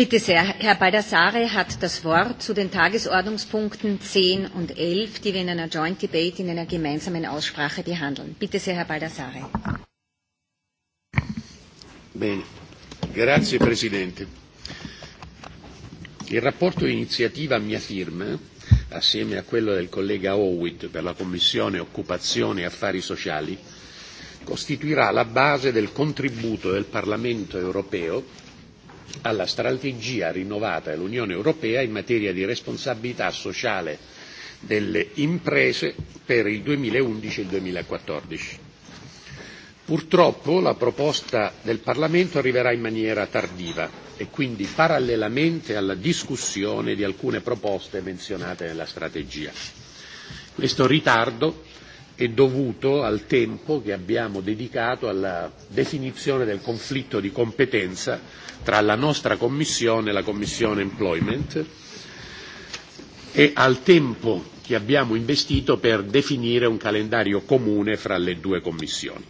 Bitte sehr, Herr Baldassare hat das Wort zu den Tagesordnungspunkten 10 und 11, die wir in einer Joint Debate, in einer gemeinsamen Aussprache behandeln. Bitte sehr, Herr Baldassare. Bene, grazie Presidente. Il rapporto iniziativa a mia firma, assieme a quello del collega Howitt per la Commissione Occupazione e Affari Sociali, costituirà la base del contributo del Parlamento europeo alla strategia rinnovata dell'Unione Europea in materia di responsabilità sociale delle imprese per il 2011 e il 2014. Purtroppo la proposta del Parlamento arriverà in maniera tardiva e quindi parallelamente alla discussione di alcune proposte menzionate nella strategia. Questo ritardo è dovuto al tempo che abbiamo dedicato alla definizione del conflitto di competenza tra la nostra Commissione e la Commissione Employment e al tempo che abbiamo investito per definire un calendario comune fra le due Commissioni,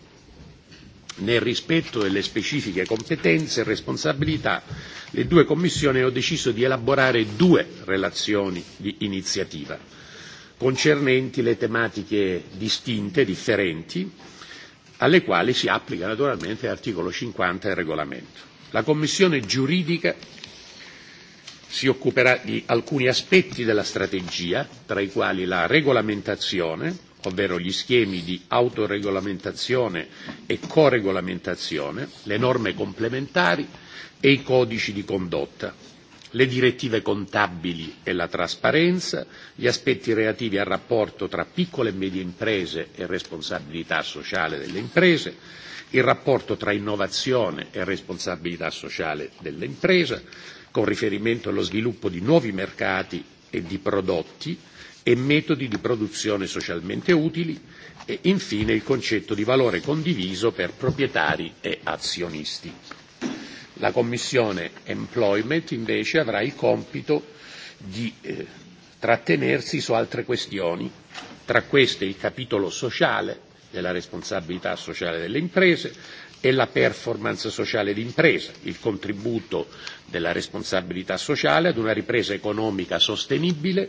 nel rispetto delle specifiche competenze e responsabilità le due commissioni hanno deciso di elaborare due relazioni di iniziativa concernenti le tematiche distinte, differenti, alle quali si applica naturalmente l'articolo 50 del regolamento. La Commissione giuridica si occuperà di alcuni aspetti della strategia, tra i quali la regolamentazione, ovvero gli schemi di autoregolamentazione e coregolamentazione, le norme complementari e i codici di condotta, le direttive contabili e la trasparenza, gli aspetti relativi al rapporto tra piccole e medie imprese e responsabilità sociale delle imprese, il rapporto tra innovazione e responsabilità sociale delle imprese, con riferimento allo sviluppo di nuovi mercati e di prodotti e metodi di produzione socialmente utili e infine il concetto di valore condiviso per proprietari e azionisti. La Commissione Employment invece avrà il compito di eh, trattenersi su altre questioni, tra queste il capitolo sociale della responsabilità sociale delle imprese e la performance sociale d'impresa, il contributo della responsabilità sociale ad una ripresa economica sostenibile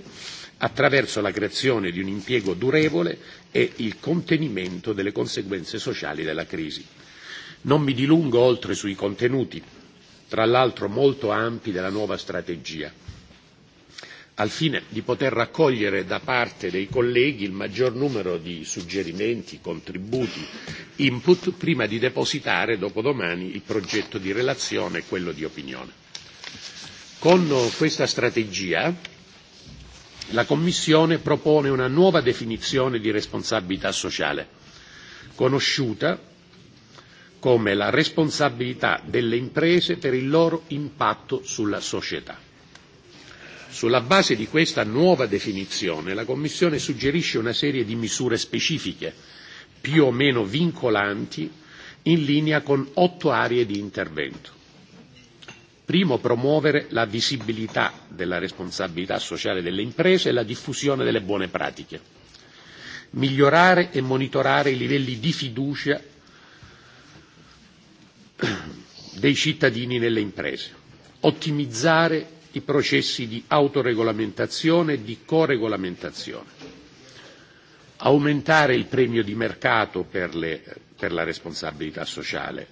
attraverso la creazione di un impiego durevole e il contenimento delle conseguenze sociali della crisi. Non mi dilungo oltre sui contenuti tra l'altro molto ampi, della nuova strategia, al fine di poter raccogliere da parte dei colleghi il maggior numero di suggerimenti, contributi, input, prima di depositare dopodomani il progetto di relazione e quello di opinione. Con questa strategia la Commissione propone una nuova definizione di responsabilità sociale, conosciuta come la responsabilità delle imprese per il loro impatto sulla società. Sulla base di questa nuova definizione, la Commissione suggerisce una serie di misure specifiche, più o meno vincolanti, in linea con otto aree di intervento. Primo, promuovere la visibilità della responsabilità sociale delle imprese e la diffusione delle buone pratiche. Migliorare e monitorare i livelli di fiducia dei cittadini nelle imprese ottimizzare i processi di autoregolamentazione e di coregolamentazione aumentare il premio di mercato per, le, per la responsabilità sociale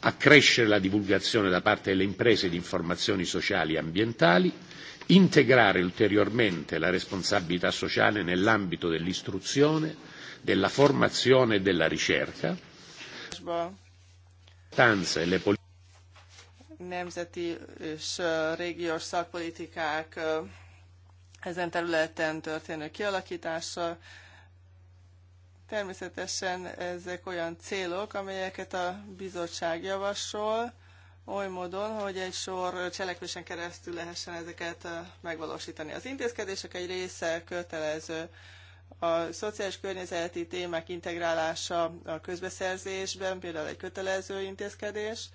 accrescere la divulgazione da parte delle imprese di informazioni sociali e ambientali integrare ulteriormente la responsabilità sociale nell'ambito dell'istruzione della formazione e della ricerca Nemzeti és régiós szakpolitikák ezen területen történő kialakítása. Természetesen ezek olyan célok, amelyeket a bizottság javasol, oly módon, hogy egy sor cselekvésen keresztül lehessen ezeket megvalósítani. Az intézkedések egy része kötelező, a szociális környezeti témák integrálása a közbeszerzésben, például egy kötelező intézkedés,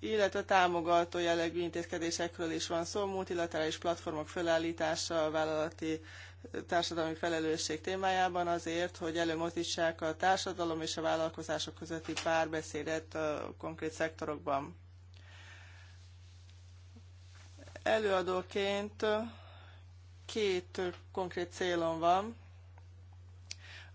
illetve támogató jellegű intézkedésekről is van szó, multilaterális platformok felállítása a vállalati társadalmi felelősség témájában azért, hogy előmozdítsák a társadalom és a vállalkozások közötti párbeszédet a konkrét szektorokban. Előadóként két konkrét célom van.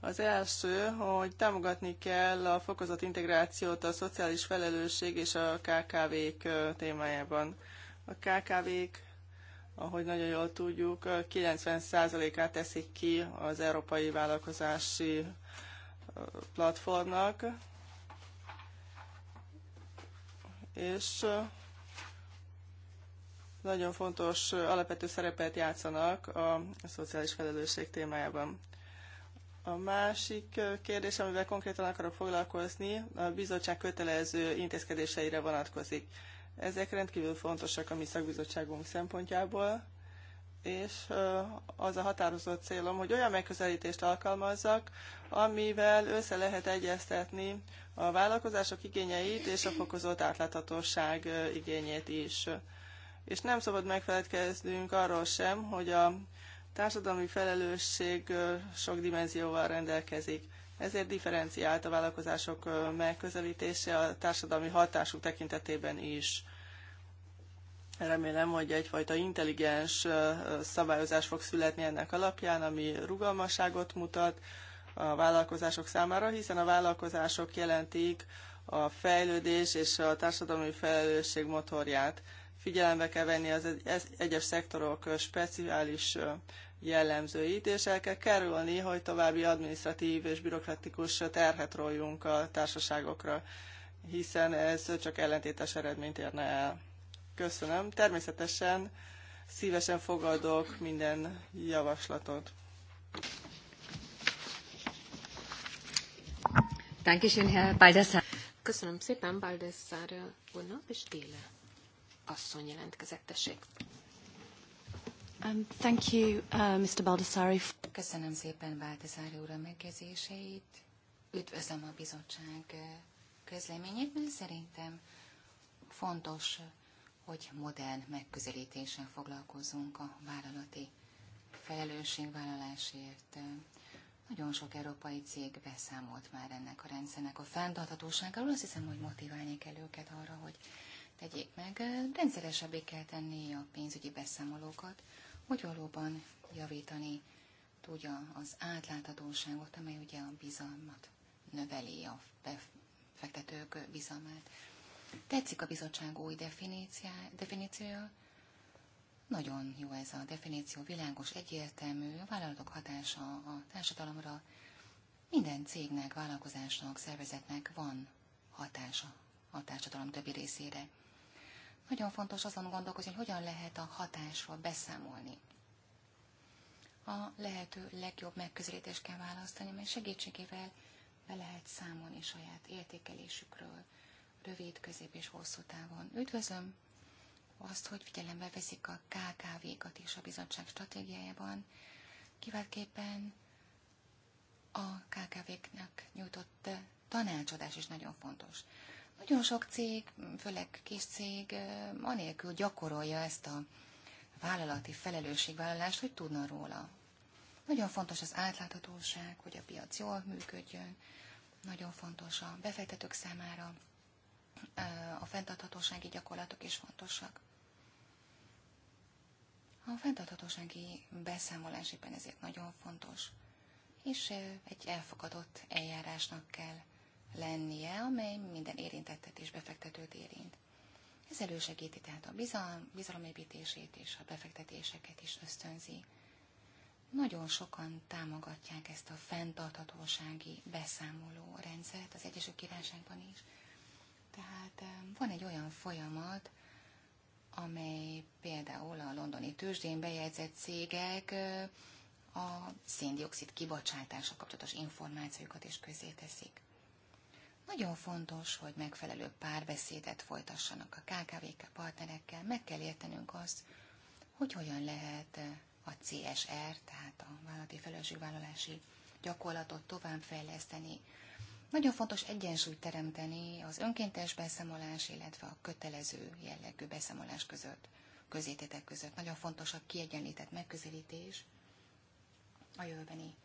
Az első, hogy támogatni kell a fokozott integrációt a szociális felelősség és a KKV-k témájában. A KKV-k, ahogy nagyon jól tudjuk, 90%-át teszik ki az európai vállalkozási platformnak, és nagyon fontos alapvető szerepet játszanak a szociális felelősség témájában. A másik kérdés, amivel konkrétan akarok foglalkozni, a bizottság kötelező intézkedéseire vonatkozik. Ezek rendkívül fontosak a mi szakbizottságunk szempontjából, és az a határozott célom, hogy olyan megközelítést alkalmazzak, amivel össze lehet egyeztetni a vállalkozások igényeit és a fokozott átláthatóság igényét is. És nem szabad megfeledkeznünk arról sem, hogy a társadalmi felelősség sok dimenzióval rendelkezik. Ezért differenciált a vállalkozások megközelítése a társadalmi hatásuk tekintetében is. Remélem, hogy egyfajta intelligens szabályozás fog születni ennek alapján, ami rugalmasságot mutat a vállalkozások számára, hiszen a vállalkozások jelentik a fejlődés és a társadalmi felelősség motorját. Figyelembe kell venni az egyes szektorok speciális jellemzőit, és el kell kerülni, hogy további administratív és bürokratikus terhet rójunk a társaságokra, hiszen ez csak ellentétes eredményt érne el. Köszönöm. Természetesen szívesen fogadok minden javaslatot. Köszönöm szépen Baldessar úrnak, és Téle asszony jelentkezett, tessék. Um, thank you, uh, Mr. Baldassari. Köszönöm szépen Baldassari úr a megkezéseit. Üdvözlöm a bizottság uh, közleményét, mert szerintem fontos, hogy modern megközelítéssel foglalkozunk a vállalati felelősségvállalásért. Uh, nagyon sok európai cég beszámolt már ennek a rendszernek a fenntarthatóságáról. Azt hiszem, hogy motiválni kell őket arra, hogy tegyék meg. Uh, rendszeresebbé kell tenni a pénzügyi beszámolókat, hogy valóban javítani tudja az átláthatóságot, amely ugye a bizalmat növeli, a befektetők bizalmát. Tetszik a bizottság új definíciója, nagyon jó ez a definíció, világos, egyértelmű, a vállalatok hatása a társadalomra. Minden cégnek, vállalkozásnak, szervezetnek van hatása a társadalom többi részére. Nagyon fontos azon gondolkozni, hogy hogyan lehet a hatásról beszámolni. A lehető legjobb megközelítést kell választani, mert segítségével be lehet számolni saját értékelésükről, rövid, közép és hosszú távon. Üdvözlöm azt, hogy figyelembe veszik a KKV-kat is a bizottság stratégiájában, kiváltképpen a kkv knek nyújtott tanácsadás is nagyon fontos. Nagyon sok cég, főleg kis cég, anélkül gyakorolja ezt a vállalati felelősségvállalást, hogy tudna róla. Nagyon fontos az átláthatóság, hogy a piac jól működjön, nagyon fontos a befektetők számára, a fenntarthatósági gyakorlatok is fontosak. A fenntarthatósági beszámolás éppen ezért nagyon fontos, és egy elfogadott eljárásnak kell lennie, amely minden érintettet és befektetőt érint. Ez elősegíti tehát a bizalom, bizalomépítését és a befektetéseket is ösztönzi. Nagyon sokan támogatják ezt a fenntarthatósági beszámoló rendszert az Egyesült Királyságban is. Tehát eh, van egy olyan folyamat, amely például a londoni tőzsdén bejegyzett cégek eh, a széndiokszid kibocsátása kapcsolatos információkat is közzéteszik. Nagyon fontos, hogy megfelelő párbeszédet folytassanak a KKV-k partnerekkel. Meg kell értenünk azt, hogy hogyan lehet eh, a CSR, er, tehát a vállalati felelősségvállalási gyakorlatot továbbfejleszteni. Nagyon fontos egyensúlyt teremteni az önkéntes beszámolás, illetve a kötelező jellegű beszámolás között, közététek között. Nagyon fontos a kiegyenlített megközelítés a jövőbeni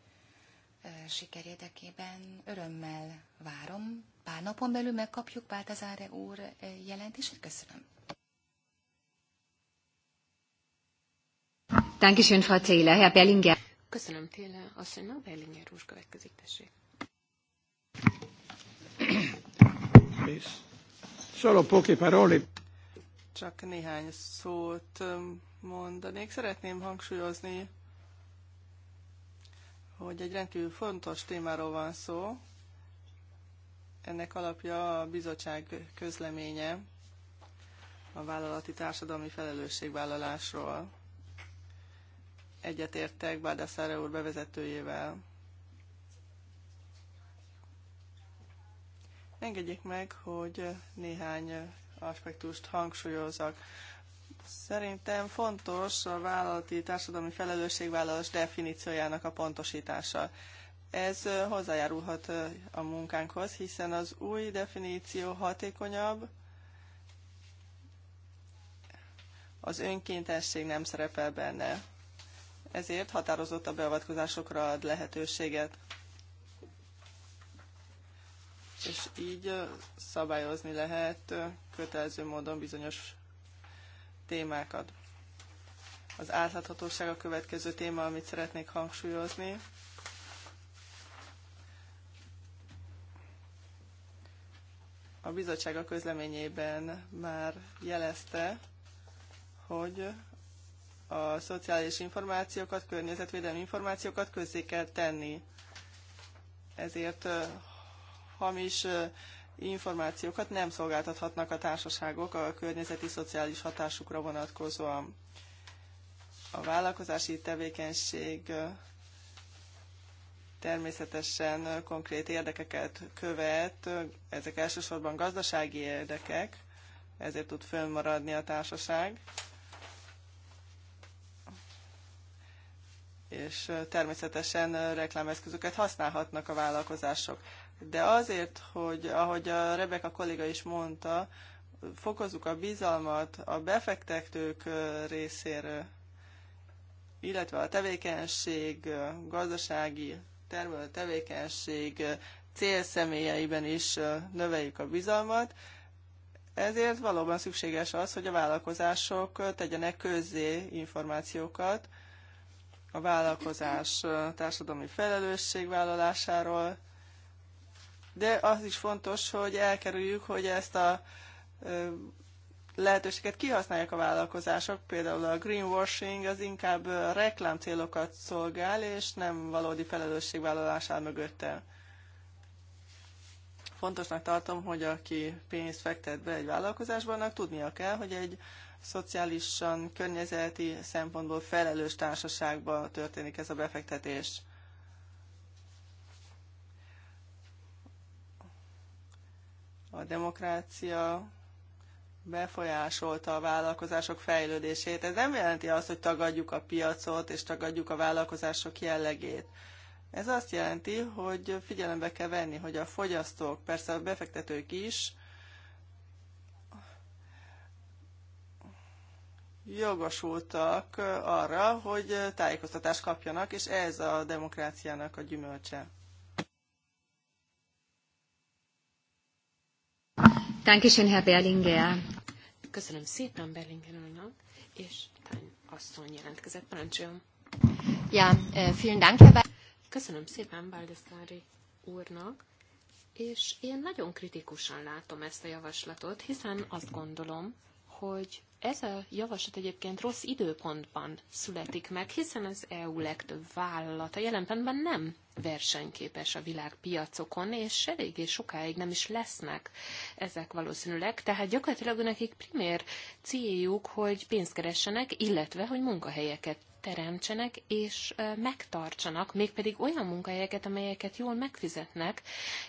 siker érdekében örömmel várom. Pár napon belül megkapjuk Báltazáre úr jelentését. Köszönöm. Dankeschön, Frau Taylor. Herr Berlinger. Köszönöm, Taylor. Asszonynak Berlinger úr következik, tessék. Solo poche parole. Csak néhány szót mondanék. Szeretném hangsúlyozni, hogy egy rendkívül fontos témáról van szó. Ennek alapja a bizottság közleménye a vállalati társadalmi felelősségvállalásról. Egyetértek Bádászára úr bevezetőjével. Engedjék meg, hogy néhány aspektust hangsúlyozzak. Szerintem fontos a vállalati társadalmi felelősségvállalás definíciójának a pontosítása. Ez hozzájárulhat a munkánkhoz, hiszen az új definíció hatékonyabb, az önkéntesség nem szerepel benne. Ezért határozott a beavatkozásokra ad lehetőséget. És így szabályozni lehet kötelező módon bizonyos témákat. Az átláthatóság a következő téma, amit szeretnék hangsúlyozni. A bizottság a közleményében már jelezte, hogy a szociális információkat, környezetvédelmi információkat közzé kell tenni. Ezért hamis információkat nem szolgáltathatnak a társaságok a környezeti szociális hatásukra vonatkozóan. A vállalkozási tevékenység természetesen konkrét érdekeket követ, ezek elsősorban gazdasági érdekek, ezért tud fönnmaradni a társaság, és természetesen reklámeszközöket használhatnak a vállalkozások. De azért, hogy ahogy a Rebeka kolléga is mondta, fokozzuk a bizalmat a befektetők részéről, illetve a tevékenység, gazdasági termelő tevékenység célszemélyeiben is növeljük a bizalmat, ezért valóban szükséges az, hogy a vállalkozások tegyenek közzé információkat, a vállalkozás társadalmi felelősségvállalásáról, de az is fontos, hogy elkerüljük, hogy ezt a lehetőséget kihasználják a vállalkozások, például a greenwashing az inkább reklám célokat szolgál, és nem valódi felelősségvállalás áll mögötte. Fontosnak tartom, hogy aki pénzt fektet be egy vállalkozásban, annak tudnia kell, hogy egy szociálisan, környezeti szempontból felelős társaságba történik ez a befektetés. A demokrácia befolyásolta a vállalkozások fejlődését. Ez nem jelenti azt, hogy tagadjuk a piacot és tagadjuk a vállalkozások jellegét. Ez azt jelenti, hogy figyelembe kell venni, hogy a fogyasztók, persze a befektetők is, jogosultak arra, hogy tájékoztatást kapjanak, és ez a demokráciának a gyümölcse. Dankeschön, Herr Berlinger. Köszönöm szépen Berlinger úrnak, és Tány asszony jelentkezett, parancsoljon. Ja, vielen Dank, Herr Köszönöm szépen Baldessari úrnak, és én nagyon kritikusan látom ezt a javaslatot, hiszen azt gondolom, hogy ez a javaslat egyébként rossz időpontban születik meg, hiszen az EU legtöbb vállalata jelen pillanatban nem versenyképes a világpiacokon, és eléggé sokáig nem is lesznek ezek valószínűleg. Tehát gyakorlatilag nekik primér céljuk, hogy pénzt keressenek, illetve, hogy munkahelyeket teremtsenek és megtartsanak, mégpedig olyan munkahelyeket, amelyeket jól megfizetnek,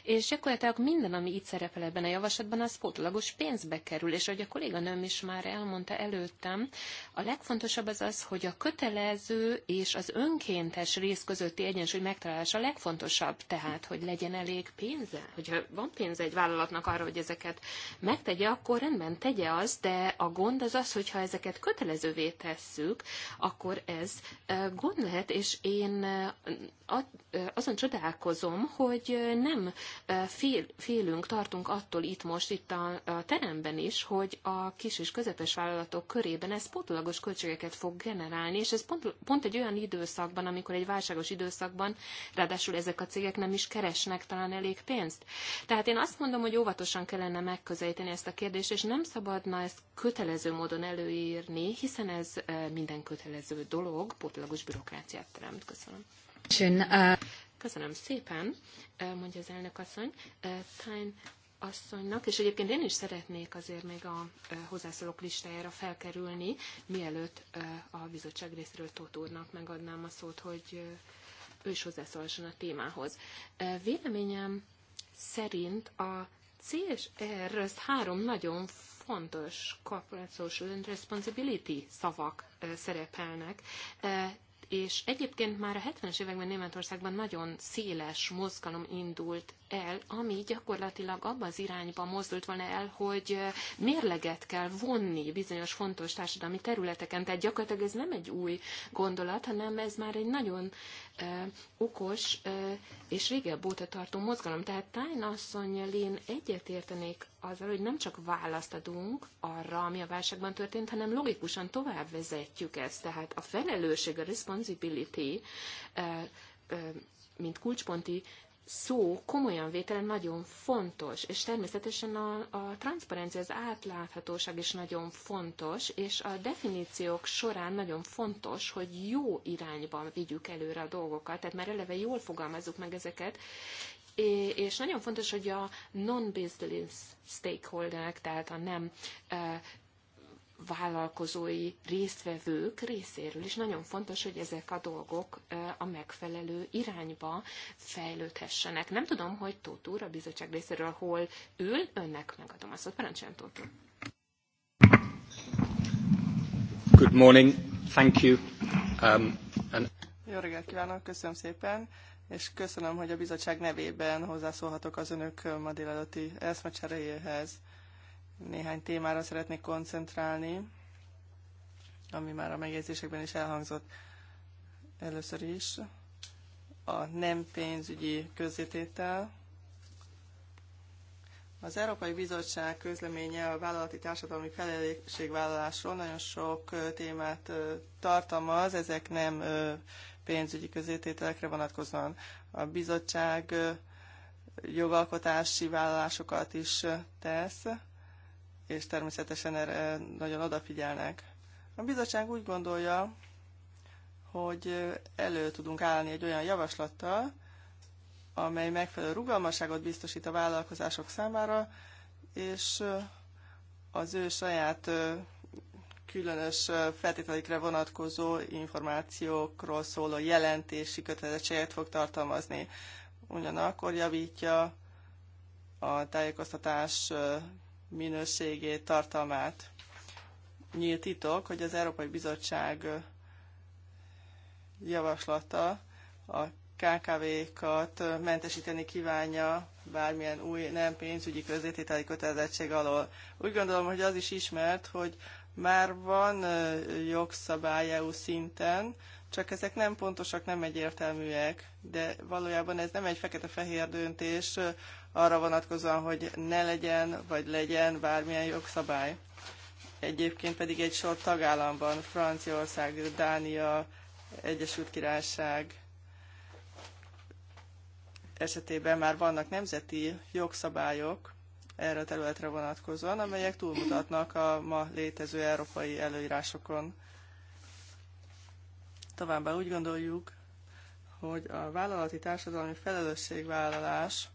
és gyakorlatilag minden, ami itt szerepel ebben a javaslatban, az pótlagos pénzbe kerül, és ahogy a kolléganőm is már elmondta előttem, a legfontosabb az az, hogy a kötelező és az önkéntes rész közötti egyensúly megtalálása a legfontosabb, tehát, hogy legyen elég pénze, hogyha van pénze egy vállalatnak arra, hogy ezeket megtegye, akkor rendben tegye az, de a gond az az, hogyha ezeket kötelezővé tesszük, akkor ez ez gond lehet, és én azon csodálkozom, hogy nem fél, félünk, tartunk attól itt most, itt a, a teremben is, hogy a kis és közepes vállalatok körében ez pótlagos költségeket fog generálni, és ez pont, pont egy olyan időszakban, amikor egy válságos időszakban, ráadásul ezek a cégek nem is keresnek talán elég pénzt. Tehát én azt mondom, hogy óvatosan kellene megközelíteni ezt a kérdést, és nem szabadna ezt kötelező módon előírni, hiszen ez minden kötelező dolog dolog pótlagos bürokráciát teremt. Köszönöm. Köszönöm, szépen, mondja az elnök asszony. Tájn asszonynak, és egyébként én is szeretnék azért még a hozzászólók listájára felkerülni, mielőtt a bizottság részéről Tóth úrnak megadnám a szót, hogy ő is hozzászólhasson a témához. Véleményem szerint a CSR és ez három nagyon fontos corporate social and responsibility szavak szerepelnek, és egyébként már a 70-es években Németországban nagyon széles mozgalom indult el, ami gyakorlatilag abba az irányba mozdult volna el, hogy mérleget kell vonni bizonyos fontos társadalmi területeken. Tehát gyakorlatilag ez nem egy új gondolat, hanem ez már egy nagyon okos és régebb óta tartó mozgalom. Tehát Tájn asszony Lén egyetértenék azzal, hogy nem csak választ adunk arra, ami a válságban történt, hanem logikusan tovább vezetjük ezt. Tehát a felelősség, a responsibility, mint kulcsponti szó komolyan vétel nagyon fontos, és természetesen a, a transzparencia, az átláthatóság is nagyon fontos, és a definíciók során nagyon fontos, hogy jó irányban vigyük előre a dolgokat, tehát már eleve jól fogalmazzuk meg ezeket, és nagyon fontos, hogy a non-business stakeholderek, tehát a nem vállalkozói résztvevők részéről is nagyon fontos, hogy ezek a dolgok a megfelelő irányba fejlődhessenek. Nem tudom, hogy Tóth úr a bizottság részéről hol ül, önnek megadom a szót. Parancsoljon, Tóth úr. Good morning, thank you. Um, and... Jó reggelt kívánok, köszönöm szépen, és köszönöm, hogy a bizottság nevében hozzászólhatok az önök ma délelőtti eszmecseréjéhez. Néhány témára szeretnék koncentrálni, ami már a megjegyzésekben is elhangzott először is. A nem pénzügyi közzététel. Az Európai Bizottság közleménye a vállalati társadalmi felelősségvállalásról nagyon sok témát tartalmaz, ezek nem pénzügyi közétételekre vonatkozóan. A bizottság jogalkotási vállalásokat is tesz, és természetesen erre nagyon odafigyelnek. A bizottság úgy gondolja, hogy elő tudunk állni egy olyan javaslattal, amely megfelelő rugalmasságot biztosít a vállalkozások számára, és az ő saját különös feltételekre vonatkozó információkról szóló jelentési kötelezettséget fog tartalmazni. Ugyanakkor javítja a tájékoztatás minőségét, tartalmát. Nyílt titok, hogy az Európai Bizottság javaslata a KKV-kat mentesíteni kívánja bármilyen új nem pénzügyi közvetételi kötelezettség alól. Úgy gondolom, hogy az is ismert, hogy már van jogszabály EU szinten csak ezek nem pontosak, nem egyértelműek, de valójában ez nem egy fekete-fehér döntés arra vonatkozóan, hogy ne legyen, vagy legyen bármilyen jogszabály. Egyébként pedig egy sor tagállamban, Franciaország, Dánia, Egyesült Királyság esetében már vannak nemzeti jogszabályok erre a területre vonatkozóan, amelyek túlmutatnak a ma létező európai előírásokon Továbbá úgy gondoljuk, hogy a vállalati társadalmi felelősségvállalás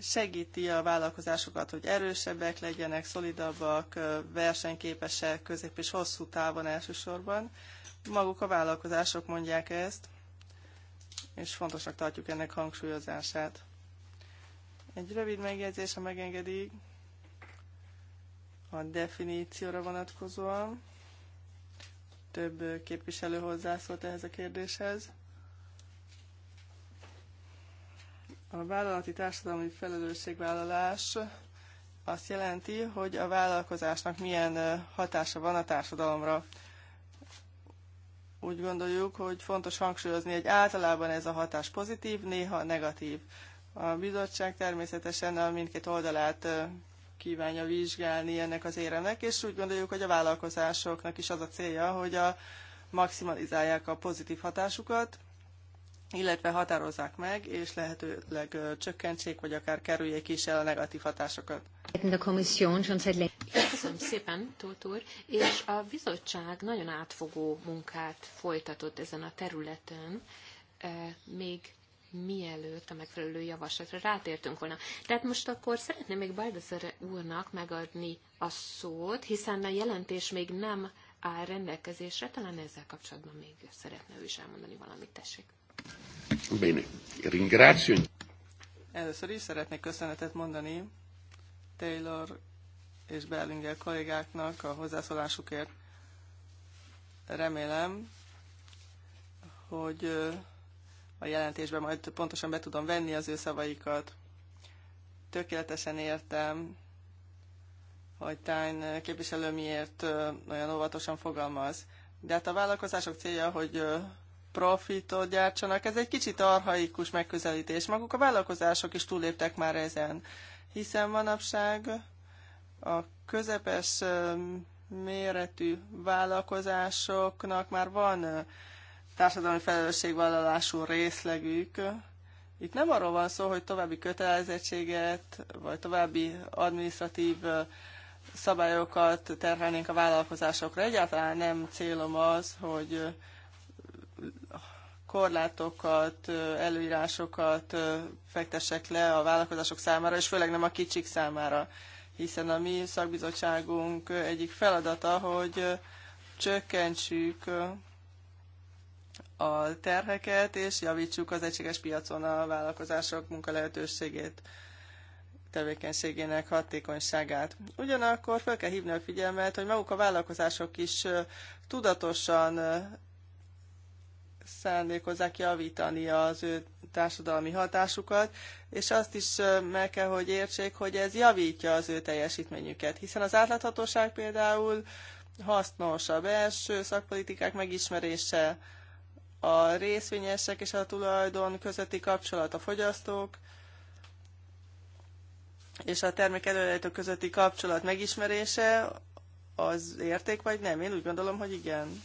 segíti a vállalkozásokat, hogy erősebbek legyenek, szolidabbak, versenyképesek, közép és hosszú távon elsősorban. Maguk a vállalkozások mondják ezt, és fontosnak tartjuk ennek hangsúlyozását. Egy rövid megjegyzés, ha megengedik, a definícióra vonatkozóan. Több képviselő hozzászólt ehhez a kérdéshez. A vállalati társadalmi felelősségvállalás azt jelenti, hogy a vállalkozásnak milyen hatása van a társadalomra. Úgy gondoljuk, hogy fontos hangsúlyozni, hogy általában ez a hatás pozitív, néha negatív. A bizottság természetesen a mindkét oldalát kívánja vizsgálni ennek az éremnek, és úgy gondoljuk, hogy a vállalkozásoknak is az a célja, hogy a maximalizálják a pozitív hatásukat, illetve határozzák meg, és lehetőleg csökkentsék, vagy akár kerüljék is el a negatív hatásokat. Köszönöm szépen, Tóth úr, és a bizottság nagyon átfogó munkát folytatott ezen a területen, még mielőtt a megfelelő javaslatra rátértünk volna. Tehát most akkor szeretném még Baldassare úrnak megadni a szót, hiszen a jelentés még nem áll rendelkezésre, talán ezzel kapcsolatban még szeretne ő is elmondani valamit, tessék. Bene, ringrazio. Először is szeretnék köszönetet mondani Taylor és Berlinger kollégáknak a hozzászólásukért. Remélem, hogy a jelentésbe, majd pontosan be tudom venni az ő szavaikat. Tökéletesen értem, hogy Tájn képviselő miért olyan óvatosan fogalmaz. De hát a vállalkozások célja, hogy profitot gyártsanak. Ez egy kicsit arhaikus megközelítés. Maguk a vállalkozások is túléptek már ezen, hiszen manapság a közepes méretű vállalkozásoknak már van társadalmi felelősségvállalású részlegük. Itt nem arról van szó, hogy további kötelezettséget, vagy további administratív szabályokat terhelnénk a vállalkozásokra. Egyáltalán nem célom az, hogy korlátokat, előírásokat fektessek le a vállalkozások számára, és főleg nem a kicsik számára, hiszen a mi szakbizottságunk egyik feladata, hogy csökkentsük a terheket, és javítsuk az egységes piacon a vállalkozások munkalehetőségét tevékenységének hatékonyságát. Ugyanakkor fel kell hívni a figyelmet, hogy maguk a vállalkozások is tudatosan szándékozzák javítani az ő társadalmi hatásukat, és azt is meg kell, hogy értsék, hogy ez javítja az ő teljesítményüket. Hiszen az átláthatóság például hasznos a belső szakpolitikák megismerése, a részvényesek és a tulajdon közötti kapcsolat, a fogyasztók és a termék előállító közötti kapcsolat megismerése, az érték vagy nem? Én úgy gondolom, hogy igen.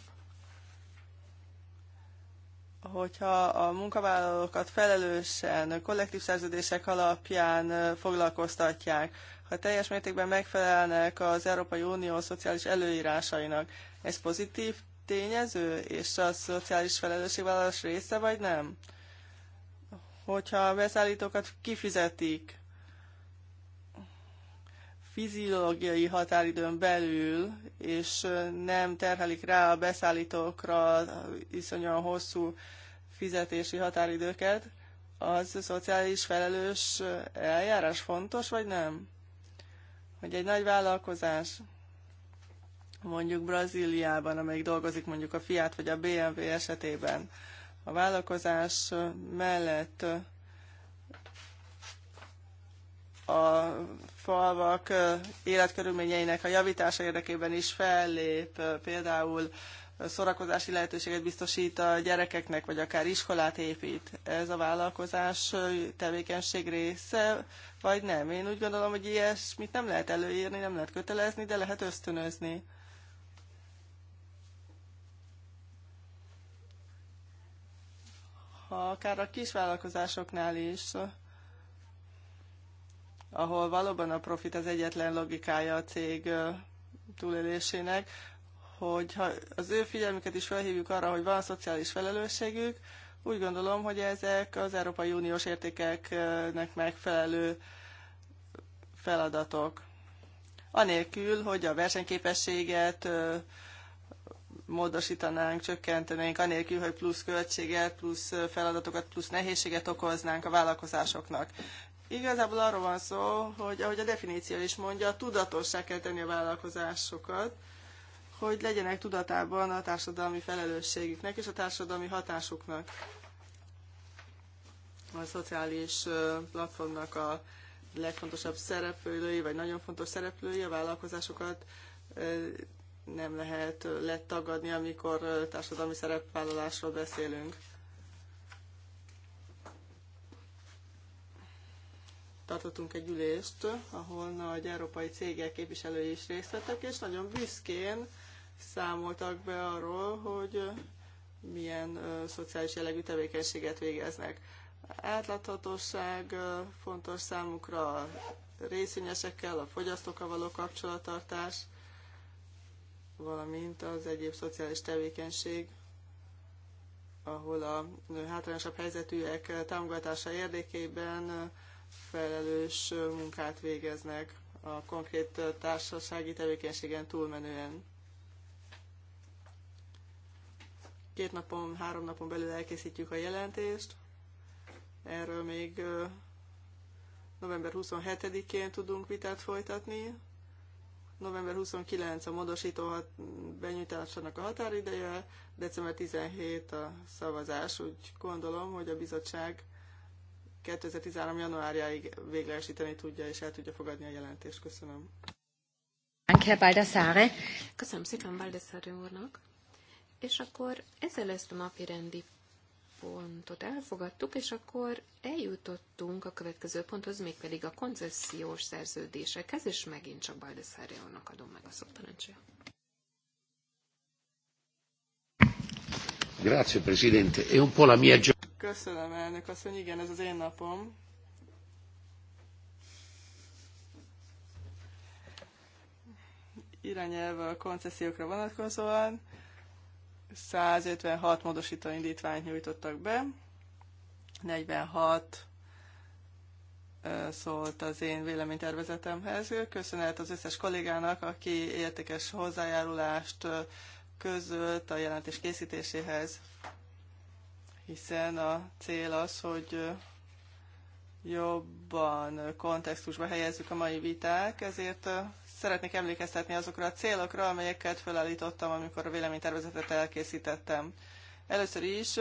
Hogyha a munkavállalókat felelősen, kollektív szerződések alapján foglalkoztatják, ha teljes mértékben megfelelnek az Európai Unió szociális előírásainak, ez pozitív tényező, és a szociális felelősségvállalás része, vagy nem? Hogyha a beszállítókat kifizetik fiziológiai határidőn belül, és nem terhelik rá a beszállítókra iszonyúan hosszú fizetési határidőket, az szociális felelős eljárás fontos, vagy nem? Hogy egy nagy vállalkozás mondjuk Brazíliában, amelyik dolgozik mondjuk a Fiat vagy a BMW esetében. A vállalkozás mellett a falvak életkörülményeinek a javítása érdekében is fellép, például szórakozási lehetőséget biztosít a gyerekeknek, vagy akár iskolát épít. Ez a vállalkozás tevékenység része, vagy nem? Én úgy gondolom, hogy ilyesmit nem lehet előírni, nem lehet kötelezni, de lehet ösztönözni. ha akár a kisvállalkozásoknál is, ahol valóban a profit az egyetlen logikája a cég túlélésének, hogyha az ő figyelmüket is felhívjuk arra, hogy van szociális felelősségük, úgy gondolom, hogy ezek az Európai Uniós értékeknek megfelelő feladatok. Anélkül, hogy a versenyképességet módosítanánk, csökkentenénk, anélkül, hogy plusz költséget, plusz feladatokat, plusz nehézséget okoznánk a vállalkozásoknak. Igazából arról van szó, hogy ahogy a definíció is mondja, tudatossá kell tenni a vállalkozásokat, hogy legyenek tudatában a társadalmi felelősségüknek és a társadalmi hatásuknak. A szociális platformnak a legfontosabb szereplői, vagy nagyon fontos szereplői a vállalkozásokat nem lehet letagadni, amikor társadalmi szerepvállalásról beszélünk. Tartottunk egy ülést, ahol nagy európai cégek képviselői is részt vettek, és nagyon büszkén számoltak be arról, hogy milyen szociális jellegű tevékenységet végeznek. Átláthatóság fontos számukra, részvényesekkel, a fogyasztókkal való kapcsolattartás, valamint az egyéb szociális tevékenység, ahol a hátrányosabb helyzetűek támogatása érdekében felelős munkát végeznek a konkrét társasági tevékenységen túlmenően. Két napon, három napon belül elkészítjük a jelentést. Erről még november 27-én tudunk vitát folytatni, november 29 a módosító benyújtásának a határideje, december 17 a szavazás, úgy gondolom, hogy a bizottság 2013. januárjáig véglegesíteni tudja és el tudja fogadni a jelentést. Köszönöm. Anke Baldassare. Köszönöm szépen Baldassare úrnak. És akkor ezzel lesz a napi rendi pontot elfogadtuk, és akkor eljutottunk a következő ponthoz, mégpedig a koncesziós szerződésekhez, és megint csak Baldessarionnak adom meg a szót, Grazie, Presidente. È un po' la mia Köszönöm, elnök asszony. Igen, ez az én napom. Irányelv a koncesziókra vonatkozóan 156 módosító indítványt nyújtottak be, 46 szólt az én véleménytervezetemhez. Köszönet az összes kollégának, aki értékes hozzájárulást közölt a jelentés készítéséhez, hiszen a cél az, hogy jobban kontextusba helyezzük a mai viták, ezért szeretnék emlékeztetni azokra a célokra, amelyeket felállítottam, amikor a véleménytervezetet elkészítettem. Először is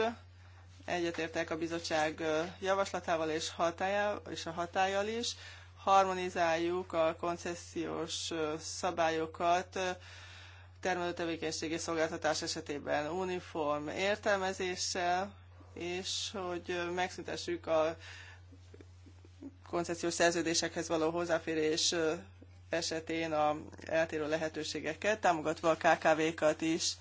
egyetértek a bizottság javaslatával és, hatája, és a hatájjal is. Harmonizáljuk a koncesziós szabályokat termelő és szolgáltatás esetében uniform értelmezéssel, és hogy megszüntessük a koncepciós szerződésekhez való hozzáférés esetén a eltérő lehetőségeket, támogatva a KKV-kat is,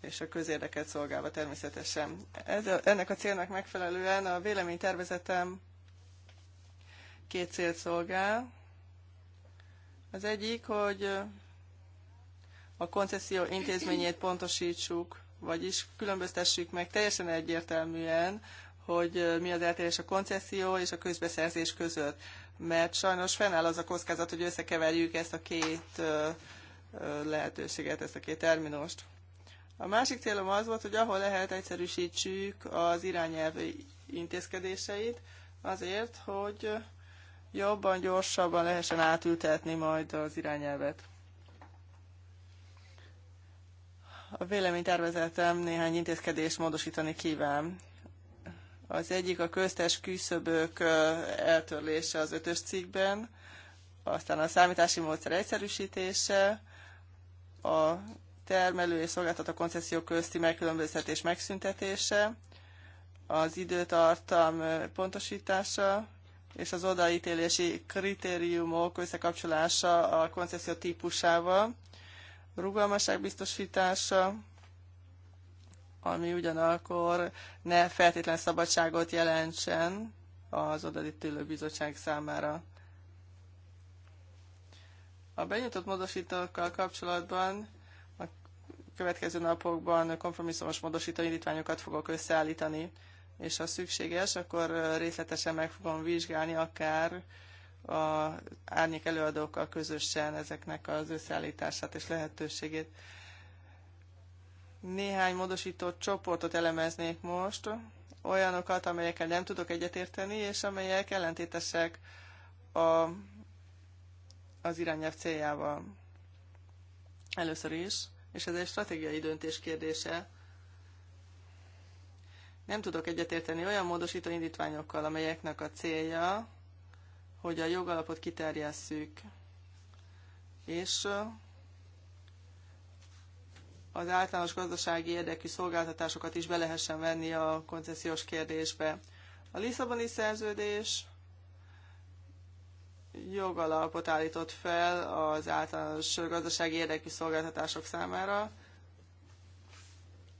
és a közérdeket szolgálva természetesen. Ez, a, ennek a célnak megfelelően a véleménytervezetem két célt szolgál. Az egyik, hogy a koncesszió intézményét pontosítsuk, vagyis különböztessük meg teljesen egyértelműen, hogy mi az eltérés a koncesszió és a közbeszerzés között mert sajnos fennáll az a kockázat, hogy összekeverjük ezt a két lehetőséget, ezt a két terminust. A másik célom az volt, hogy ahol lehet egyszerűsítsük az irányelvi intézkedéseit, azért, hogy jobban, gyorsabban lehessen átültetni majd az irányelvet. A véleménytervezetem néhány intézkedést módosítani kíván. Az egyik a köztes küszöbök eltörlése az ötös cikkben, aztán a számítási módszer egyszerűsítése, a termelő és szolgáltató koncesziók közti megkülönböztetés megszüntetése, az időtartam pontosítása, és az odaítélési kritériumok összekapcsolása a koncesszió típusával, rugalmasság biztosítása, ami ugyanakkor ne feltétlen szabadságot jelentsen az ülő bizottság számára. A benyújtott módosítókkal kapcsolatban a következő napokban kompromisszumos módosító indítványokat fogok összeállítani, és ha szükséges, akkor részletesen meg fogom vizsgálni akár a árnyék előadókkal közösen ezeknek az összeállítását és lehetőségét. Néhány módosított csoportot elemeznék most, olyanokat, amelyekkel nem tudok egyetérteni, és amelyek ellentétesek a, az irányelv céljával. Először is, és ez egy stratégiai döntés kérdése, nem tudok egyetérteni olyan módosító indítványokkal, amelyeknek a célja, hogy a jogalapot kiterjesszük, és az általános gazdasági érdekű szolgáltatásokat is be lehessen venni a koncesziós kérdésbe. A Lisszaboni szerződés jogalapot állított fel az általános gazdasági érdekű szolgáltatások számára.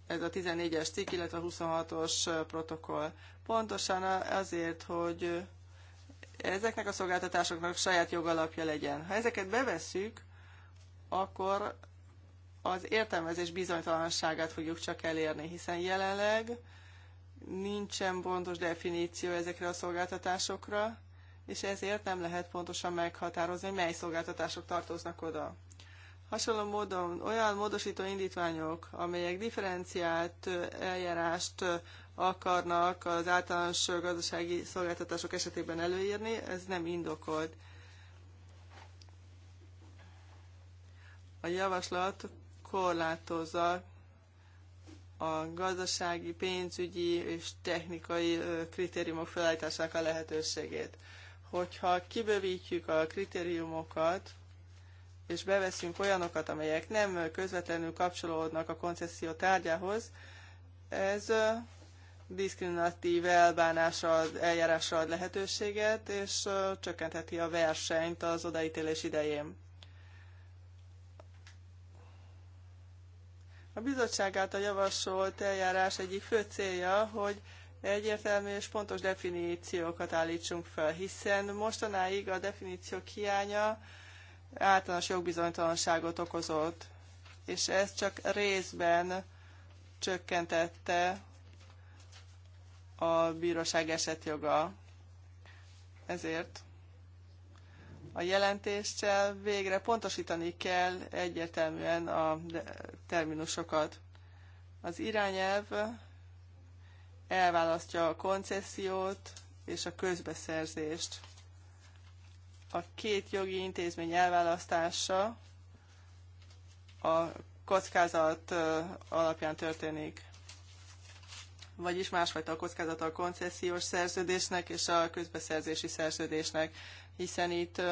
Ez a 14-es cikk, illetve a 26-os protokoll. Pontosan azért, hogy ezeknek a szolgáltatásoknak saját jogalapja legyen. Ha ezeket bevesszük, akkor az értelmezés bizonytalanságát fogjuk csak elérni, hiszen jelenleg nincsen pontos definíció ezekre a szolgáltatásokra, és ezért nem lehet pontosan meghatározni, hogy mely szolgáltatások tartoznak oda. Hasonló módon olyan módosító indítványok, amelyek differenciált eljárást akarnak az általános gazdasági szolgáltatások esetében előírni, ez nem indokolt. A javaslat korlátozza a gazdasági, pénzügyi és technikai kritériumok felállításának a lehetőségét. Hogyha kibővítjük a kritériumokat, és beveszünk olyanokat, amelyek nem közvetlenül kapcsolódnak a koncesszió tárgyához, ez diszkriminatív elbánásra, eljárásra ad lehetőséget, és csökkentheti a versenyt az odaítélés idején. A bizottság által javasolt eljárás egyik fő célja, hogy egyértelmű és pontos definíciókat állítsunk fel, hiszen mostanáig a definíciók hiánya általános jogbizonytalanságot okozott, és ez csak részben csökkentette a bíróság esetjoga. Ezért a jelentéssel végre pontosítani kell egyértelműen a terminusokat. Az irányelv elválasztja a koncesziót és a közbeszerzést. A két jogi intézmény elválasztása a kockázat alapján történik. Vagyis másfajta a kockázat a koncesziós szerződésnek és a közbeszerzési szerződésnek hiszen itt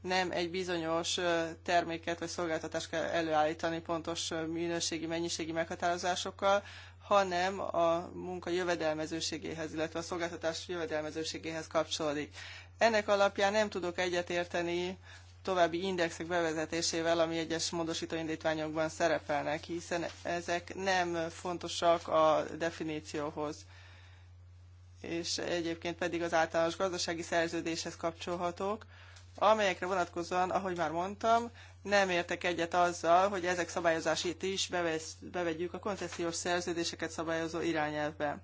nem egy bizonyos terméket vagy szolgáltatást kell előállítani pontos minőségi, mennyiségi meghatározásokkal, hanem a munka jövedelmezőségéhez, illetve a szolgáltatás jövedelmezőségéhez kapcsolódik. Ennek alapján nem tudok egyetérteni további indexek bevezetésével, ami egyes módosító indítványokban szerepelnek, hiszen ezek nem fontosak a definícióhoz és egyébként pedig az általános gazdasági szerződéshez kapcsolhatók, amelyekre vonatkozóan, ahogy már mondtam, nem értek egyet azzal, hogy ezek szabályozását is bevesz, bevegyük a koncesziós szerződéseket szabályozó irányelvbe.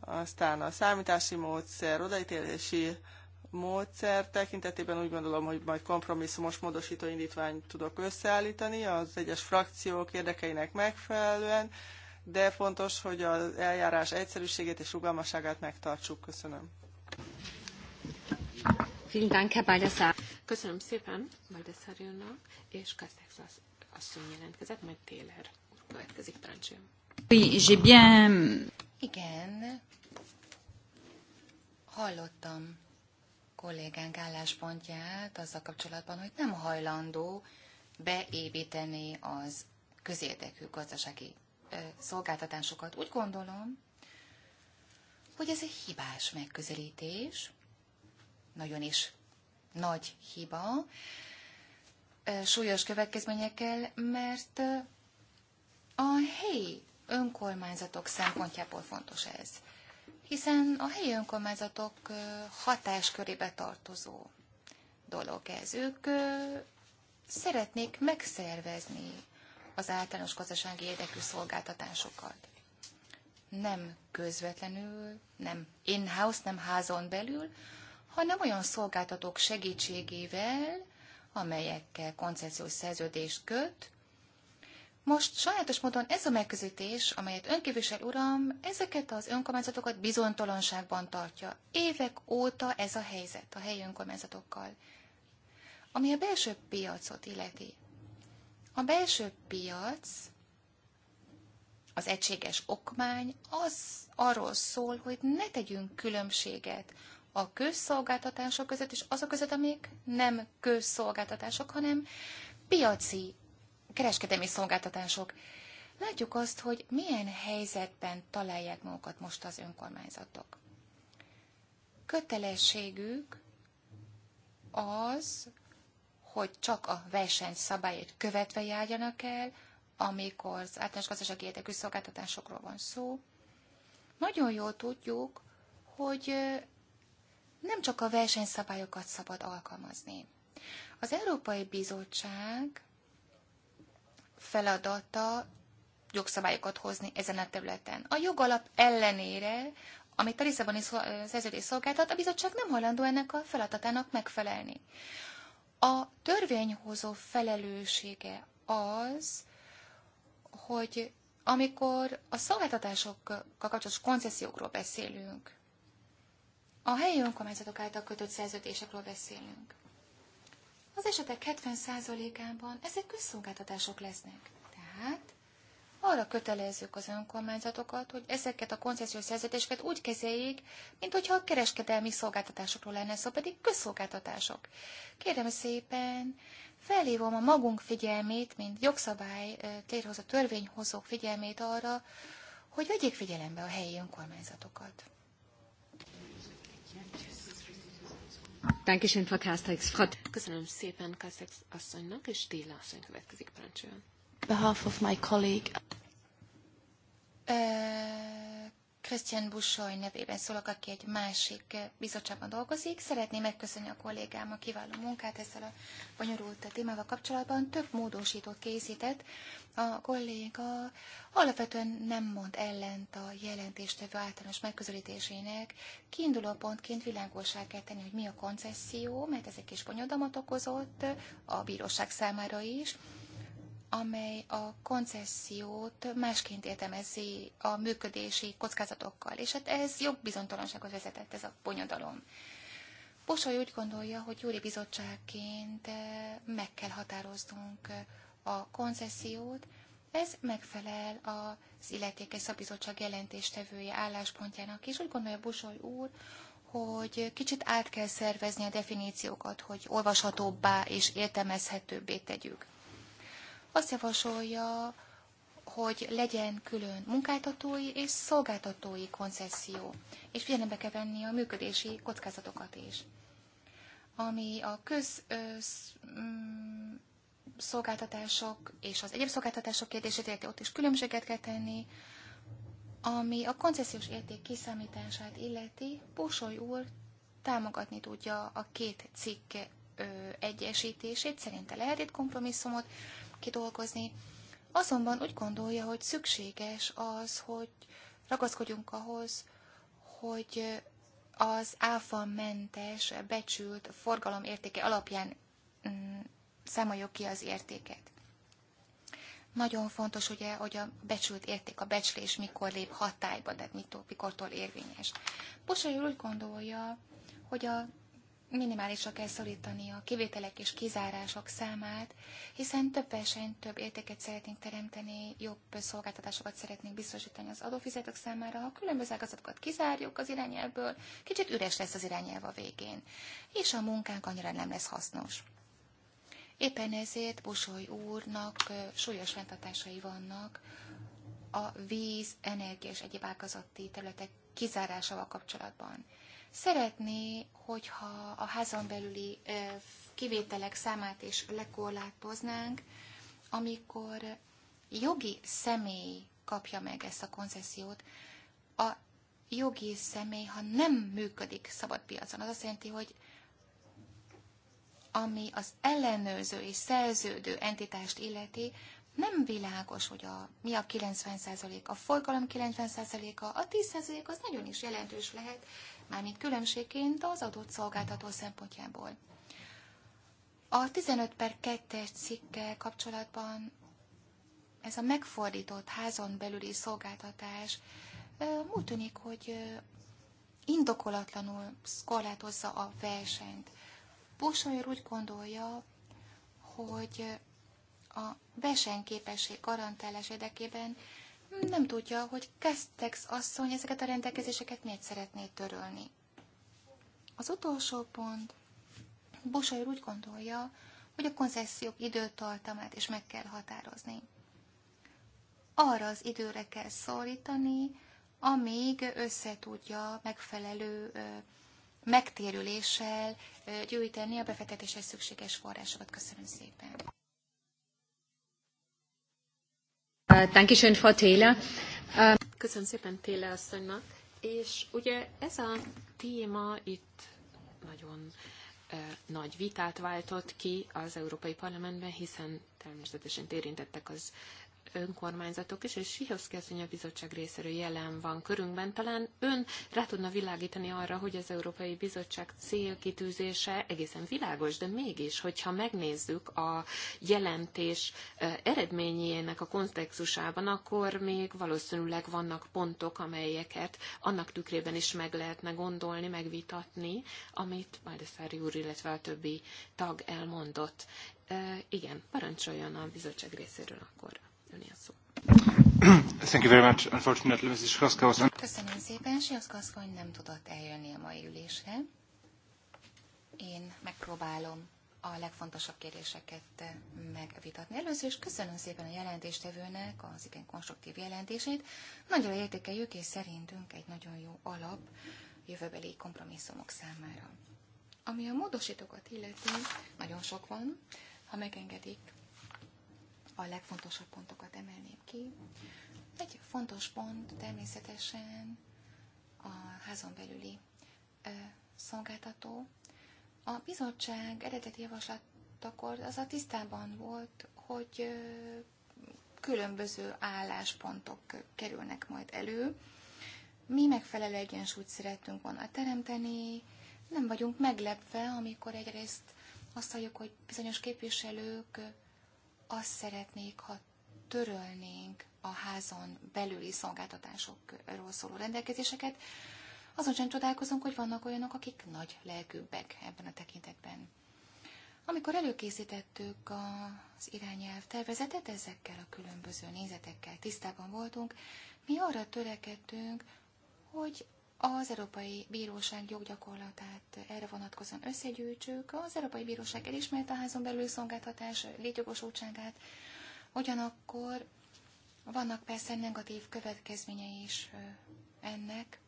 Aztán a számítási módszer, odaítélési módszer tekintetében úgy gondolom, hogy majd kompromisszumos módosító indítványt tudok összeállítani az egyes frakciók érdekeinek megfelelően, de fontos, hogy az eljárás egyszerűségét és rugalmasságát megtartsuk. Köszönöm. Köszönöm szépen Baldassarionnak, és Kastex asszony jelentkezett, majd téler úr következik, parancsoljon. Oui, Igen, hallottam kollégánk álláspontját azzal kapcsolatban, hogy nem hajlandó beépíteni az közérdekű gazdasági szolgáltatásokat. Úgy gondolom, hogy ez egy hibás megközelítés, nagyon is nagy hiba, súlyos következményekkel, mert a helyi önkormányzatok szempontjából fontos ez, hiszen a helyi önkormányzatok hatáskörébe tartozó dolog ez. Ők szeretnék megszervezni az általános gazdasági érdekű szolgáltatásokat. Nem közvetlenül, nem in-house, nem házon belül, hanem olyan szolgáltatók segítségével, amelyekkel koncepciós szerződést köt. Most sajátos módon ez a megközelítés, amelyet önképvisel uram, ezeket az önkormányzatokat bizonytalanságban tartja. Évek óta ez a helyzet a helyi önkormányzatokkal. Ami a belső piacot illeti, a belső piac, az egységes okmány az arról szól, hogy ne tegyünk különbséget a közszolgáltatások között és azok között, amik nem közszolgáltatások, hanem piaci kereskedelmi szolgáltatások. Látjuk azt, hogy milyen helyzetben találják magukat most az önkormányzatok. Kötelességük az, hogy csak a verseny szabályait követve járjanak el, amikor az általános gazdasági érdekű szolgáltatásokról van szó. Nagyon jól tudjuk, hogy nem csak a versenyszabályokat szabad alkalmazni. Az Európai Bizottság feladata jogszabályokat hozni ezen a területen. A jogalap ellenére, amit a Lisszaboni szerződés szolgáltat, a bizottság nem hajlandó ennek a feladatának megfelelni. A törvényhozó felelőssége az, hogy amikor a szolgáltatásokkal kapcsolatos koncesziókról beszélünk, a helyi önkormányzatok által kötött szerződésekről beszélünk. Az esetek 70%-ában ezek közszolgáltatások lesznek. Tehát arra kötelezzük az önkormányzatokat, hogy ezeket a koncesziós szerződéseket úgy kezeljék, mint hogyha a kereskedelmi szolgáltatásokról lenne szó, pedig közszolgáltatások. Kérem szépen, felhívom a magunk figyelmét, mint jogszabály a törvényhozók figyelmét arra, hogy vegyék figyelembe a helyi önkormányzatokat. Köszönöm szépen Kastex asszonynak, és Téla asszony következik parancsoljon behalf of my colleague. Christian Busoy nevében szólok, aki egy másik bizottságban dolgozik. Szeretném megköszönni a kollégám a kiváló munkát ezzel a bonyolult témával kapcsolatban. Több módosítót készített. A kolléga alapvetően nem mond ellent a jelentéstevő általános megközelítésének. Kiinduló pontként világosá kell tenni, hogy mi a koncesszió, mert ez egy kis bonyodalmat okozott a bíróság számára is amely a koncessziót másként értelmezi a működési kockázatokkal, és hát ez jogbizonytalansághoz vezetett ez a bonyodalom. Bosoly úgy gondolja, hogy Júri Bizottságként eh, meg kell határoznunk eh, a koncessziót, ez megfelel az illetékes szabizottság jelentéstevője álláspontjának, és úgy gondolja Busoly úr, hogy kicsit át kell szervezni a definíciókat, hogy olvashatóbbá és értelmezhetőbbé tegyük azt javasolja, hogy legyen külön munkáltatói és szolgáltatói koncesszió, és figyelembe kell venni a működési kockázatokat is. Ami a közszolgáltatások mm, és az egyéb szolgáltatások kérdését illeti, ott is különbséget kell tenni, ami a koncesziós érték kiszámítását illeti, Pusoly úr támogatni tudja a két cikk egyesítését, szerinte lehet itt kompromisszumot, kidolgozni, azonban úgy gondolja, hogy szükséges az, hogy ragaszkodjunk ahhoz, hogy az áfa mentes, becsült forgalom értéke alapján mm, számoljuk ki az értéket. Nagyon fontos ugye, hogy a becsült érték, a becslés mikor lép hatályba, tehát mitől, mikortól érvényes. Posai úgy gondolja, hogy a minimálisra kell szorítani a kivételek és kizárások számát, hiszen több versenyt, több értéket szeretnénk teremteni, jobb szolgáltatásokat szeretnénk biztosítani az adófizetők számára. Ha különböző ágazatokat kizárjuk az irányelvből, kicsit üres lesz az irányelv a végén, és a munkánk annyira nem lesz hasznos. Éppen ezért Busoly úrnak súlyos fenntartásai vannak a víz, energia és egyéb ágazati területek kizárásával kapcsolatban Szeretné, hogyha a házon belüli kivételek számát is lekorlátoznánk, amikor jogi személy kapja meg ezt a koncesziót. A jogi személy, ha nem működik piacon, az azt jelenti, hogy ami az ellenőrző és szerződő entitást illeti, nem világos, hogy a, mi a 90%, a forgalom 90%-a, a 10% az nagyon is jelentős lehet, mármint különbségként az adott szolgáltató szempontjából. A 15 per 2-es cikkel kapcsolatban ez a megfordított házon belüli szolgáltatás úgy tűnik, hogy indokolatlanul korlátozza a versenyt. Busolyr úgy gondolja, hogy a versenyképesség garantálás érdekében nem tudja, hogy Kestex asszony ezeket a rendelkezéseket miért szeretné törölni. Az utolsó pont. Busoly úgy gondolja, hogy a konzessziók időtartamát is meg kell határozni. Arra az időre kell szólítani, amíg összetudja megfelelő megtérüléssel gyűjteni a befektetéshez szükséges forrásokat. Köszönöm szépen! Dankeschön, uh, Frau uh, Köszönöm szépen Téle asszonynak. És ugye ez a téma itt nagyon nagy vitát váltott ki az Európai Parlamentben, hiszen természetesen érintettek az önkormányzatok is, és Sihoszki asszony a bizottság részéről jelen van körünkben. Talán ön rá tudna világítani arra, hogy az Európai Bizottság célkitűzése egészen világos, de mégis, hogyha megnézzük a jelentés eredményének a kontextusában, akkor még valószínűleg vannak pontok, amelyeket annak tükrében is meg lehetne gondolni, megvitatni, amit Majdeszári úr, illetve a többi tag elmondott. E, igen, parancsoljon a bizottság részéről akkor. Köszönöm szépen, Sihaszka asszony nem tudott eljönni a mai ülésre. Én megpróbálom a legfontosabb kérdéseket megvitatni. Először is köszönöm szépen a jelentéstevőnek az igen konstruktív jelentését. Nagyon értékeljük, és szerintünk egy nagyon jó alap jövőbeli kompromisszumok számára. Ami a módosítókat illeti, nagyon sok van, ha megengedik, a legfontosabb pontokat emelném ki. Egy fontos pont természetesen a házon belüli ö, szolgáltató. A bizottság eredeti javaslatakor az a tisztában volt, hogy ö, különböző álláspontok kerülnek majd elő. Mi megfelelő egyensúlyt szeretünk volna teremteni, nem vagyunk meglepve, amikor egyrészt azt halljuk, hogy bizonyos képviselők azt szeretnék, ha törölnénk a házon belüli szolgáltatásokról szóló rendelkezéseket, azon sem csodálkozunk, hogy vannak olyanok, akik nagy lelkűbbek ebben a tekintetben. Amikor előkészítettük az irányelv tervezetet, ezekkel a különböző nézetekkel tisztában voltunk, mi arra törekedtünk, hogy az Európai Bíróság joggyakorlatát erre vonatkozóan összegyűjtsük. Az Európai Bíróság elismerte a házon belül szolgáltatás létjogosultságát, ugyanakkor vannak persze negatív következményei is ennek,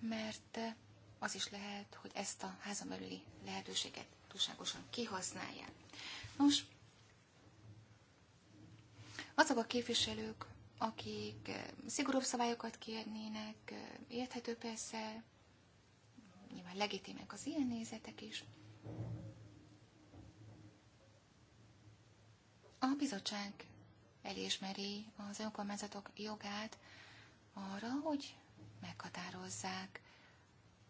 mert az is lehet, hogy ezt a házon belüli lehetőséget túlságosan kihasználják. Nos, azok a képviselők, akik eh, szigorúbb szabályokat kérnének, eh, érthető persze, nyilván legitimek az ilyen nézetek is. A bizottság elismeri az önkormányzatok jogát arra, hogy meghatározzák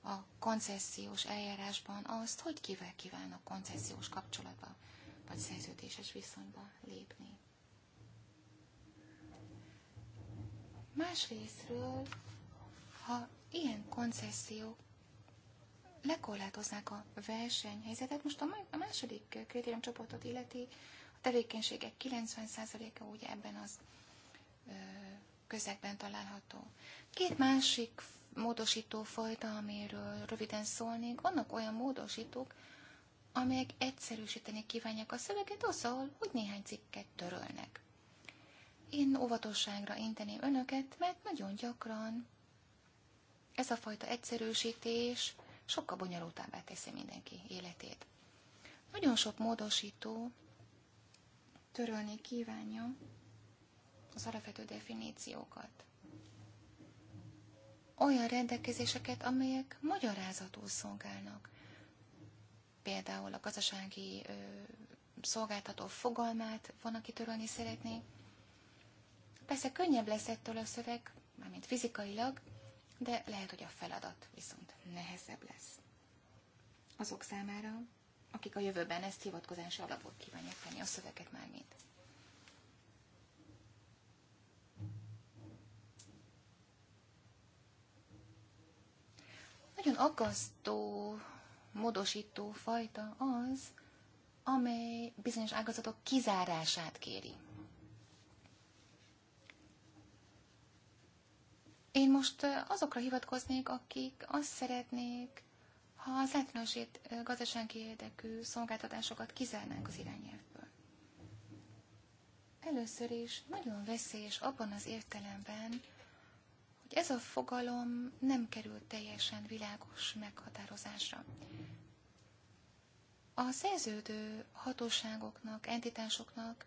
a koncesziós eljárásban azt, hogy kivel kívánnak koncesziós kapcsolatba vagy szerződéses viszonyba lépni. Másrésztről, ha ilyen koncesziók lekorlátoznák a versenyhelyzetet, most a második csoportot illeti, a tevékenységek 90%-a ugye ebben az közegben található. Két másik módosító fajta, amiről röviden szólnék, vannak olyan módosítók, amelyek egyszerűsíteni kívánják a szöveget, azzal, hogy néhány cikket törölnek. Én óvatosságra inteném önöket, mert nagyon gyakran ez a fajta egyszerűsítés sokkal bonyolultabbá teszi mindenki életét. Nagyon sok módosító törölni kívánja az alapvető definíciókat. Olyan rendelkezéseket, amelyek magyarázatul szolgálnak. Például a gazdasági ö, szolgáltató fogalmát van, aki törölni szeretné, Persze könnyebb lesz ettől a szöveg, mármint fizikailag, de lehet, hogy a feladat viszont nehezebb lesz. Azok számára, akik a jövőben ezt hivatkozás alapul kívánják tenni a szöveget mármint. Nagyon aggasztó, modosító fajta az, amely bizonyos ágazatok kizárását kéri Én most azokra hivatkoznék, akik azt szeretnék, ha az általánosít gazdasági érdekű szolgáltatásokat kizárnánk az irányelvből. Először is nagyon veszélyes abban az értelemben, hogy ez a fogalom nem került teljesen világos meghatározásra. A szerződő hatóságoknak, entitásoknak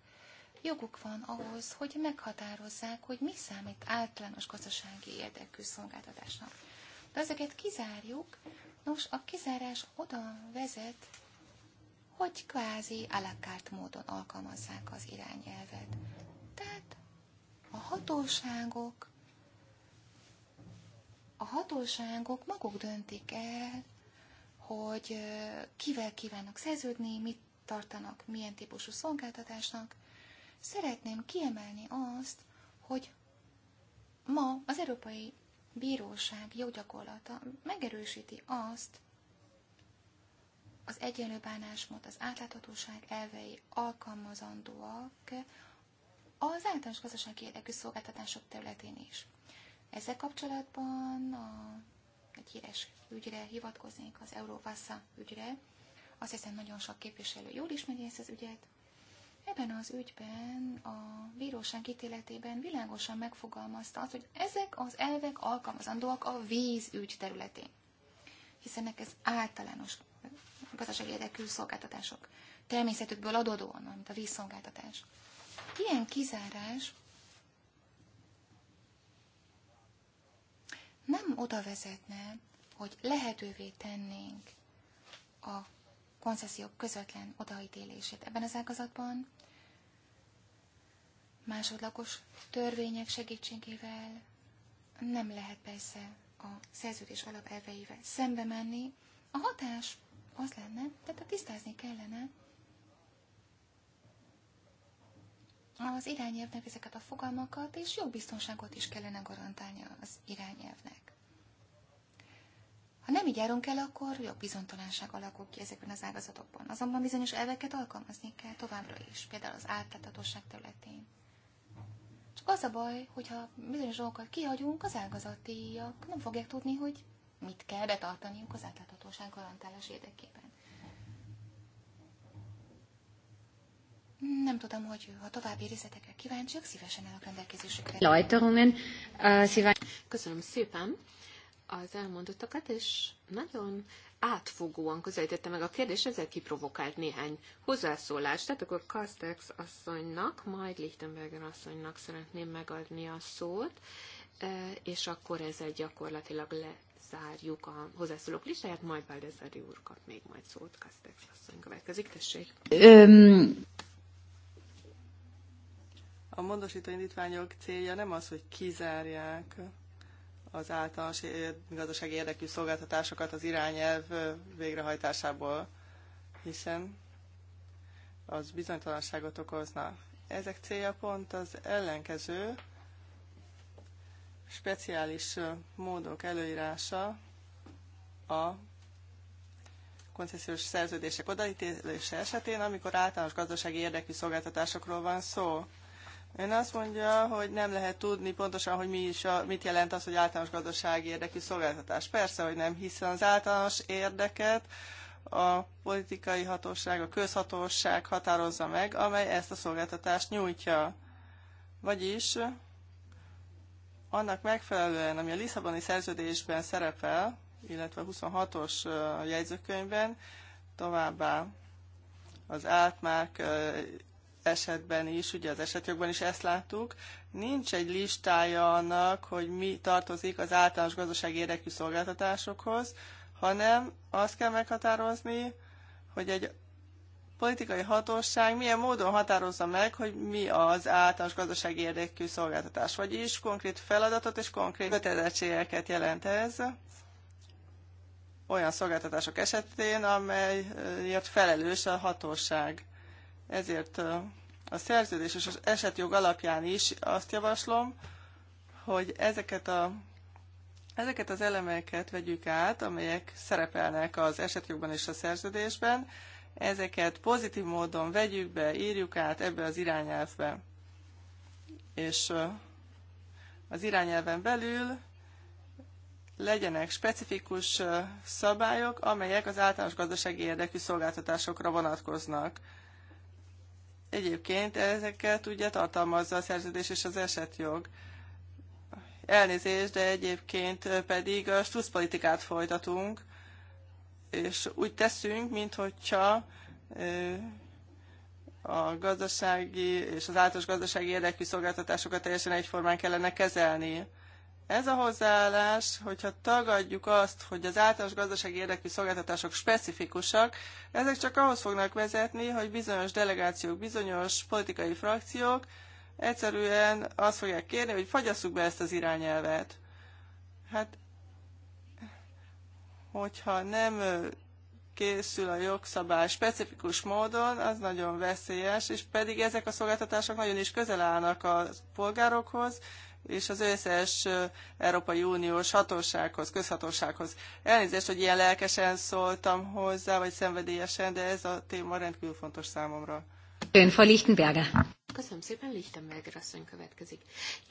joguk van ahhoz, hogy meghatározzák, hogy mi számít általános gazdasági érdekű szolgáltatásnak. De ezeket kizárjuk, nos, a kizárás oda vezet, hogy kvázi alakárt módon alkalmazzák az irányelvet. Tehát a hatóságok, a hatóságok maguk döntik el, hogy kivel kívánnak szerződni, mit tartanak, milyen típusú szolgáltatásnak, Szeretném kiemelni azt, hogy ma az Európai Bíróság gyakorlata megerősíti azt, az egyenlő bánásmód, az átláthatóság elvei alkalmazandóak az általános gazdasági érdekű szolgáltatások területén is. Ezzel kapcsolatban a, egy híres ügyre hivatkoznék, az Euróvassa ügyre. Azt hiszem nagyon sok képviselő jól ismeri ezt az ügyet. Ebben az ügyben a bíróság ítéletében világosan megfogalmazta azt, hogy ezek az elvek alkalmazandóak a vízügy területén. Hiszen ez általános gazdasági érdekű szolgáltatások természetükből adódóan, mint a vízszolgáltatás. Ilyen kizárás nem oda vezetne, hogy lehetővé tennénk a koncesziók közvetlen odaítélését ebben az ágazatban, másodlagos törvények segítségével nem lehet persze a szerződés alapelveivel szembe menni. A hatás az lenne, tehát a tisztázni kellene az irányelvnek ezeket a fogalmakat, és jogbiztonságot is kellene garantálni az irányelvnek. Ha nem így járunk el, akkor jobb bizonytalanság alakul ki ezekben az ágazatokban. Azonban bizonyos elveket alkalmazni kell továbbra is, például az átláthatóság területén. Csak az a baj, hogyha bizonyos dolgokat kihagyunk, az ágazatiak nem fogják tudni, hogy mit kell betartaniuk az átláthatóság garantálás érdekében. Nem tudom, hogy ha további részletekre kíváncsiak, szívesen állok rendelkezésükre. Köszönöm szépen! az elmondottakat, és nagyon átfogóan közelítette meg a kérdés, ezzel kiprovokált néhány hozzászólást. Tehát akkor Kastex asszonynak, majd Lichtenberger asszonynak szeretném megadni a szót, e, és akkor ezzel gyakorlatilag lezárjuk a hozzászólók listáját, majd Baldezari úr kap még majd szót, Kastex asszony következik, tessék. Um... A módosító indítványok célja nem az, hogy kizárják az általános gazdasági érdekű szolgáltatásokat az irányelv végrehajtásából, hiszen az bizonytalanságot okozna. Ezek célja pont az ellenkező, speciális módok előírása a koncesziós szerződések odaítélése esetén, amikor általános gazdasági érdekű szolgáltatásokról van szó. Ön azt mondja, hogy nem lehet tudni pontosan, hogy mi is a, mit jelent az, hogy általános gazdasági érdekű szolgáltatás. Persze, hogy nem, hiszen az általános érdeket a politikai hatóság, a közhatóság határozza meg, amely ezt a szolgáltatást nyújtja. Vagyis annak megfelelően, ami a Lisszaboni szerződésben szerepel, illetve a 26-os jegyzőkönyvben, továbbá az átmárk esetben is, ugye az esetjogban is ezt láttuk, nincs egy listája annak, hogy mi tartozik az általános gazdasági érdekű szolgáltatásokhoz, hanem azt kell meghatározni, hogy egy politikai hatóság milyen módon határozza meg, hogy mi az általános gazdasági érdekű szolgáltatás, vagyis konkrét feladatot és konkrét kötelezettségeket jelent ez olyan szolgáltatások esetén, amelyért felelős a hatóság. Ezért a szerződés és az esetjog alapján is azt javaslom, hogy ezeket, a, ezeket az elemeket vegyük át, amelyek szerepelnek az esetjogban és a szerződésben, ezeket pozitív módon vegyük be, írjuk át ebbe az irányelvbe. És az irányelven belül legyenek specifikus szabályok, amelyek az általános gazdasági érdekű szolgáltatásokra vonatkoznak. Egyébként ezeket ugye tartalmazza a szerződés és az esetjog. Elnézést, de egyébként pedig a politikát folytatunk, és úgy teszünk, mintha a gazdasági és az általános gazdasági érdekű szolgáltatásokat teljesen egyformán kellene kezelni. Ez a hozzáállás, hogyha tagadjuk azt, hogy az általános gazdasági érdekű szolgáltatások specifikusak, ezek csak ahhoz fognak vezetni, hogy bizonyos delegációk, bizonyos politikai frakciók egyszerűen azt fogják kérni, hogy fagyasszuk be ezt az irányelvet. Hát, hogyha nem készül a jogszabály specifikus módon, az nagyon veszélyes, és pedig ezek a szolgáltatások nagyon is közel állnak a polgárokhoz, és az összes Európai Uniós hatósághoz, közhatósághoz. Elnézést, hogy ilyen lelkesen szóltam hozzá, vagy szenvedélyesen, de ez a téma rendkívül fontos számomra. Ön Lichtenberger. Köszönöm szépen, Lichtenberger asszony következik.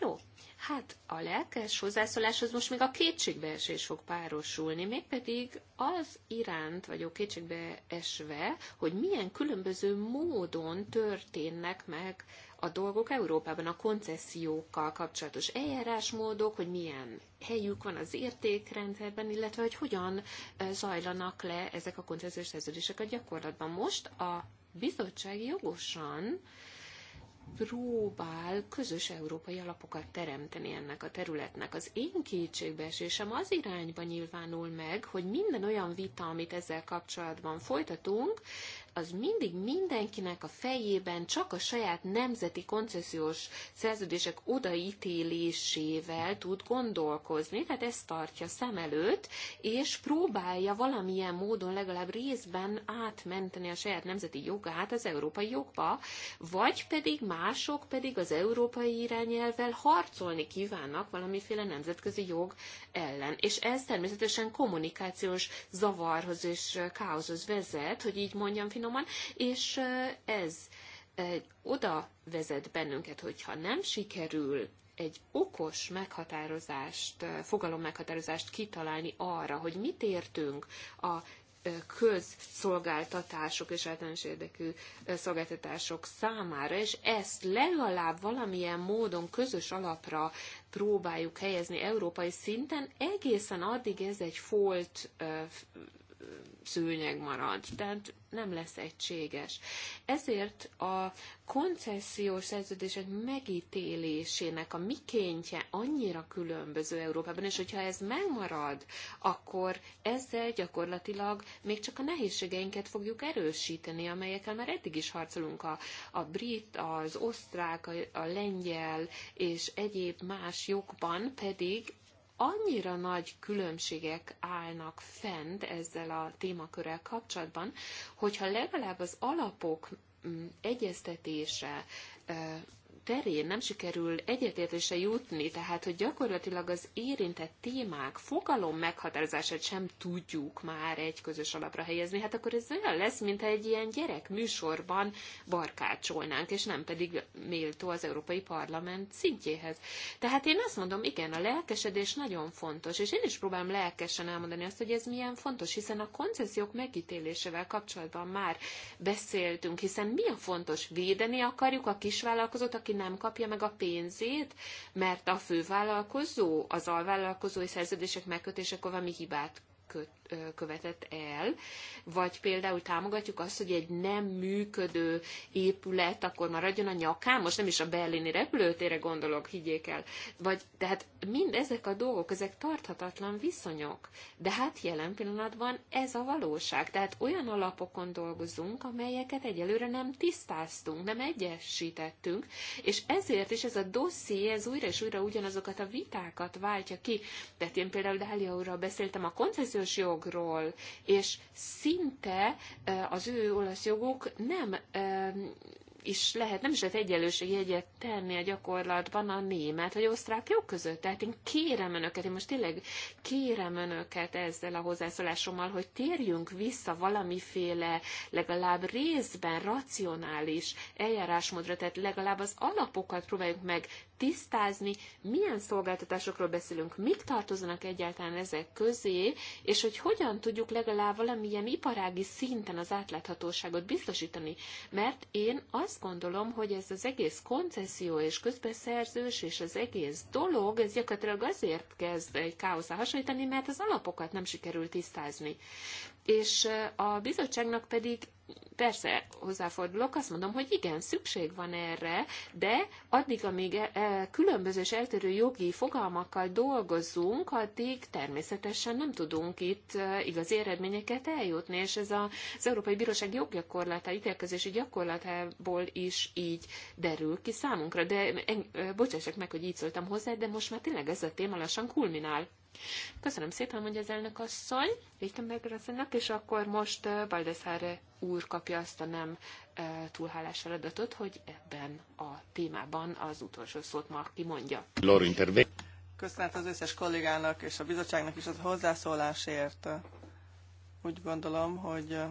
Jó, hát a lelkes hozzászóláshoz most még a kétségbeesés fog párosulni, mégpedig az iránt vagyok kétségbeesve, hogy milyen különböző módon történnek meg a dolgok Európában, a koncesziókkal kapcsolatos eljárásmódok, hogy milyen helyük van az értékrendszerben, illetve hogy hogyan zajlanak le ezek a koncesziós szerződések a gyakorlatban. Most a bizottság jogosan próbál közös európai alapokat teremteni ennek a területnek. Az én kétségbeesésem az irányba nyilvánul meg, hogy minden olyan vita, amit ezzel kapcsolatban folytatunk, az mindig mindenkinek a fejében csak a saját nemzeti koncesziós szerződések odaítélésével tud gondolkozni, tehát ezt tartja szem előtt, és próbálja valamilyen módon legalább részben átmenteni a saját nemzeti jogát az európai jogba, vagy pedig mások pedig az európai irányelvel harcolni kívánnak valamiféle nemzetközi jog ellen. És ez természetesen kommunikációs zavarhoz és káoszhoz vezet, hogy így mondjam, finoman, és ez oda vezet bennünket, hogyha nem sikerül egy okos meghatározást, fogalom meghatározást kitalálni arra, hogy mit értünk a közszolgáltatások és általános érdekű szolgáltatások számára, és ezt legalább valamilyen módon közös alapra próbáljuk helyezni európai szinten, egészen addig ez egy folt szőnyeg marad, tehát nem lesz egységes. Ezért a koncesziós szerződések megítélésének a mikéntje annyira különböző Európában, és hogyha ez megmarad, akkor ezzel gyakorlatilag még csak a nehézségeinket fogjuk erősíteni, amelyekkel már eddig is harcolunk a, a brit, az osztrák, a, a lengyel és egyéb más jogban pedig annyira nagy különbségek állnak fent ezzel a témakörrel kapcsolatban, hogyha legalább az alapok mm, egyeztetése terén nem sikerül egyetértésre jutni, tehát hogy gyakorlatilag az érintett témák fogalom meghatározását sem tudjuk már egy közös alapra helyezni, hát akkor ez olyan lesz, mint egy ilyen gyerek műsorban barkácsolnánk, és nem pedig méltó az Európai Parlament szintjéhez. Tehát én azt mondom, igen, a lelkesedés nagyon fontos, és én is próbálom lelkesen elmondani azt, hogy ez milyen fontos, hiszen a koncesziók megítélésével kapcsolatban már beszéltünk, hiszen mi a fontos? Védeni akarjuk a kisvállalkozót, aki aki nem kapja meg a pénzét, mert a fővállalkozó az alvállalkozói szerződések megkötésekor valami hibát köt követett el, vagy például támogatjuk azt, hogy egy nem működő épület akkor maradjon a nyakán, most nem is a berlini repülőtére gondolok, higgyék el, vagy tehát mind ezek a dolgok, ezek tarthatatlan viszonyok, de hát jelen pillanatban ez a valóság, tehát olyan alapokon dolgozunk, amelyeket egyelőre nem tisztáztunk, nem egyesítettünk, és ezért is ez a dosszié, ez újra és újra ugyanazokat a vitákat váltja ki. Tehát én például Dália úrral beszéltem a koncesziós jog jogról, és szinte az ő olasz joguk nem is lehet, nem is lehet egyet tenni a gyakorlatban a német vagy osztrák jog között. Tehát én kérem önöket, én most tényleg kérem önöket ezzel a hozzászólásommal, hogy térjünk vissza valamiféle legalább részben racionális eljárásmódra, tehát legalább az alapokat próbáljuk meg tisztázni, milyen szolgáltatásokról beszélünk, mik tartoznak egyáltalán ezek közé, és hogy hogyan tudjuk legalább valamilyen iparági szinten az átláthatóságot biztosítani. Mert én azt gondolom, hogy ez az egész koncesszió és közbeszerzős és az egész dolog, ez gyakorlatilag azért kezd egy káoszá hasonlítani, mert az alapokat nem sikerült tisztázni. És a bizottságnak pedig persze hozzáfordulok, azt mondom, hogy igen, szükség van erre, de addig, amíg e, e, különböző és eltérő jogi fogalmakkal dolgozunk, addig természetesen nem tudunk itt e, igazi eredményeket eljutni, és ez az Európai Bíróság joggyakorlata, ítélkezési gyakorlatából is így derül ki számunkra. De bocsássak meg, hogy így szóltam hozzá, de most már tényleg ez a téma lassan kulminál. Köszönöm szépen, hogy az elnök asszony, Lichtenberger asszonynak, és akkor most Baldessare úr kapja azt a nem e, túlhálás feladatot, hogy ebben a témában az utolsó szót ma kimondja. Köszönet az összes kollégának és a bizottságnak is az hozzászólásért. Úgy gondolom, hogy e,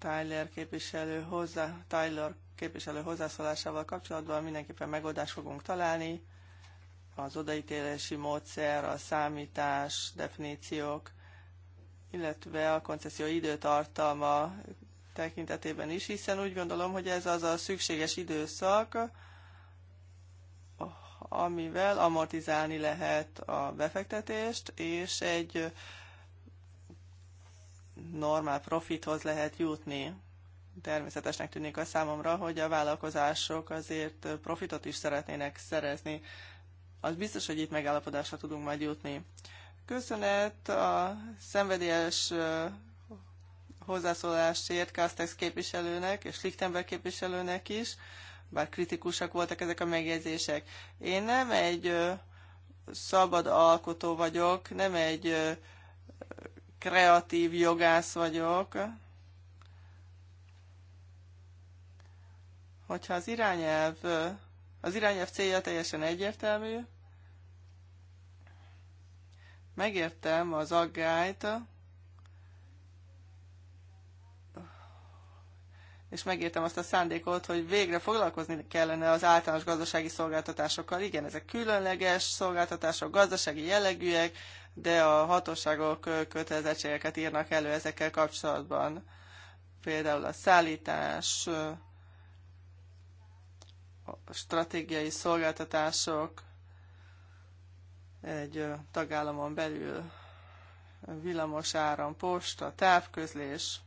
Tyler képviselő, hozzá, Tyler képviselő hozzászólásával kapcsolatban mindenképpen megoldást fogunk találni. Az odaítélési módszer, a számítás, definíciók, illetve a koncesszió időtartalma tekintetében is, hiszen úgy gondolom, hogy ez az a szükséges időszak, amivel amortizálni lehet a befektetést, és egy normál profithoz lehet jutni. Természetesnek tűnik a számomra, hogy a vállalkozások azért profitot is szeretnének szerezni. Az biztos, hogy itt megállapodásra tudunk majd jutni. Köszönet a szenvedélyes hozzászólásért Kastex képviselőnek és Lichtenberg képviselőnek is, bár kritikusak voltak ezek a megjegyzések. Én nem egy szabad alkotó vagyok, nem egy kreatív jogász vagyok. Hogyha az irányelv, az irányelv célja teljesen egyértelmű, Megértem az aggályt, és megértem azt a szándékot, hogy végre foglalkozni kellene az általános gazdasági szolgáltatásokkal. Igen, ezek különleges szolgáltatások, gazdasági jellegűek, de a hatóságok kötelezettségeket írnak elő ezekkel kapcsolatban. Például a szállítás, a stratégiai szolgáltatások, egy tagállamon belül villamos áram, posta, távközlés.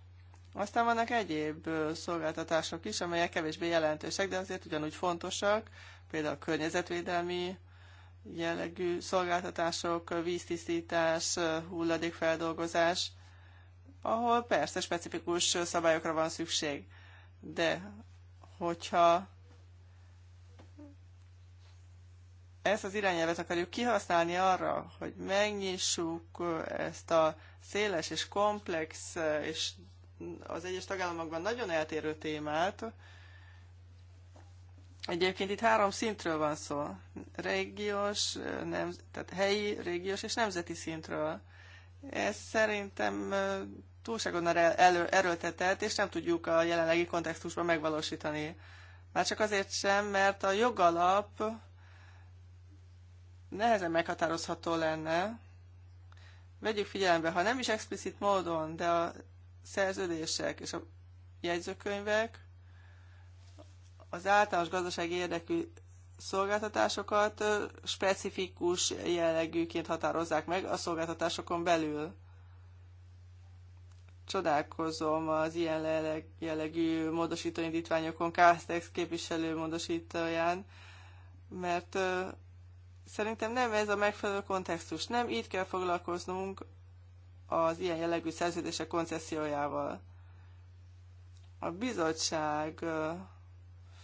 Aztán vannak egyéb szolgáltatások is, amelyek kevésbé jelentősek, de azért ugyanúgy fontosak, például környezetvédelmi jellegű szolgáltatások, víztisztítás, hulladékfeldolgozás, ahol persze specifikus szabályokra van szükség. De hogyha ezt az irányelvet akarjuk kihasználni arra, hogy megnyissuk ezt a széles és komplex és az egyes tagállamokban nagyon eltérő témát. Egyébként itt három szintről van szó. Régiós, nem, tehát helyi, régiós és nemzeti szintről. Ez szerintem túlságon elő, erőltetett, és nem tudjuk a jelenlegi kontextusban megvalósítani. Már csak azért sem, mert a jogalap nehezen meghatározható lenne. Vegyük figyelembe, ha nem is explicit módon, de a szerződések és a jegyzőkönyvek az általános gazdasági érdekű szolgáltatásokat specifikus jellegűként határozzák meg a szolgáltatásokon belül. Csodálkozom az ilyen jellegű módosítóindítványokon, Kástex képviselő módosítóján, mert Szerintem nem ez a megfelelő kontextus. Nem így kell foglalkoznunk az ilyen jellegű szerződések koncesziójával. A bizottság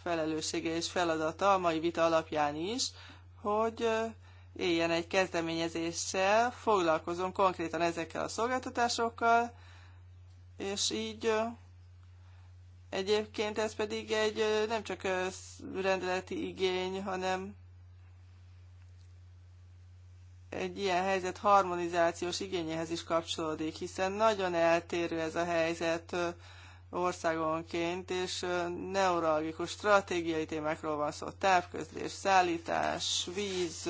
felelőssége és feladata a mai vita alapján is, hogy éljen egy kezdeményezéssel, foglalkozom konkrétan ezekkel a szolgáltatásokkal, és így egyébként ez pedig egy nem csak rendeleti igény, hanem egy ilyen helyzet harmonizációs igényehez is kapcsolódik, hiszen nagyon eltérő ez a helyzet országonként, és neuralgikus stratégiai témákról van szó, távközlés, szállítás, víz,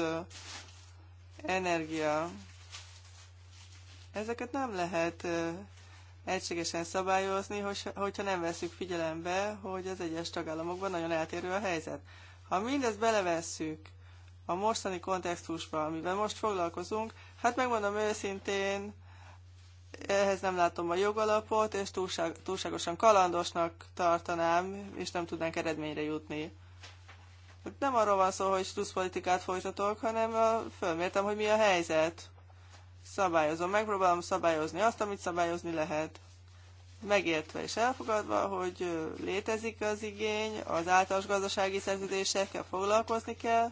energia. Ezeket nem lehet egységesen szabályozni, hogyha nem veszük figyelembe, hogy az egyes tagállamokban nagyon eltérő a helyzet. Ha mindezt belevesszük, a mostani kontextusban, amivel most foglalkozunk, hát megmondom őszintén, ehhez nem látom a jogalapot, és túlság, túlságosan kalandosnak tartanám, és nem tudnánk eredményre jutni. Hát nem arról van szó, hogy politikát folytatok, hanem fölmértem, hogy mi a helyzet. Szabályozom, megpróbálom szabályozni azt, amit szabályozni lehet. Megértve és elfogadva, hogy létezik az igény, az általános gazdasági szerződésekkel foglalkozni kell,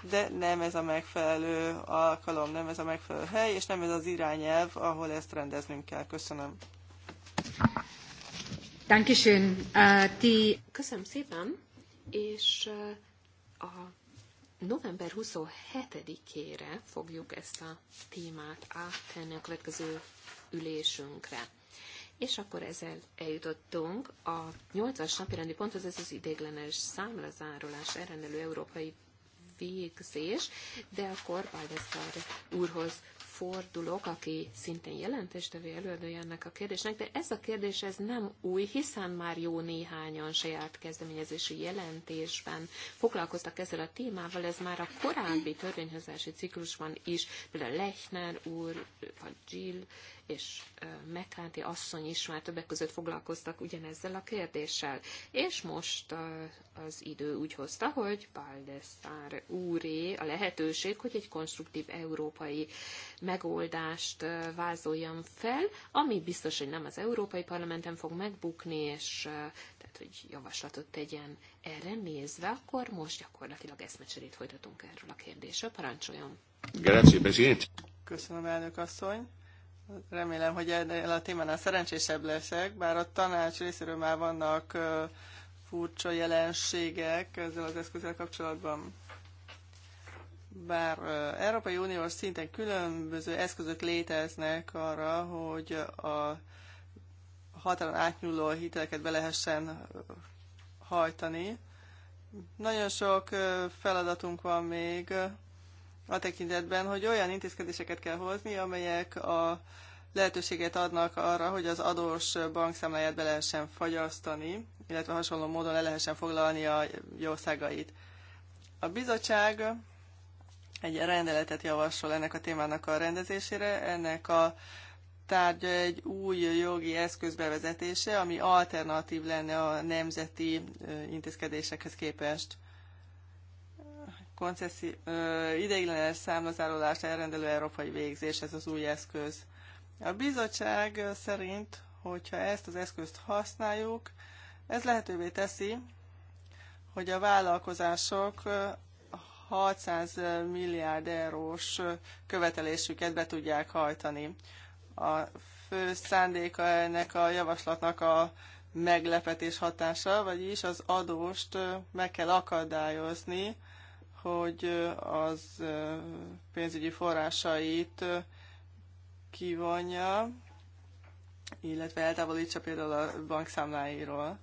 de nem ez a megfelelő alkalom, nem ez a megfelelő hely, és nem ez az irányelv, ahol ezt rendeznünk kell. Köszönöm. Dankeschön. ti... Köszönöm szépen, és a november 27-ére fogjuk ezt a témát áttenni a következő ülésünkre. És akkor ezzel eljutottunk a 8-as napirendi ponthoz, ez az ideiglenes számlazárolás elrendelő Európai végzés, de akkor Baldeszkár úrhoz fordulok, aki szintén jelentéstevő előadója ennek a kérdésnek, de ez a kérdés ez nem új, hiszen már jó néhányan saját kezdeményezési jelentésben foglalkoztak ezzel a témával, ez már a korábbi törvényhozási ciklusban is, például Lechner úr, vagy Jill és Mekánti asszony is már többek között foglalkoztak ugyanezzel a kérdéssel. És most az idő úgy hozta, hogy Baldessar úré a lehetőség, hogy egy konstruktív európai megoldást vázoljam fel, ami biztos, hogy nem az Európai Parlamenten fog megbukni, és tehát, hogy javaslatot tegyen erre nézve, akkor most gyakorlatilag eszmecserét folytatunk erről a kérdésről. Parancsoljon! Köszönöm, elnök asszony! Remélem, hogy ennél a témánál szerencsésebb leszek, bár a tanács részéről már vannak furcsa jelenségek ezzel az eszközzel kapcsolatban bár Európai Uniós szinten különböző eszközök léteznek arra, hogy a határon átnyúló hiteleket be lehessen hajtani. Nagyon sok feladatunk van még a tekintetben, hogy olyan intézkedéseket kell hozni, amelyek a lehetőséget adnak arra, hogy az adós bankszámláját be lehessen fagyasztani, illetve hasonló módon le lehessen foglalni a jószágait. A bizottság egy rendeletet javasol ennek a témának a rendezésére. Ennek a tárgya egy új jogi eszköz bevezetése, ami alternatív lenne a nemzeti intézkedésekhez képest. Konceszi, ö, ideiglenes számlazárolást elrendelő európai végzés, ez az új eszköz. A bizottság szerint, hogyha ezt az eszközt használjuk, ez lehetővé teszi, hogy a vállalkozások 600 milliárd eurós követelésüket be tudják hajtani. A fő szándéka ennek a javaslatnak a meglepetés hatása, vagyis az adóst meg kell akadályozni, hogy az pénzügyi forrásait kivonja, illetve eltávolítsa például a bankszámláiról.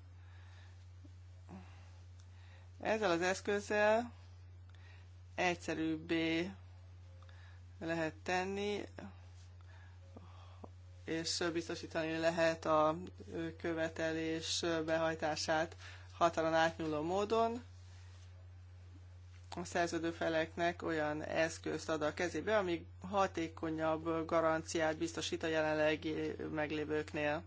Ezzel az eszközzel egyszerűbbé lehet tenni, és biztosítani lehet a követelés behajtását határon átnyúló módon. A szerződő feleknek olyan eszközt ad a kezébe, ami hatékonyabb garanciát biztosít a jelenlegi meglévőknél.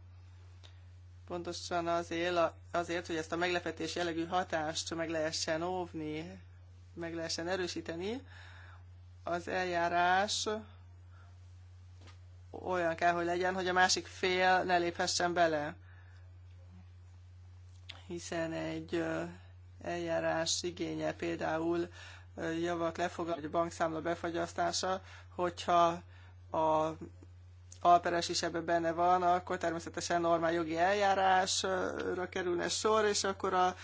Pontosan azért, azért, hogy ezt a meglepetés jellegű hatást meg lehessen óvni, meg lehessen erősíteni, az eljárás olyan kell, hogy legyen, hogy a másik fél ne léphessen bele. Hiszen egy eljárás igénye például javak lefogadása, vagy bankszámla befagyasztása, hogyha a alperes is ebben benne van, akkor természetesen normál jogi eljárásra kerülne sor, és akkor a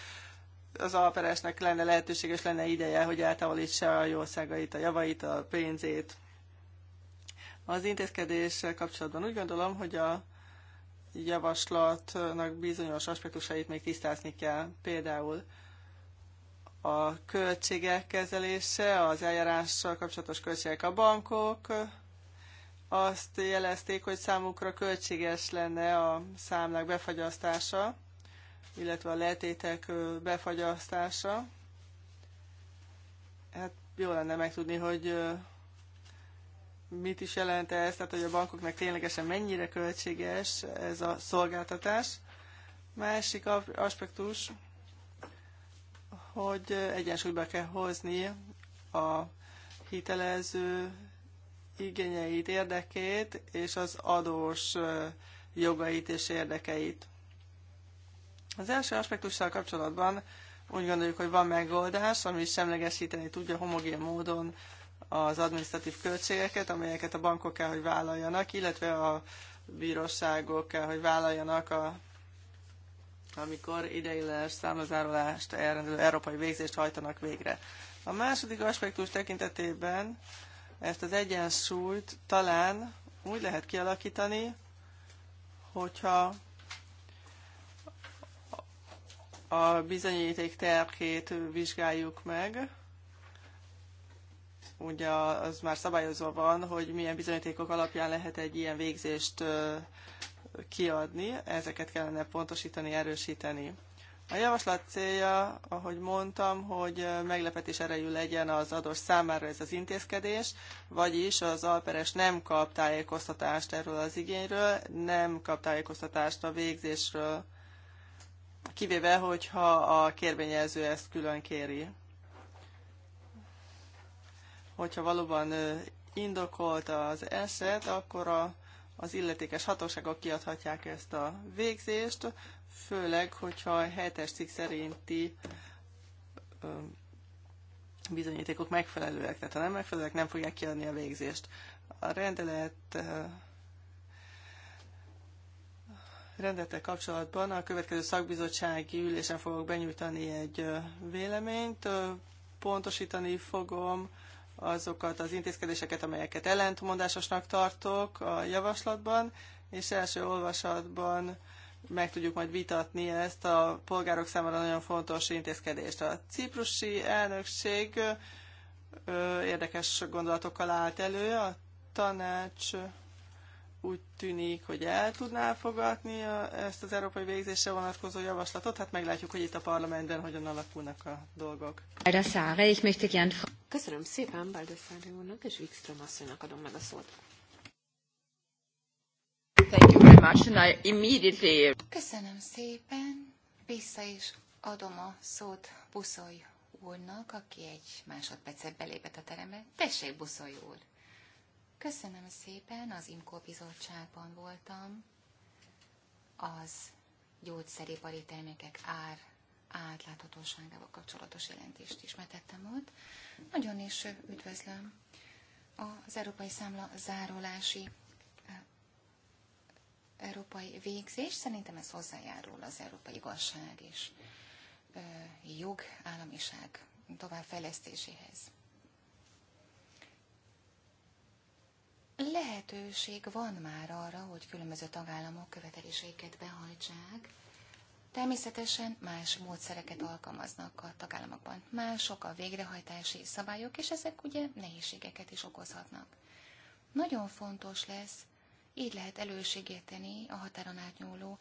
az alperesnek lenne lehetőség és lenne ideje, hogy eltávolítsa a jószágait, a javait, a pénzét. Az intézkedéssel kapcsolatban úgy gondolom, hogy a javaslatnak bizonyos aspektusait még tisztázni kell. Például a költségek kezelése, az eljárással kapcsolatos költségek a bankok, azt jelezték, hogy számukra költséges lenne a számlák befagyasztása, illetve a letétek befagyasztása. Hát jó lenne megtudni, hogy mit is jelent ez, tehát hogy a bankoknak ténylegesen mennyire költséges ez a szolgáltatás. Másik aspektus, hogy egyensúlyba kell hozni a hitelező igényeit, érdekét és az adós jogait és érdekeit. Az első aspektussal kapcsolatban úgy gondoljuk, hogy van megoldás, ami semlegesíteni tudja homogén módon az administratív költségeket, amelyeket a bankok kell, hogy vállaljanak, illetve a bíróságok kell, hogy vállaljanak, a, amikor ideiglenes számlazárolást elrendelő európai végzést hajtanak végre. A második aspektus tekintetében ezt az egyensúlyt talán úgy lehet kialakítani, hogyha a bizonyíték terhét vizsgáljuk meg. Ugye az már szabályozva van, hogy milyen bizonyítékok alapján lehet egy ilyen végzést kiadni, ezeket kellene pontosítani, erősíteni. A javaslat célja, ahogy mondtam, hogy meglepetés erejű legyen az adós számára ez az intézkedés, vagyis az alperes nem kap tájékoztatást erről az igényről, nem kap tájékoztatást a végzésről, kivéve, hogyha a kérvényező ezt külön kéri. Hogyha valóban indokolt az eset, akkor a, az illetékes hatóságok kiadhatják ezt a végzést, főleg, hogyha a 7 cikk szerinti bizonyítékok megfelelőek, tehát ha nem megfelelőek, nem fogják kiadni a végzést. A rendelet rendelettel kapcsolatban a következő szakbizottsági ülésen fogok benyújtani egy véleményt. Pontosítani fogom azokat az intézkedéseket, amelyeket ellentmondásosnak tartok a javaslatban, és első olvasatban meg tudjuk majd vitatni ezt a polgárok számára nagyon fontos intézkedést. A ciprusi elnökség érdekes gondolatokkal állt elő, a tanács úgy tűnik, hogy el tudná fogadni a, ezt az európai végzésre vonatkozó javaslatot. Hát meglátjuk, hogy itt a parlamentben hogyan alakulnak a dolgok. Köszönöm szépen Baldassare úrnak és Wikström asszonynak adom meg a szót. Thank you very much, and I immediately... Köszönöm szépen. Vissza is adom a szót Buszoly úrnak, aki egy másodpercet belépett a terembe. Tessék, Buszoly úr! Köszönöm szépen, az IMKO bizottságban voltam, az gyógyszeripari termékek ár átláthatóságával kapcsolatos jelentést is metettem ott. Nagyon is üdvözlöm az Európai Számla zárolási eh, európai végzés. Szerintem ez hozzájárul az európai igazság és eh, jog államiság továbbfejlesztéséhez. lehetőség van már arra, hogy különböző tagállamok követeléseiket behajtsák. Természetesen más módszereket alkalmaznak a tagállamokban. Mások a végrehajtási szabályok, és ezek ugye nehézségeket is okozhatnak. Nagyon fontos lesz, így lehet elősegíteni a határon átnyúló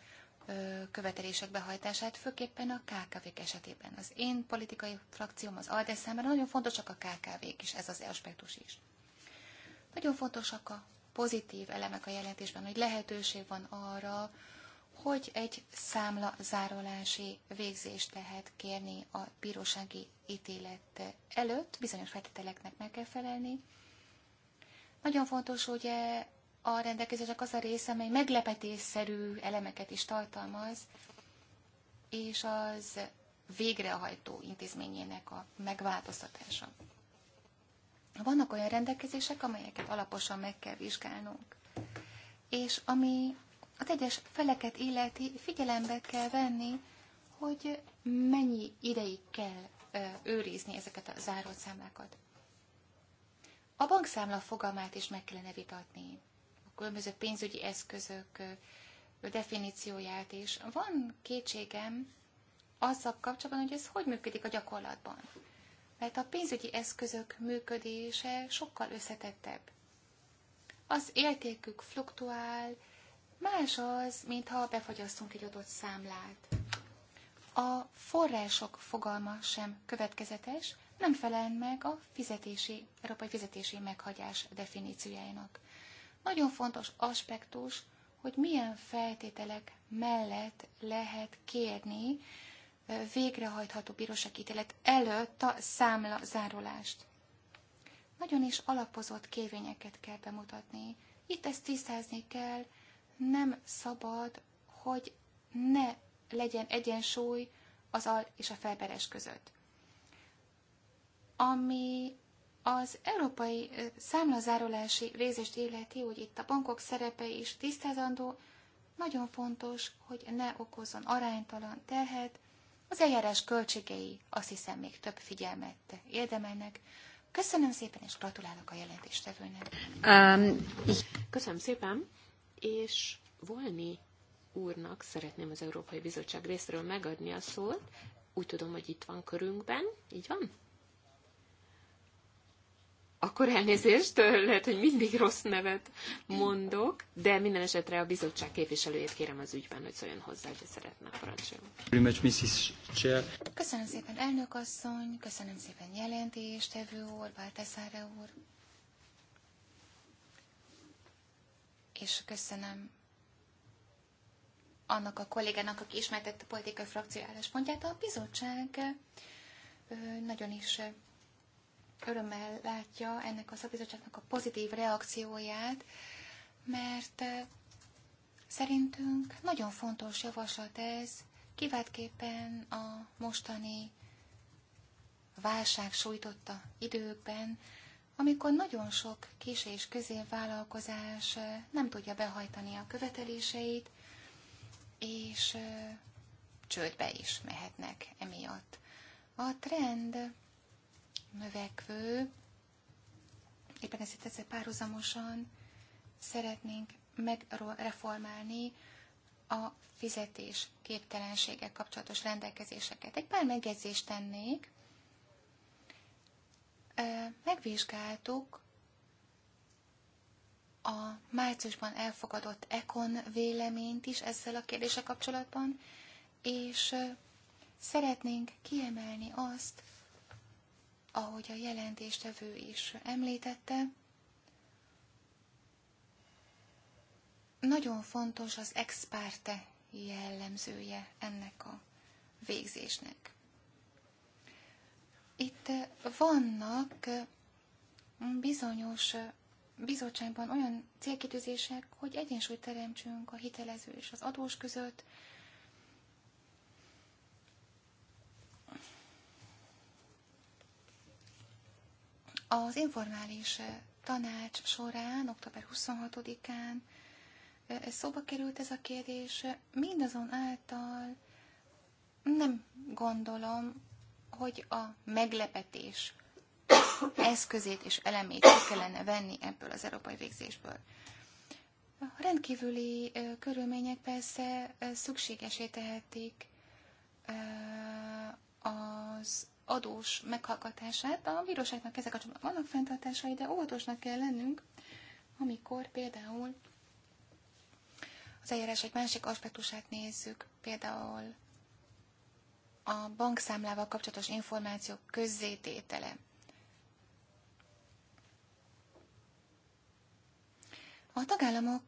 követelések behajtását, főképpen a KKV-k esetében. Az én politikai frakcióm, az ALDE számára nagyon fontosak a KKV-k is, ez az aspektus is. Nagyon fontosak a pozitív elemek a jelentésben, hogy lehetőség van arra, hogy egy számla zárolási végzést lehet kérni a bírósági ítélet előtt, bizonyos feltételeknek meg kell felelni. Nagyon fontos, hogy e a rendelkezések az a része, amely meglepetésszerű elemeket is tartalmaz, és az végrehajtó intézményének a megváltoztatása. Vannak olyan rendelkezések, amelyeket alaposan meg kell vizsgálnunk. És ami az egyes feleket illeti, figyelembe kell venni, hogy mennyi ideig kell őrizni ezeket a zárolt számlákat. A bankszámla fogalmát is meg kellene vitatni. A különböző pénzügyi eszközök definícióját is. Van kétségem azzal kapcsolatban, hogy ez hogy működik a gyakorlatban mert a pénzügyi eszközök működése sokkal összetettebb. Az értékük fluktuál, más az, mintha befagyasztunk egy adott számlát. A források fogalma sem következetes, nem felel meg a fizetési, európai fizetési meghagyás definíciójának. Nagyon fontos aspektus, hogy milyen feltételek mellett lehet kérni végrehajtható bíróságítélet előtt a számla zárulást. Nagyon is alapozott kévényeket kell bemutatni. Itt ezt tisztázni kell, nem szabad, hogy ne legyen egyensúly az al és a felberes között. Ami az európai számlazárolási végzést illeti, hogy itt a bankok szerepe is tisztázandó, nagyon fontos, hogy ne okozzon aránytalan terhet, az eljárás költségei azt hiszem még több figyelmet érdemelnek. Köszönöm szépen, és gratulálok a jelentéstevőnek. Um, Köszönöm szépen, és Volni úrnak szeretném az Európai Bizottság részéről megadni a szót. Úgy tudom, hogy itt van körünkben, így van? Akkor elnézést, lehet, hogy mindig rossz nevet mondok, de minden esetre a bizottság képviselőjét kérem az ügyben, hogy szóljon hozzá, hogy szeretne parancsolni. Köszönöm szépen, elnök asszony, köszönöm szépen jelentéstevő úr, Baltaszára úr. És köszönöm annak a kollégának, aki ismertette a politikai frakció álláspontját. A bizottság nagyon is örömmel látja ennek a szakbizottságnak a pozitív reakcióját, mert szerintünk nagyon fontos javaslat ez, kiváltképpen a mostani válság sújtotta időkben, amikor nagyon sok kis és középvállalkozás nem tudja behajtani a követeléseit, és csődbe is mehetnek emiatt. A trend növekvő, éppen ezért ezzel párhuzamosan szeretnénk megreformálni a fizetés képtelenséggel kapcsolatos rendelkezéseket. Egy pár megjegyzést tennék. Megvizsgáltuk a márciusban elfogadott ECON véleményt is ezzel a kérdéssel kapcsolatban, és szeretnénk kiemelni azt, ahogy a jelentéstevő is említette, nagyon fontos az experte jellemzője ennek a végzésnek. Itt vannak bizonyos bizottságban olyan célkitűzések, hogy egyensúlyt teremtsünk a hitelező és az adós között, Az informális eh, tanács során, október 26-án eh, szóba került ez a kérdés, mindazonáltal nem gondolom, hogy a meglepetés eszközét és elemét ki kellene venni ebből az európai végzésből. A rendkívüli eh, körülmények persze szükségesé tehetik az adós meghallgatását. A bíróságnak ezek a csomagok vannak fenntartásai, de óvatosnak kell lennünk, amikor például az eljárás egy másik aspektusát nézzük, például a bankszámlával kapcsolatos információk közzététele. A tagállamok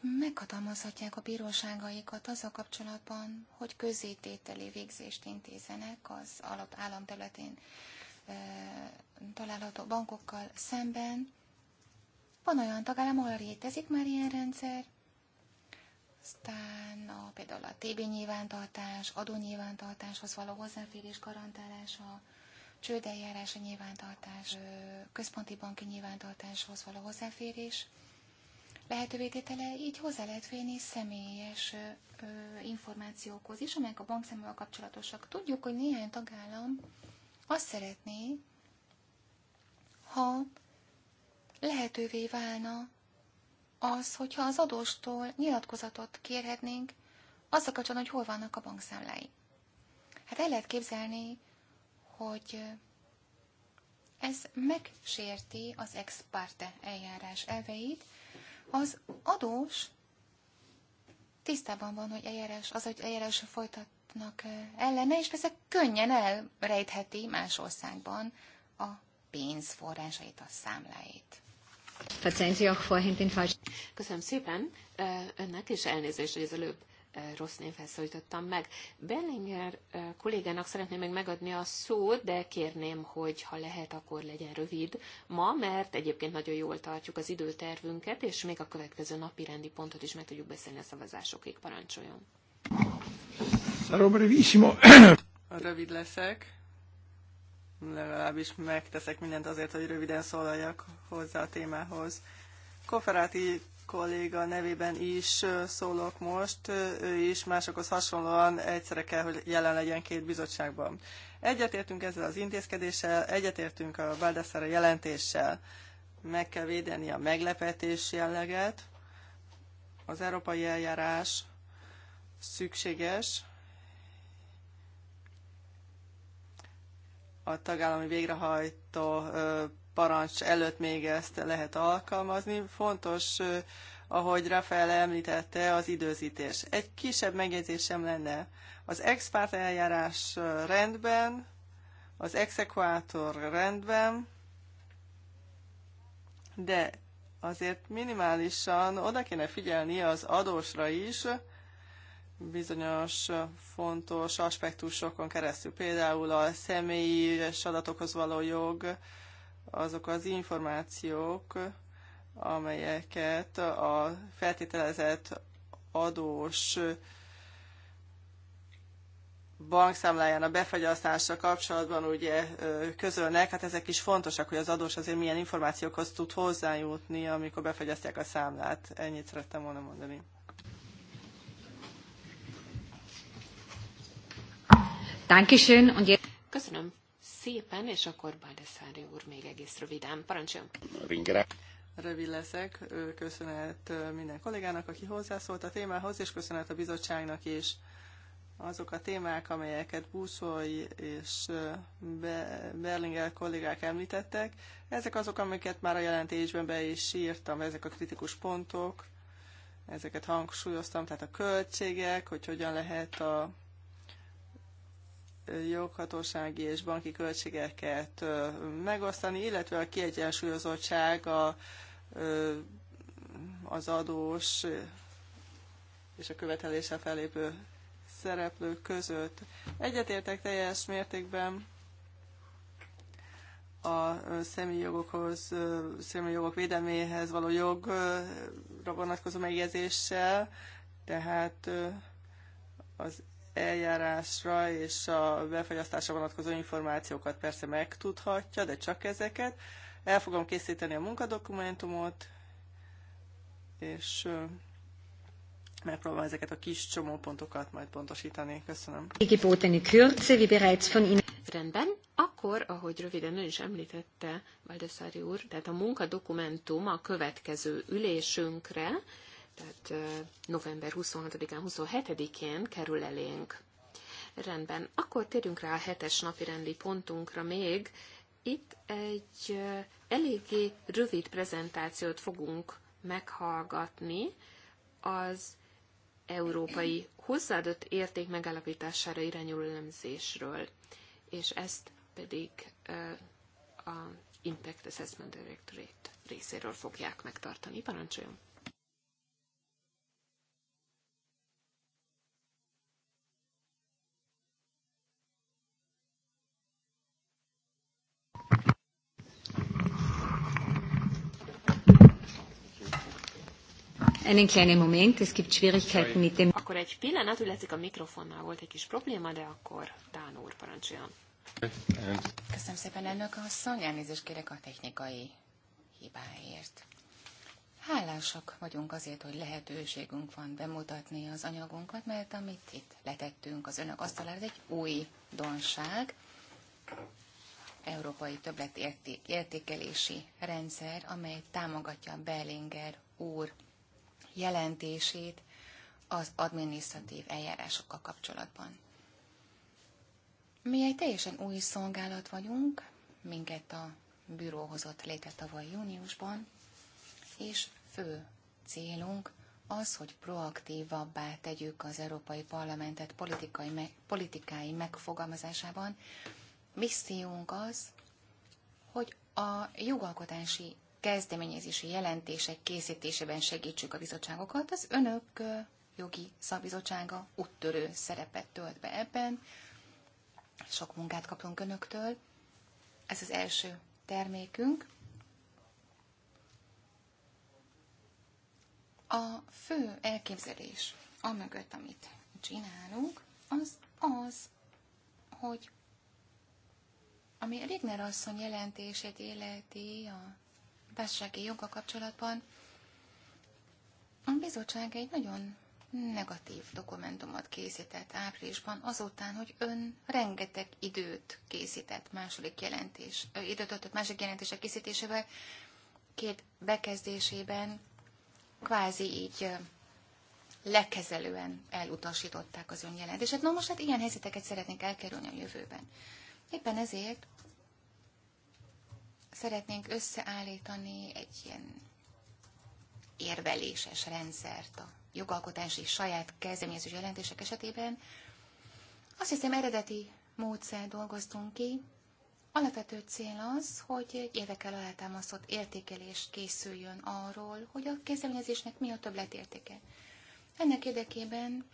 meghatalmazhatják a bíróságaikat az a kapcsolatban, hogy közétételi végzést intézenek az alap államterületén e, található bankokkal szemben. Van olyan tagállam, ahol létezik már ilyen rendszer, aztán a, például a TB nyilvántartás, nyilvántartáshoz való hozzáférés garantálása, a nyilvántartás, központi banki nyilvántartáshoz való hozzáférés, lehetővé tétele, így hozzá lehet férni személyes ö, információkhoz is, amelyek a bankszámmal kapcsolatosak. Tudjuk, hogy néhány tagállam azt szeretné, ha lehetővé válna az, hogyha az adóstól nyilatkozatot kérhetnénk azzal kapcsolatban, hogy hol vannak a bankszámlái. Hát el lehet képzelni, hogy ez megsérti az ex parte eljárás elveit, az adós tisztában van, hogy eljárás, az, hogy eljárás folytatnak ellene, és persze könnyen elrejtheti más országban a pénz forrásait, a számláit. Köszönöm szépen önnek, és elnézést, hogy az előbb Eh, rossz névvel szólítottam meg. Bellinger eh, kollégának szeretném még megadni a szót, de kérném, hogy ha lehet, akkor legyen rövid ma, mert egyébként nagyon jól tartjuk az időtervünket, és még a következő napi rendi pontot is meg tudjuk beszélni a szavazásokig. Parancsoljon! Rövid leszek. Legalábbis megteszek mindent azért, hogy röviden szólaljak hozzá a témához. Koferáti kolléga nevében is szólok most. Ő is másokhoz hasonlóan egyszerre kell, hogy jelen legyen két bizottságban. Egyetértünk ezzel az intézkedéssel, egyetértünk a Baldassara jelentéssel. Meg kell védeni a meglepetés jelleget. Az európai eljárás szükséges, a tagállami végrehajtó parancs előtt még ezt lehet alkalmazni. Fontos, ahogy Rafael említette, az időzítés. Egy kisebb megjegyzésem lenne. Az expát eljárás rendben, az exekuátor rendben, de azért minimálisan oda kéne figyelni az adósra is, bizonyos fontos aspektusokon keresztül, például a személyi adatokhoz való jog, azok az információk, amelyeket a feltételezett adós bankszámláján a befagyasztásra kapcsolatban ugye közölnek, hát ezek is fontosak, hogy az adós azért milyen információkhoz tud hozzájutni, amikor befagyasztják a számlát. Ennyit szerettem volna mondani. Köszönöm szépen, és akkor Báldeszári úr még egész röviden. Parancsoljon! Ringere! Rövid leszek. Köszönet minden kollégának, aki hozzászólt a témához, és köszönet a bizottságnak is. Azok a témák, amelyeket Búszói és Berlinger kollégák említettek, ezek azok, amiket már a jelentésben be is írtam, ezek a kritikus pontok, ezeket hangsúlyoztam, tehát a költségek, hogy hogyan lehet a joghatósági és banki költségeket megosztani, illetve a kiegyensúlyozottság a, az adós és a követelése felépő szereplők között. Egyetértek teljes mértékben a személyi jogokhoz, személyi jogok védelméhez való jogra vonatkozó megjegyzéssel, tehát az eljárásra és a befagyasztásra vonatkozó információkat persze megtudhatja, de csak ezeket. El fogom készíteni a munkadokumentumot, és megpróbálom ezeket a kis csomópontokat majd pontosítani. Köszönöm. Rendben, akkor, ahogy röviden ön is említette, Valdeszári úr, tehát a munkadokumentum a következő ülésünkre, tehát november 26-án, 27-én kerül elénk. Rendben, akkor térjünk rá a hetes napi rendi pontunkra még. Itt egy eléggé rövid prezentációt fogunk meghallgatni az európai hozzáadott érték megállapítására irányuló elemzésről, és ezt pedig a Impact Assessment Directorate részéről fogják megtartani. Parancsoljon! Einen kleinen Moment, es gibt Schwierigkeiten mit dem... Akkor egy pillanat, úgy a mikrofonnál. volt egy kis probléma, de akkor Dán úr parancsoljon. Köszönöm szépen, elnök asszony, elnézést kérek a technikai hibáért. Hálásak vagyunk azért, hogy lehetőségünk van bemutatni az anyagunkat, mert amit itt letettünk az önök asztalára, ez egy új donság, európai többletértékelési rendszer, amely támogatja Bellinger úr jelentését az adminisztratív eljárásokkal kapcsolatban. Mi egy teljesen új szolgálat vagyunk, minket a bűró hozott létre tavaly júniusban, és fő célunk az, hogy proaktívabbá tegyük az Európai Parlamentet politikai, me, megfogalmazásában. Missziunk az, hogy a jogalkotási kezdeményezési jelentések készítésében segítsük a bizottságokat. Az önök jogi szabizottsága úttörő szerepet tölt be ebben. Sok munkát kapunk önöktől. Ez az első termékünk. A fő elképzelés, amögött, amit csinálunk, az az, hogy ami Rigner asszony jelentését életi a társasági joga kapcsolatban a bizottság egy nagyon negatív dokumentumot készített áprilisban, azután, hogy ön rengeteg időt készített második jelentés, időt adott második jelentések készítésével, két bekezdésében kvázi így lekezelően elutasították az önjelentését. Na most hát ilyen helyzeteket szeretnénk elkerülni a jövőben. Éppen ezért szeretnénk összeállítani egy ilyen érveléses rendszert a jogalkotási saját kezdeményezős jelentések esetében. Azt hiszem eredeti módszer dolgoztunk ki. Alapvető cél az, hogy egy évekkel alátámasztott értékelés készüljön arról, hogy a kezdeményezésnek mi a többletértéke. Ennek érdekében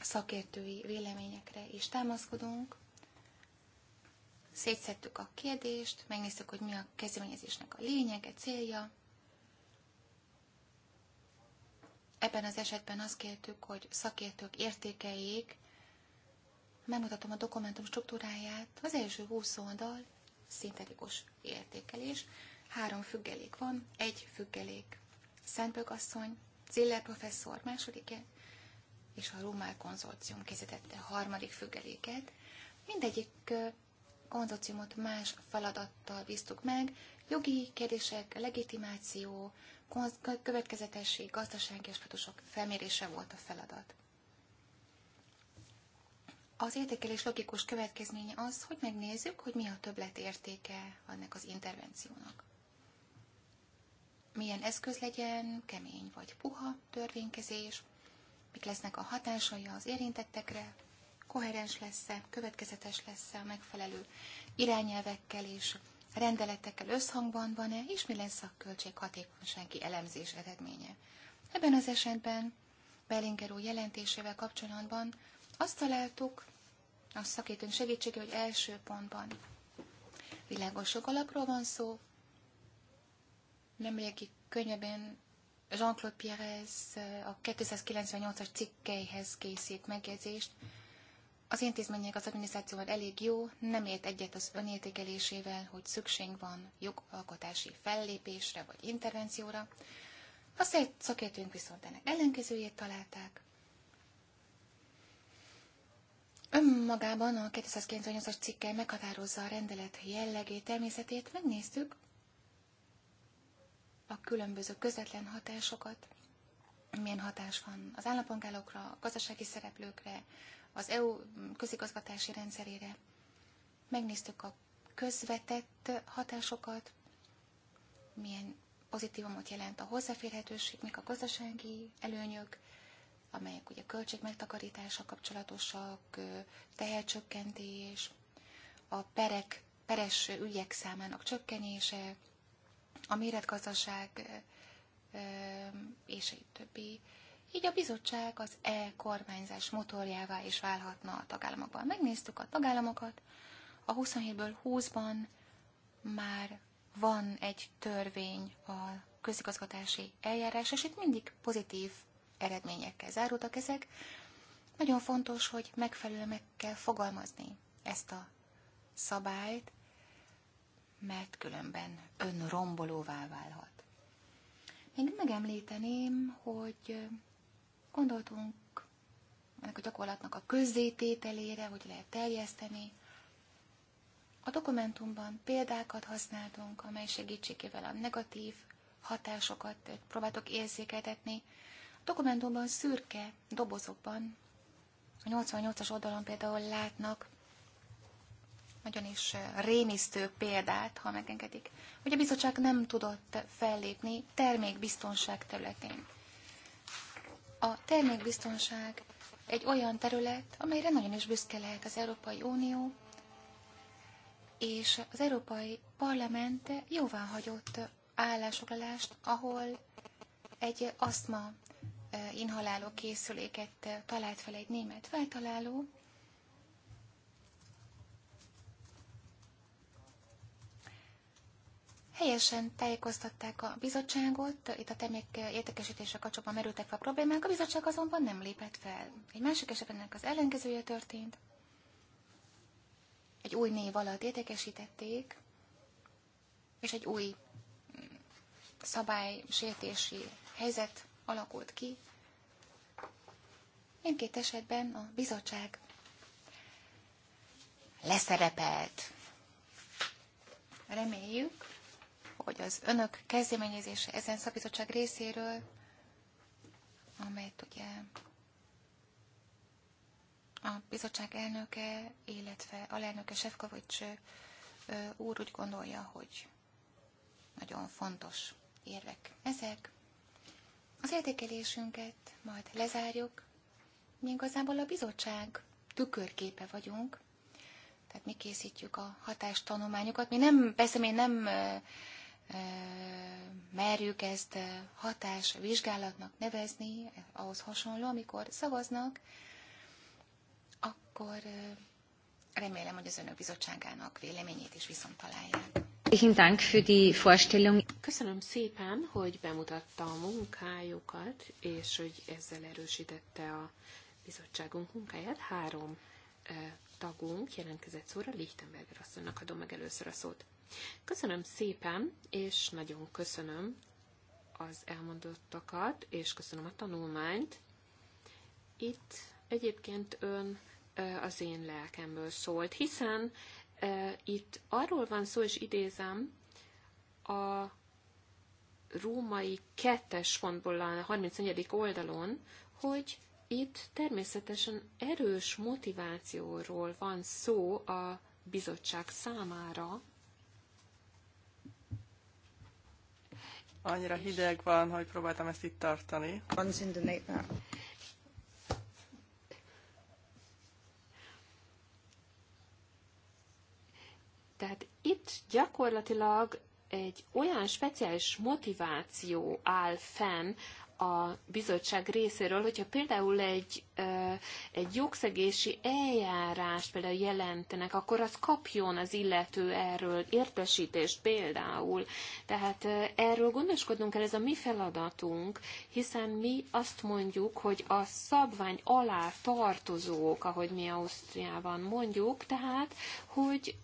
szakértői véleményekre is támaszkodunk, szétszettük a kérdést, megnéztük, hogy mi a kezdeményezésnek a lényege, célja. Ebben az esetben azt kértük, hogy szakértők értékeljék, megmutatom a dokumentum struktúráját, az első 20 oldal szintetikus értékelés, három függelék van, egy függelék Szentbög asszony, Ziller professzor másodike, és a Rómál konzorcium készítette harmadik függeléket. Mindegyik konzorciumot más feladattal bíztuk meg, jogi kérdések, legitimáció, következetesség, gazdasági aspektusok felmérése volt a feladat. Az értékelés logikus következménye az, hogy megnézzük, hogy mi a többlet értéke annak az intervenciónak. Milyen eszköz legyen, kemény vagy puha törvénykezés, mik lesznek a hatásai az érintettekre, koherens lesz-e, következetes lesz-e a megfelelő irányelvekkel és rendeletekkel összhangban van-e, és mi lesz a hatékonysági elemzés eredménye. Ebben az esetben Bellinger úr jelentésével kapcsolatban azt találtuk, a szakítőnk segítsége, hogy első pontban világos alapról van szó, nemrégi könnyebben Jean-Claude Pierrez a 298-as cikkeihez készít megjegyzést, az intézmények az adminisztrációval elég jó, nem ért egyet az önértékelésével, hogy szükség van jogalkotási fellépésre vagy intervencióra. A szakértőnk viszont ennek ellenkezőjét találták. Önmagában a 298-as cikkel meghatározza a rendelet jellegét, természetét, megnéztük a különböző közvetlen hatásokat, milyen hatás van az állampolgárokra, a gazdasági szereplőkre, az EU közigazgatási rendszerére. Megnéztük a közvetett hatásokat, milyen pozitívumot jelent a hozzáférhetőség, mik a gazdasági előnyök, amelyek ugye költségmegtakarítása kapcsolatosak, tehercsökkentés, a perek, peres ügyek számának csökkenése, a méretgazdaság és egy többi így a bizottság az e-kormányzás motorjává is válhatna a tagállamokban. Megnéztük a tagállamokat, a 27-ből 20-ban már van egy törvény a közigazgatási eljárás, és itt mindig pozitív eredményekkel zárultak ezek. Nagyon fontos, hogy megfelelően meg kell fogalmazni ezt a szabályt, mert különben önrombolóvá válhat. Még megemlíteném, hogy Gondoltunk ennek a gyakorlatnak a közzétételére, hogy lehet terjeszteni. A dokumentumban példákat használtunk, amely segítségével a negatív hatásokat próbáltok érzékeltetni. A dokumentumban szürke dobozokban, a 88-as oldalon például látnak nagyon is rémisztő példát, ha megengedik, hogy a bizottság nem tudott fellépni termékbiztonság területén. A termékbiztonság egy olyan terület, amelyre nagyon is büszke lehet az Európai Unió, és az Európai Parlament jóváhagyott állásoglalást, ahol egy asztma eh, inhaláló készüléket talált fel egy német feltaláló, helyesen tájékoztatták a bizottságot, itt a termék értékesítése kapcsolatban merültek fel a problémák, a bizottság azonban nem lépett fel. Egy másik esetben ennek az ellenkezője történt. Egy új név alatt értékesítették, és egy új mm, szabálysértési helyzet alakult ki. Mindkét esetben a bizottság leszerepelt. Reméljük, hogy az önök kezdeményezése ezen szabizottság részéről, amelyet ugye a bizottság elnöke, illetve alelnöke Sefkovics úr úgy gondolja, hogy nagyon fontos érvek ezek. Az értékelésünket majd lezárjuk. Mi igazából a bizottság tükörképe vagyunk, tehát mi készítjük a hatástanulmányokat. Mi nem, persze mi nem merjük ezt hatás vizsgálatnak nevezni, ahhoz hasonló, amikor szavaznak, akkor remélem, hogy az önök bizottságának véleményét is viszont találják. Köszönöm szépen, hogy bemutatta a munkájukat, és hogy ezzel erősítette a bizottságunk munkáját. Három tagunk jelentkezett szóra, Lichtenberger asszonynak adom meg először a szót. Köszönöm szépen, és nagyon köszönöm az elmondottakat, és köszönöm a tanulmányt. Itt egyébként ön az én lelkemből szólt, hiszen itt arról van szó, és idézem, a római kettes fontból a 34. oldalon, hogy itt természetesen erős motivációról van szó a bizottság számára, Annyira hideg van, hogy próbáltam ezt itt tartani. Tehát itt gyakorlatilag egy olyan speciális motiváció áll fenn, a bizottság részéről, hogyha például egy, egy jogszegési eljárást például jelentenek, akkor az kapjon az illető erről értesítést például. Tehát erről gondoskodnunk kell, ez a mi feladatunk, hiszen mi azt mondjuk, hogy a szabvány alá tartozók, ahogy mi Ausztriában mondjuk, tehát, hogy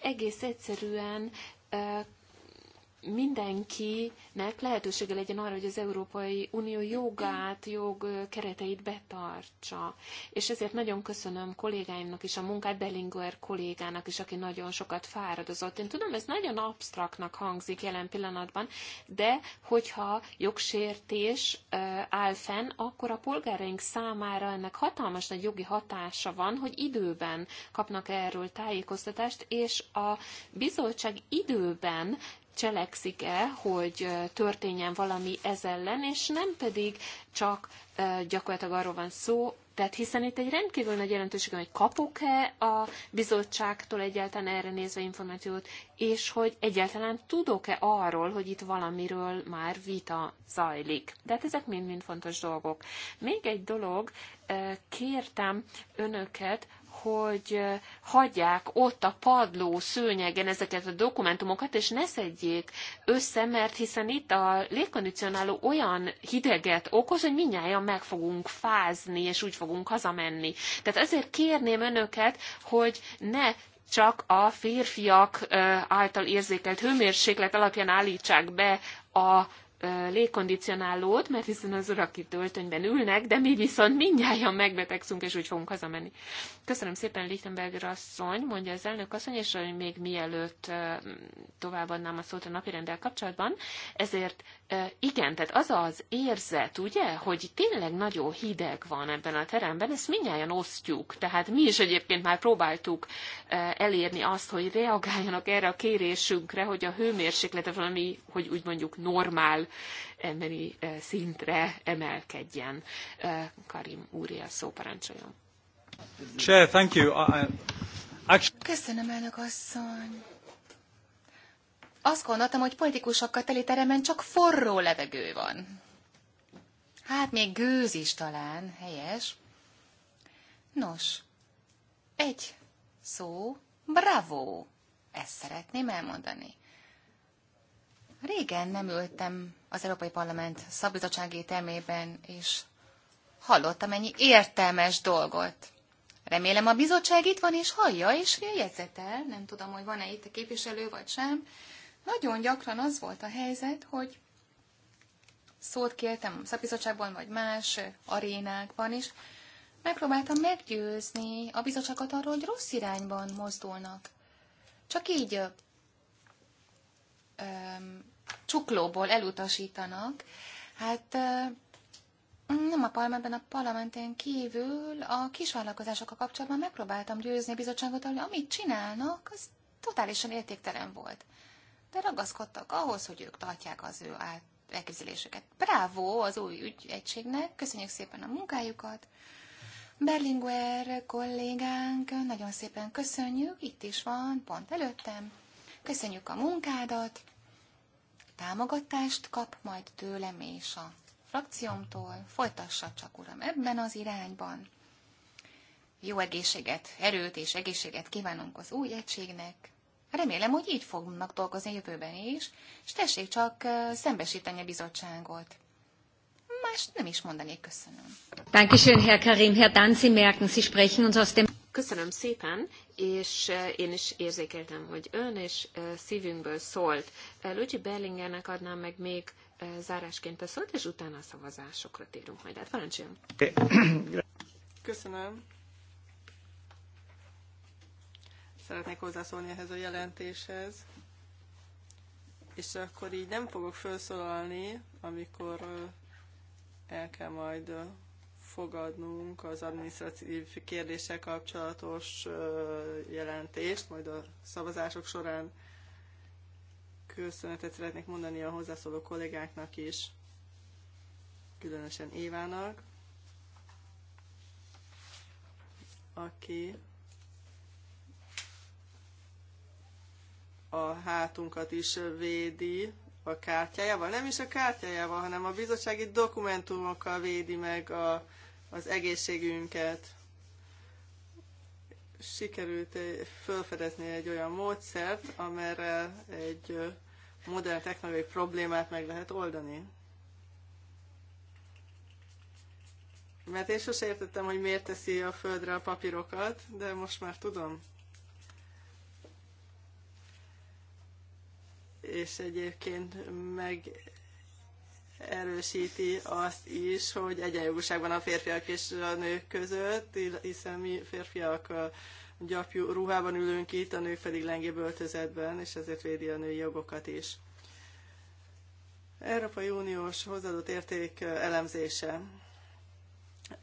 egész egyszerűen mindenkinek lehetősége legyen arra, hogy az Európai Unió jogát, jog kereteit betartsa. És ezért nagyon köszönöm kollégáimnak is a munkát, Bellinger kollégának is, aki nagyon sokat fáradozott. Én tudom, ez nagyon absztraktnak hangzik jelen pillanatban, de hogyha jogsértés áll fenn, akkor a polgáraink számára ennek hatalmas nagy jogi hatása van, hogy időben kapnak erről tájékoztatást, és a bizottság időben cselekszik-e, hogy történjen valami ez ellen, és nem pedig csak gyakorlatilag arról van szó, tehát hiszen itt egy rendkívül nagy jelentőség van, hogy kapok-e a bizottságtól egyáltalán erre nézve információt, és hogy egyáltalán tudok-e arról, hogy itt valamiről már vita zajlik. hát ezek mind-mind fontos dolgok. Még egy dolog, kértem önöket hogy hagyják ott a padló szőnyegen ezeket a dokumentumokat, és ne szedjék össze, mert hiszen itt a légkondicionáló olyan hideget okoz, hogy minnyáján meg fogunk fázni, és úgy fogunk hazamenni. Tehát ezért kérném önöket, hogy ne csak a férfiak által érzékelt hőmérséklet alapján állítsák be a légkondicionálót, mert hiszen az urak itt öltönyben ülnek, de mi viszont mindjárt megbetegszünk, és úgy fogunk hazamenni. Köszönöm szépen, Lichtenberger asszony, mondja az elnök asszony, és hogy még mielőtt továbbadnám a szót a napirendel kapcsolatban, ezért igen, tehát az az érzet, ugye, hogy tényleg nagyon hideg van ebben a teremben, ezt mindjárt osztjuk, tehát mi is egyébként már próbáltuk elérni azt, hogy reagáljanak erre a kérésünkre, hogy a hőmérséklete valami, hogy úgy mondjuk normál emberi eh, szintre emelkedjen. Eh, Karim úri a szó parancsoljon. Chair, thank you. Köszönöm, elnök asszony. Azt gondoltam, hogy politikusokkal teli teremben csak forró levegő van. Hát még gőz is talán, helyes. Nos, egy szó, bravo, ezt szeretném elmondani. Régen nem ültem az Európai Parlament szabizottsági termében, és hallottam ennyi értelmes dolgot. Remélem a bizottság itt van, és hallja, és jegyzet el. Nem tudom, hogy van-e itt a képviselő, vagy sem. Nagyon gyakran az volt a helyzet, hogy szót kértem a szabizottságban, vagy más arénákban is, megpróbáltam meggyőzni a bizottságot arról, hogy rossz irányban mozdulnak. Csak így csuklóból elutasítanak, hát nem a parlamentben, a parlamenten kívül a kisvállalkozásokkal kapcsolatban megpróbáltam győzni a bizottságot, hogy amit csinálnak, az totálisan értéktelen volt. De ragaszkodtak ahhoz, hogy ők tartják az ő elképzelésüket. Bravo az új ügyegységnek, köszönjük szépen a munkájukat. Berlinguer kollégánk, nagyon szépen köszönjük, itt is van, pont előttem. Köszönjük a munkádat, támogatást kap majd tőlem és a frakciómtól, folytassa csak, uram, ebben az irányban. Jó egészséget, erőt és egészséget kívánunk az új egységnek. Remélem, hogy így fognak dolgozni a jövőben is, és tessék csak szembesíteni a bizottságot. Más nem is mondanék köszönöm. Dankeschön, Herr Karim. Herr Danzi, merken, Sie sprechen uns aus dem Köszönöm szépen, és eh, én is érzékeltem, hogy ön és eh, szívünkből szólt. Eh, Luigi Berlingernek adnám meg még zárásként a szót, és utána a szavazásokra térünk majd át. Parancsoljon! Köszönöm! Szeretnék hozzászólni ehhez a jelentéshez, és akkor így nem fogok felszólalni, amikor el kell majd fogadnunk az adminisztratív kérdéssel kapcsolatos jelentést, majd a szavazások során köszönetet szeretnék mondani a hozzászóló kollégáknak is, különösen Évának, aki a hátunkat is védi a kártyájával. Nem is a kártyájával, hanem a bizottsági dokumentumokkal védi meg a az egészségünket. Sikerült felfedezni egy olyan módszert, amelyre egy modern technológiai problémát meg lehet oldani. Mert én sosem értettem, hogy miért teszi a földre a papírokat, de most már tudom. És egyébként meg erősíti azt is, hogy egyenjogúság van a férfiak és a nők között, hiszen mi férfiak gyapjú ruhában ülünk itt, a nők pedig lengébb öltözetben, és ezért védi a női jogokat is. Európai Uniós hozzáadott érték elemzése.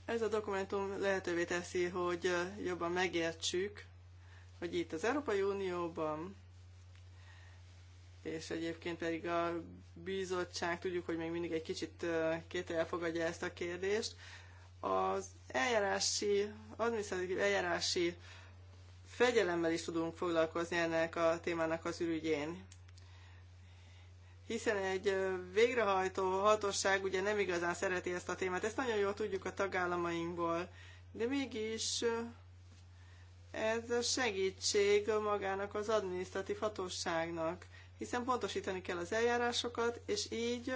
Ez a dokumentum lehetővé teszi, hogy jobban megértsük, hogy itt az Európai Unióban, és egyébként pedig a bizottság tudjuk, hogy még mindig egy kicsit két elfogadja ezt a kérdést. Az eljárási, adminisztratív eljárási fegyelemmel is tudunk foglalkozni ennek a témának az ürügyén. Hiszen egy végrehajtó hatóság ugye nem igazán szereti ezt a témát, ezt nagyon jól tudjuk a tagállamainkból, de mégis ez segítség magának az adminisztratív hatóságnak hiszen pontosítani kell az eljárásokat, és így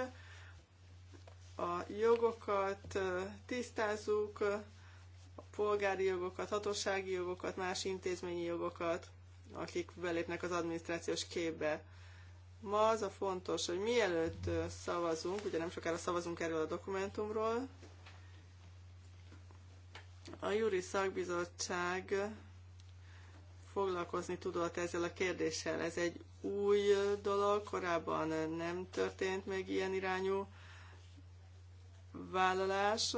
a jogokat tisztázzuk, a polgári jogokat, hatósági jogokat, más intézményi jogokat, akik belépnek az adminisztrációs képbe. Ma az a fontos, hogy mielőtt szavazunk, ugye nem sokára szavazunk erről a dokumentumról, a Júri Szakbizottság foglalkozni tudott ezzel a kérdéssel. Ez egy új dolog, korábban nem történt meg ilyen irányú vállalás,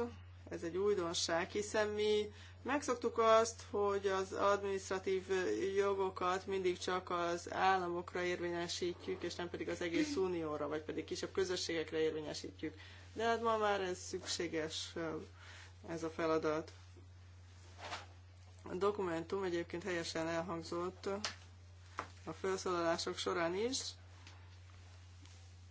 ez egy újdonság, hiszen mi megszoktuk azt, hogy az administratív jogokat mindig csak az államokra érvényesítjük, és nem pedig az egész unióra, vagy pedig kisebb közösségekre érvényesítjük. De hát ma már ez szükséges, ez a feladat. A dokumentum egyébként helyesen elhangzott, a felszólalások során is,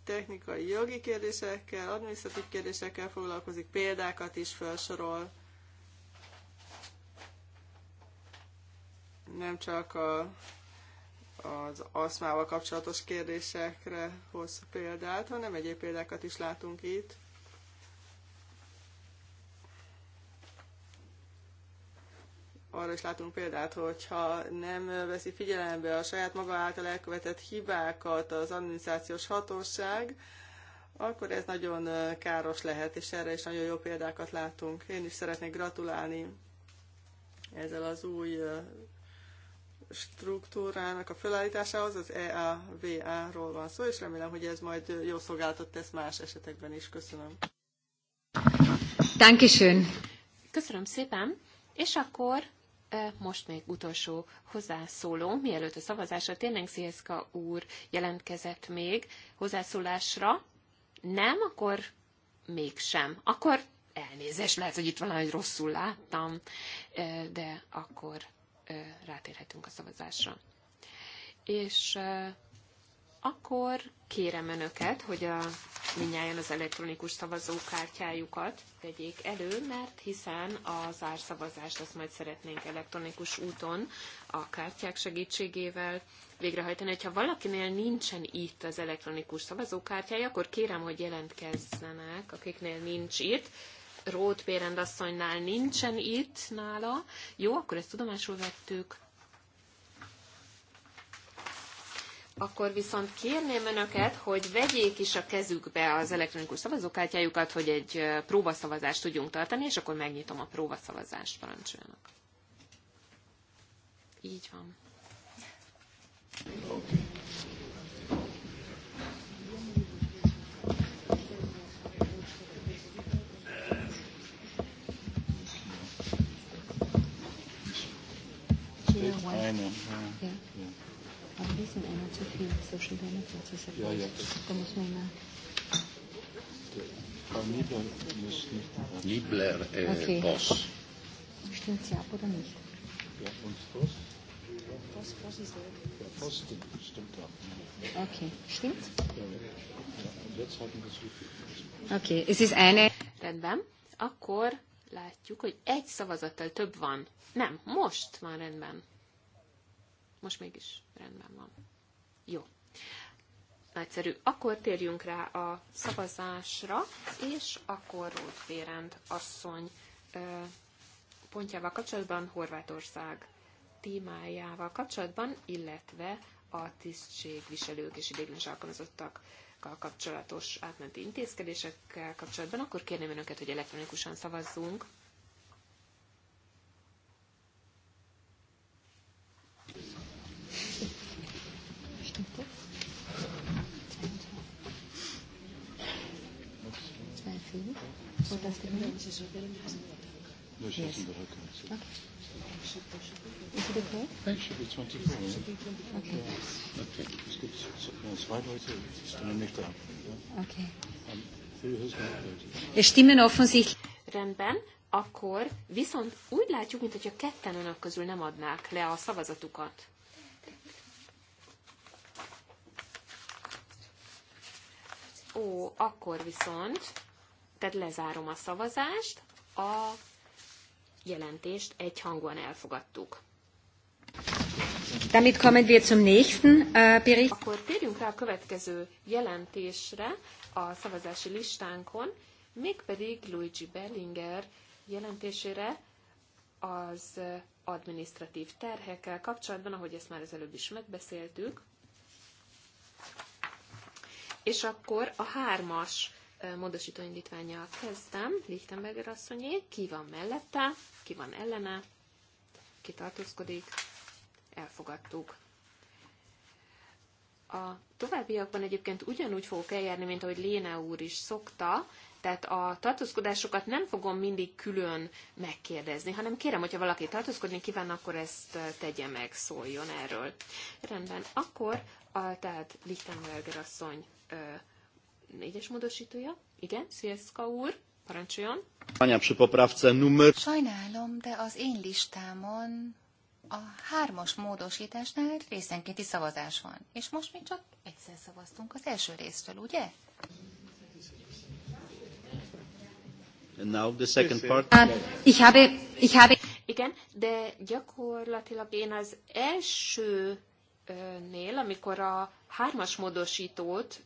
technikai jogi kérdésekkel, adminisztratív kérdésekkel foglalkozik, példákat is felsorol, nem csak a, az aszmával kapcsolatos kérdésekre hoz példát, hanem egyéb példákat is látunk itt. arra is látunk példát, hogyha nem veszi figyelembe a saját maga által elkövetett hibákat az adminisztrációs hatóság, akkor ez nagyon káros lehet, és erre is nagyon jó példákat látunk. Én is szeretnék gratulálni ezzel az új struktúrának a felállításához, az EAVA-ról van szó, és remélem, hogy ez majd jó szolgálatot tesz más esetekben is. Köszönöm. Köszönöm szépen. És akkor E, most még utolsó hozzászóló, mielőtt a szavazásra tényleg Szélszka úr jelentkezett még hozzászólásra. Nem, akkor mégsem. Akkor elnézést, lehet, hogy itt valahogy rosszul láttam, e, de akkor e, rátérhetünk a szavazásra. És akkor kérem Önöket, hogy a minnyáján az elektronikus szavazókártyájukat tegyék elő, mert hiszen a zárszavazást azt majd szeretnénk elektronikus úton a kártyák segítségével végrehajtani. Ha valakinél nincsen itt az elektronikus szavazókártyája, akkor kérem, hogy jelentkezzenek, akiknél nincs itt. Rót Bérend nincsen itt nála. Jó, akkor ezt tudomásul vettük. akkor viszont kérném önöket, hogy vegyék is a kezükbe az elektronikus szavazókártyájukat, hogy egy próbaszavazást tudjunk tartani, és akkor megnyitom a próbaszavazást, parancsoljanak. Így van. Einem, ja. Am ez einer zu Stimmt sie ab oder nicht? Ja, und ist Ja, stimmt, stimmt Okay, stimmt? Ja, ja. Und jetzt halten wir es Okay, es ist eine. Rendben, akkor látjuk, hogy egy szavazattal több van. Nem, most van rendben. Most mégis rendben van. Jó. Nagyszerű. Akkor térjünk rá a szavazásra, és akkor Ruth Bérend asszony pontjával kapcsolatban Horvátország témájával kapcsolatban, illetve a tisztségviselők és idéglenes alkalmazottak kapcsolatos átmenti intézkedésekkel kapcsolatban, akkor kérném önöket, hogy elektronikusan szavazzunk. Stevie? Votaste bien? Is it okay? Okay. offensichtlich. Rendben, akkor viszont úgy látjuk, mintha ketten önök közül nem adnák le a szavazatukat. Ó, akkor viszont tehát lezárom a szavazást, a jelentést egyhangúan elfogadtuk. Damit kommen wir zum nächsten äh, Bericht. Akkor térjünk rá a következő jelentésre a szavazási listánkon, mégpedig Luigi Bellinger jelentésére az administratív terhekkel kapcsolatban, ahogy ezt már az előbb is megbeszéltük. És akkor a hármas módosító indítványjal kezdem, Lichtenberger asszonyé, ki van mellette, ki van ellene, ki tartózkodik, elfogadtuk. A továbbiakban egyébként ugyanúgy fogok eljárni, mint ahogy Léna úr is szokta, tehát a tartózkodásokat nem fogom mindig külön megkérdezni, hanem kérem, hogyha valaki tartózkodni kíván, akkor ezt tegye meg, szóljon erről. Rendben, akkor a, tehát Lichtenberger asszony négyes módosítója. Igen, Szélszka úr, parancsoljon. Anyám se poprawce numer... Sajnálom, de az én listámon a hármas módosításnál egy részenkénti szavazás van. És most mi csak egyszer szavaztunk az első résztől, ugye? And now the second part. Uh, ich habe, ich habe... Igen, de gyakorlatilag én az első nél, amikor a hármas módosítót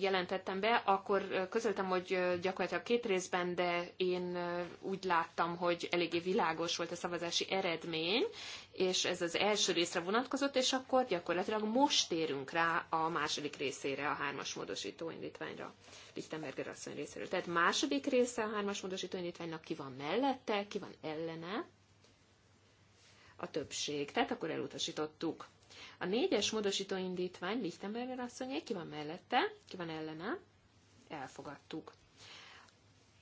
jelentettem be, akkor közöltem, hogy gyakorlatilag két részben, de én úgy láttam, hogy eléggé világos volt a szavazási eredmény, és ez az első részre vonatkozott, és akkor gyakorlatilag most térünk rá a második részére a hármas módosító indítványra. Lichtenberger asszony részéről. Tehát második része a hármas módosító indítványnak ki van mellette, ki van ellene, a többség. Tehát akkor elutasítottuk. A négyes módosító indítvány Lichtenberger asszonyé, ki van mellette, ki van ellene, elfogadtuk.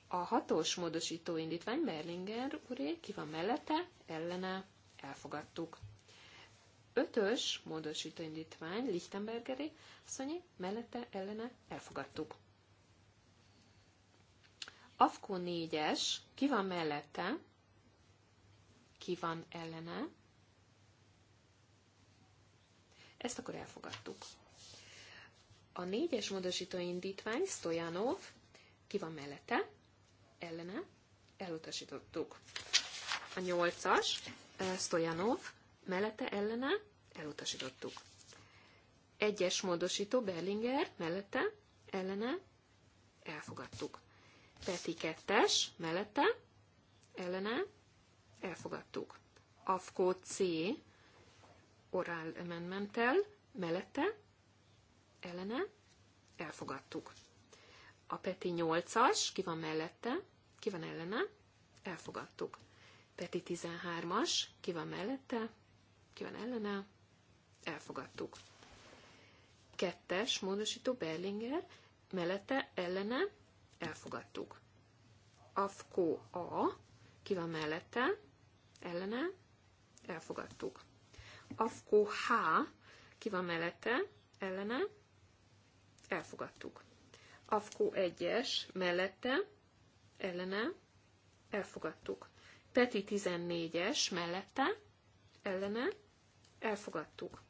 A hatos módosító indítvány Berlinger úré, ki van mellette, ellene, elfogadtuk. Ötös módosító indítvány Lichtenberger asszonyé, mellette, ellene, elfogadtuk. Afko négyes, ki van mellette, ki van ellene, ezt akkor elfogadtuk. A négyes módosító indítvány, Stojanov, ki van mellette, ellene, elutasítottuk. A nyolcas, Stojanov, mellette, ellene, elutasítottuk. Egyes módosító, Berlinger, mellette, ellene, elfogadtuk. Peti kettes, mellette, ellene, elfogadtuk. Afko C, orál amendmenttel, mellette, ellene, elfogadtuk. A Peti 8-as, ki van mellette, ki van ellene, elfogadtuk. Peti 13-as, ki van mellette, ki van ellene, elfogadtuk. Kettes, módosító Berlinger, mellette, ellene, elfogadtuk. Afko A, ki van mellette, ellene, elfogadtuk. Afko H, ki van mellette, ellene, elfogadtuk. Afko 1-es, mellette, ellene, elfogadtuk. Peti 14-es, mellette, ellene, elfogadtuk.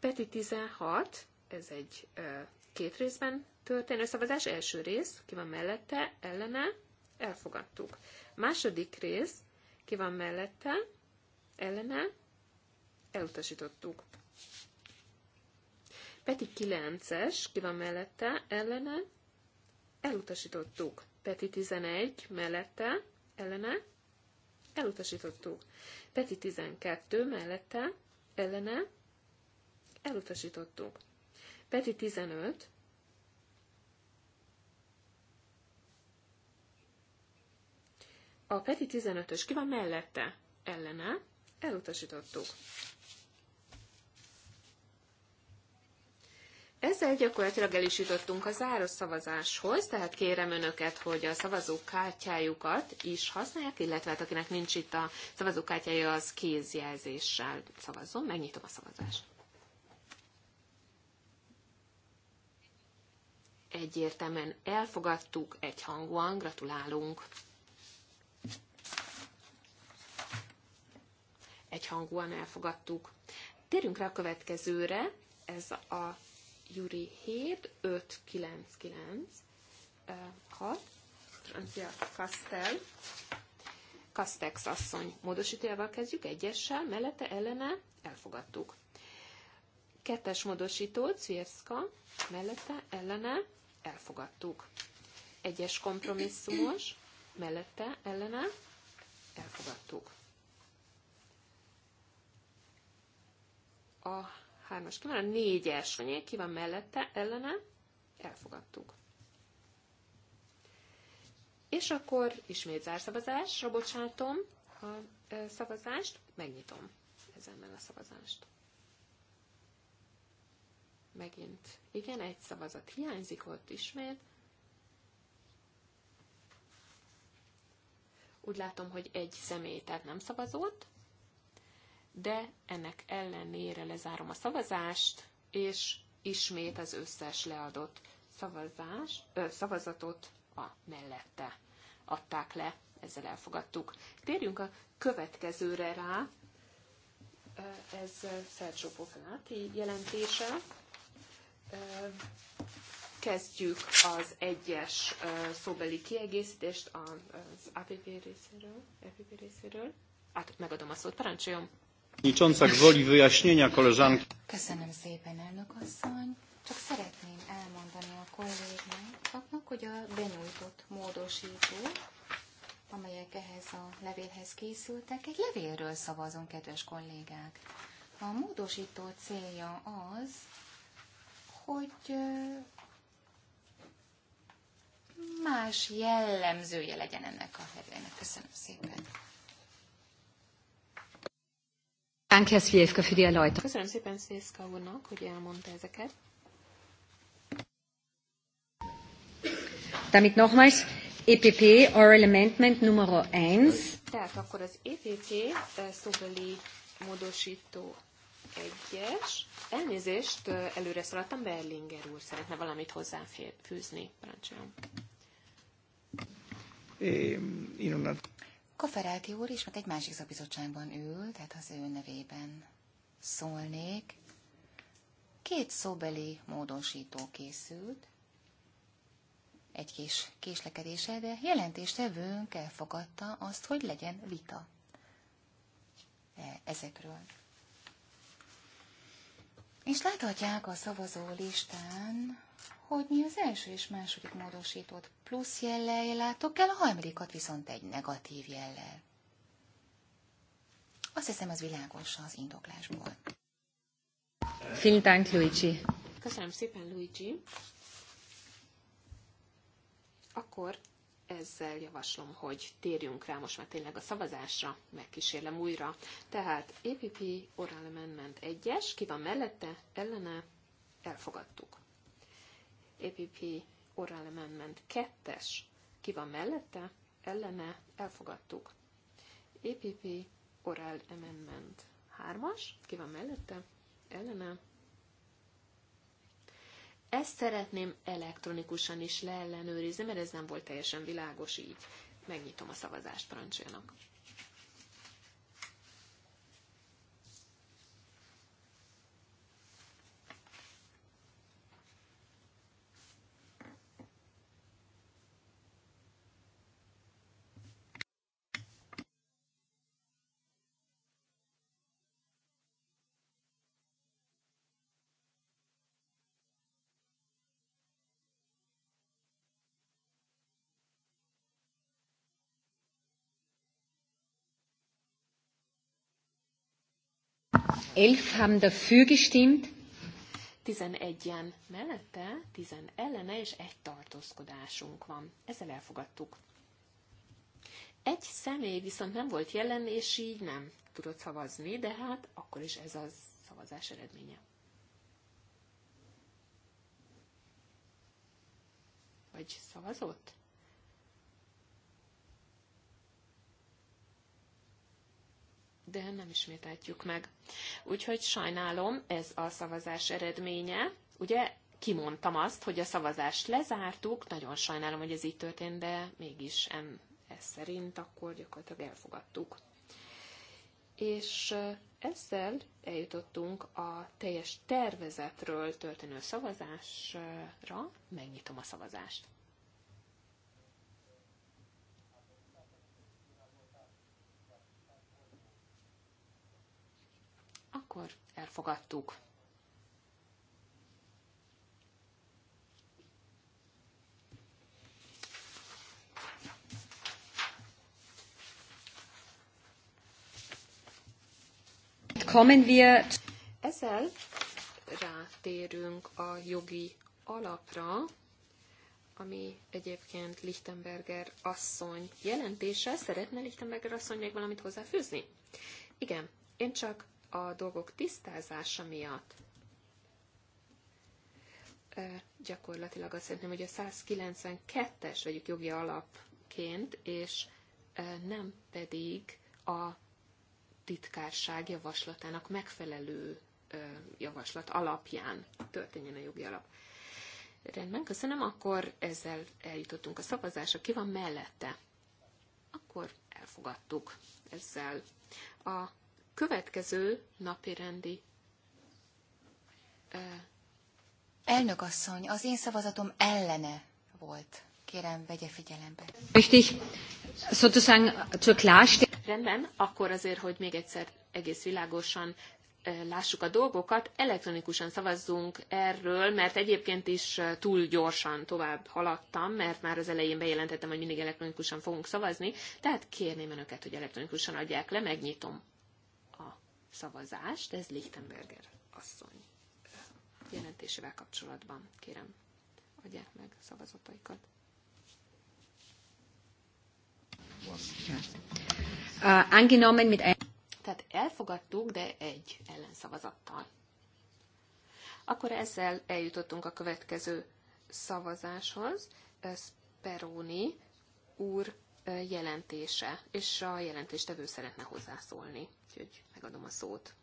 Peti 16, ez egy ö, két részben történő szavazás, első rész, ki van mellette, ellene, elfogadtuk. Második rész, ki van mellette, ellene, elutasítottuk. Peti 9-es, ki van mellette, ellene, elutasítottuk. Peti 11 mellette, ellene, elutasítottuk. Peti 12 mellette, ellene, elutasítottuk. Peti 15 A Peti 15-ös ki van mellette? Ellene. Elutasítottuk. Ezzel gyakorlatilag el is jutottunk a záros szavazáshoz, tehát kérem önöket, hogy a szavazókártyájukat is használják, illetve hát akinek nincs itt a szavazókártyája, az kézjelzéssel szavazom. Megnyitom a szavazást. Egyértelműen elfogadtuk egyhangúan, gratulálunk. Egyhangúan elfogadtuk. Térjünk rá a következőre, ez a Juri 7, 5, 9, 9, 6, francia Castel, Castex asszony módosítójával kezdjük, egyessel, mellette, ellene, elfogadtuk. Kettes módosító, Cvierszka, mellette, ellene, elfogadtuk. Egyes kompromisszumos, mellette, ellene, elfogadtuk. A hármas ki van, a négyes es ki van mellette, ellene, elfogadtuk. És akkor ismét zárszavazás, bocsátom a szavazást, megnyitom ezennel a szavazást. Megint, igen, egy szavazat hiányzik ott ismét. Úgy látom, hogy egy személy, tehát nem szavazott de ennek ellenére lezárom a szavazást, és ismét az összes leadott szavazás, ö, szavazatot a mellette adták le, ezzel elfogadtuk. Térjünk a következőre rá, ez Szercsó Pofenáti jelentése. Kezdjük az egyes szóbeli kiegészítést az APP részéről. APP e részéről. Hát megadom a szót, parancsoljon! Nincsoncak wyjaśnienia koleżanki. Köszönöm szépen, elnök asszony. Csak szeretném elmondani a kollégáknak, hogy a benyújtott módosító, amelyek ehhez a levélhez készültek, egy levélről szavazunk, kedves kollégák. A módosító célja az, hogy más jellemzője legyen ennek a levélnek. Köszönöm szépen. Danke, Herr Svievka, für die Erläuterung. Köszönöm szépen Svievka úrnak, hogy elmondta ezeket. Damit nochmals EPP Oral Amendment numero 1. Tehát akkor az EPP eh, szóbeli módosító egyes. Elnézést, eh, előre szaladtam, Berlinger úr szeretne valamit hozzáfűzni. Parancsoljon. Kaferáti úr mert egy másik szabizottságban ül, tehát az ő nevében szólnék. Két szóbeli módosító készült, egy kis késlekedése, de jelentéstevőnk elfogadta azt, hogy legyen vita e- ezekről. És láthatják a szavazó listán, hogy mi az első és második módosított plusz jellel látok el, a harmadikat viszont egy negatív jellel. Azt hiszem, az világos az indoklásból. Fintánk, Luigi. Köszönöm szépen, Luigi. Akkor ezzel javaslom, hogy térjünk rá most már tényleg a szavazásra, megkísérlem újra. Tehát EPP Oral Amendment 1-es, ki van mellette, ellene, elfogadtuk. EPP Oral Amendment 2-es, ki van mellette, ellene, elfogadtuk. EPP Oral Amendment 3-as, ki van mellette, ellene, ezt szeretném elektronikusan is leellenőrizni, mert ez nem volt teljesen világos így. Megnyitom a szavazást, parancsoljanak. Elf haben dafür gestimmt. 11-en mellette, 10 ellene és egy tartózkodásunk van. Ezzel elfogadtuk. Egy személy viszont nem volt jelen, és így nem tudott szavazni, de hát akkor is ez az szavazás eredménye. Vagy szavazott? de nem ismételtjük meg. Úgyhogy sajnálom, ez a szavazás eredménye. Ugye kimondtam azt, hogy a szavazást lezártuk, nagyon sajnálom, hogy ez így történt, de mégis em, ez szerint akkor gyakorlatilag elfogadtuk. És ezzel eljutottunk a teljes tervezetről történő szavazásra. Megnyitom a szavazást. akkor elfogadtuk. ezzel rátérünk a jogi alapra, ami egyébként Lichtenberger asszony jelentése. Szeretne Lichtenberger asszony még valamit hozzáfűzni? Igen, én csak a dolgok tisztázása miatt gyakorlatilag azt szeretném, hogy a 192-es vegyük jogi alapként, és nem pedig a titkárság javaslatának megfelelő javaslat alapján történjen a jogi alap. Rendben, köszönöm, akkor ezzel eljutottunk a szavazásra. Ki van mellette? Akkor elfogadtuk ezzel a következő napirendi Elnök asszony, az én szavazatom ellene volt. Kérem, vegye figyelembe. Richtig, sozusagen zur Klarstellung. Rendben, akkor azért, hogy még egyszer egész világosan lássuk a dolgokat, elektronikusan szavazzunk erről, mert egyébként is túl gyorsan tovább haladtam, mert már az elején bejelentettem, hogy mindig elektronikusan fogunk szavazni, tehát kérném önöket, hogy elektronikusan adják le, megnyitom szavazást, ez Lichtenberger asszony jelentésével kapcsolatban. Kérem, adják meg szavazataikat. Uh, angenommen mit Tehát elfogadtuk, de egy ellenszavazattal. Akkor ezzel eljutottunk a következő szavazáshoz. Speroni úr jelentése, és a jelentéstevő szeretne hozzászólni. Úgyhogy megadom a szót.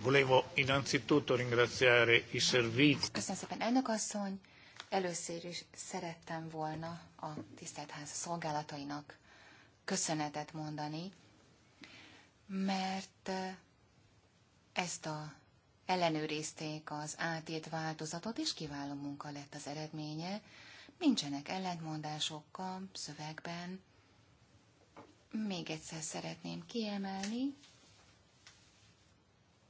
Volevo innanzitutto ringraziare i servizi. Köszönöm szépen, elnök asszony! Először is szerettem volna a tisztelt ház szolgálatainak köszönetet mondani, mert ezt a ellenőrizték az átét változatot, és kiváló munka lett az eredménye nincsenek ellentmondásokkal szövegben. Még egyszer szeretném kiemelni,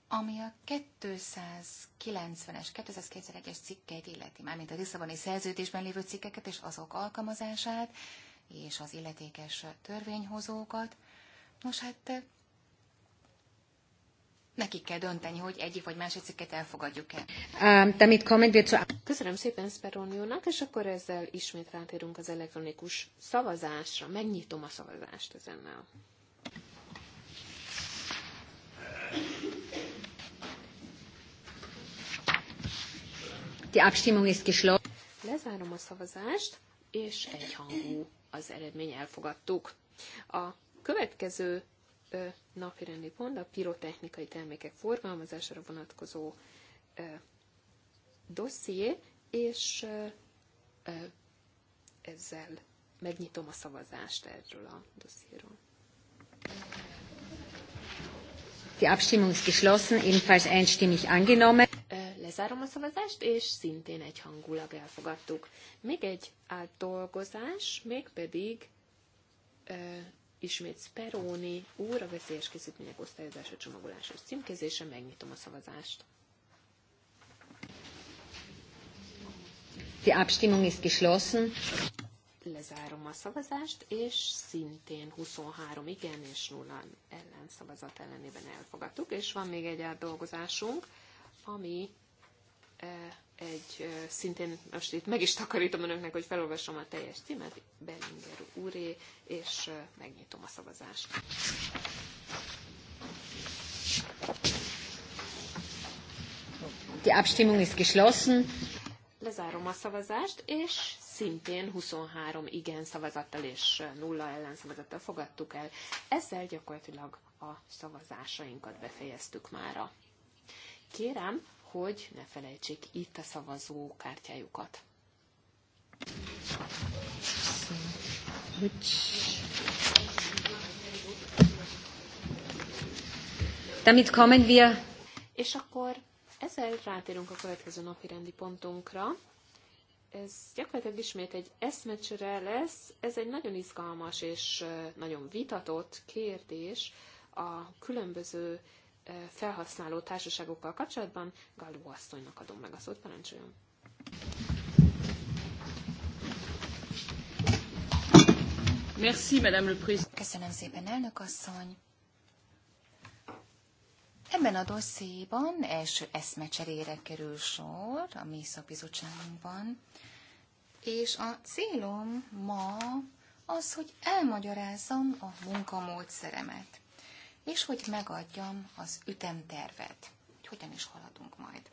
ami a 290-es, 291-es cikkeit illeti, mármint a Lisszaboni szerződésben lévő cikkeket és azok alkalmazását, és az illetékes törvényhozókat. Nos, hát nekik kell dönteni, hogy egyik vagy másik cikket elfogadjuk-e. Um, Köszönöm szépen Speroniónak, és akkor ezzel ismét rátérünk az elektronikus szavazásra. Megnyitom a szavazást ezennel. Die Abstimmung ist geschlossen. Lezárom a szavazást, és egyhangú az eredmény elfogadtuk. A következő napirendi pont a pirotechnikai termékek forgalmazására vonatkozó dosszié, és ezzel megnyitom a szavazást erről a dossziéről. Die Abstimmung ist geschlossen, ebenfalls einstimmig angenommen. Lezárom a szavazást, és szintén egyhangulag elfogadtuk. Még egy átdolgozás, még pedig ismét Speroni úr a veszélyes készítmények osztályozása csomagolásos címkézése. Megnyitom a szavazást. Die Abstimmung ist geschlossen. Lezárom a szavazást, és szintén 23 igen és 0 ellen szavazat ellenében elfogadtuk, és van még egy átdolgozásunk, ami eh, egy szintén, most itt meg is takarítom önöknek, hogy felolvasom a teljes címet, Bellinger úré, és megnyitom a szavazást. Die Abstimmung ist geschlossen. Lezárom a szavazást, és szintén 23 igen szavazattal és nulla ellen szavazattal fogadtuk el. Ezzel gyakorlatilag a szavazásainkat befejeztük mára. Kérem, hogy ne felejtsék itt a szavazó kártyájukat. Damit kommen wir. És akkor ezzel rátérünk a következő napi rendi pontunkra. Ez gyakorlatilag ismét egy eszmecsere lesz. Ez egy nagyon izgalmas és nagyon vitatott kérdés a különböző felhasználó társaságokkal kapcsolatban Galú asszonynak adom meg a szót, parancsoljon. Merci, Madame le Président. Köszönöm szépen, elnök asszony. Ebben a dossziéban első eszmecserére kerül sor a mi bizottságunkban, és a célom ma az, hogy elmagyarázzam a munkamódszeremet és hogy megadjam az ütemtervet, hogy hogyan is haladunk majd.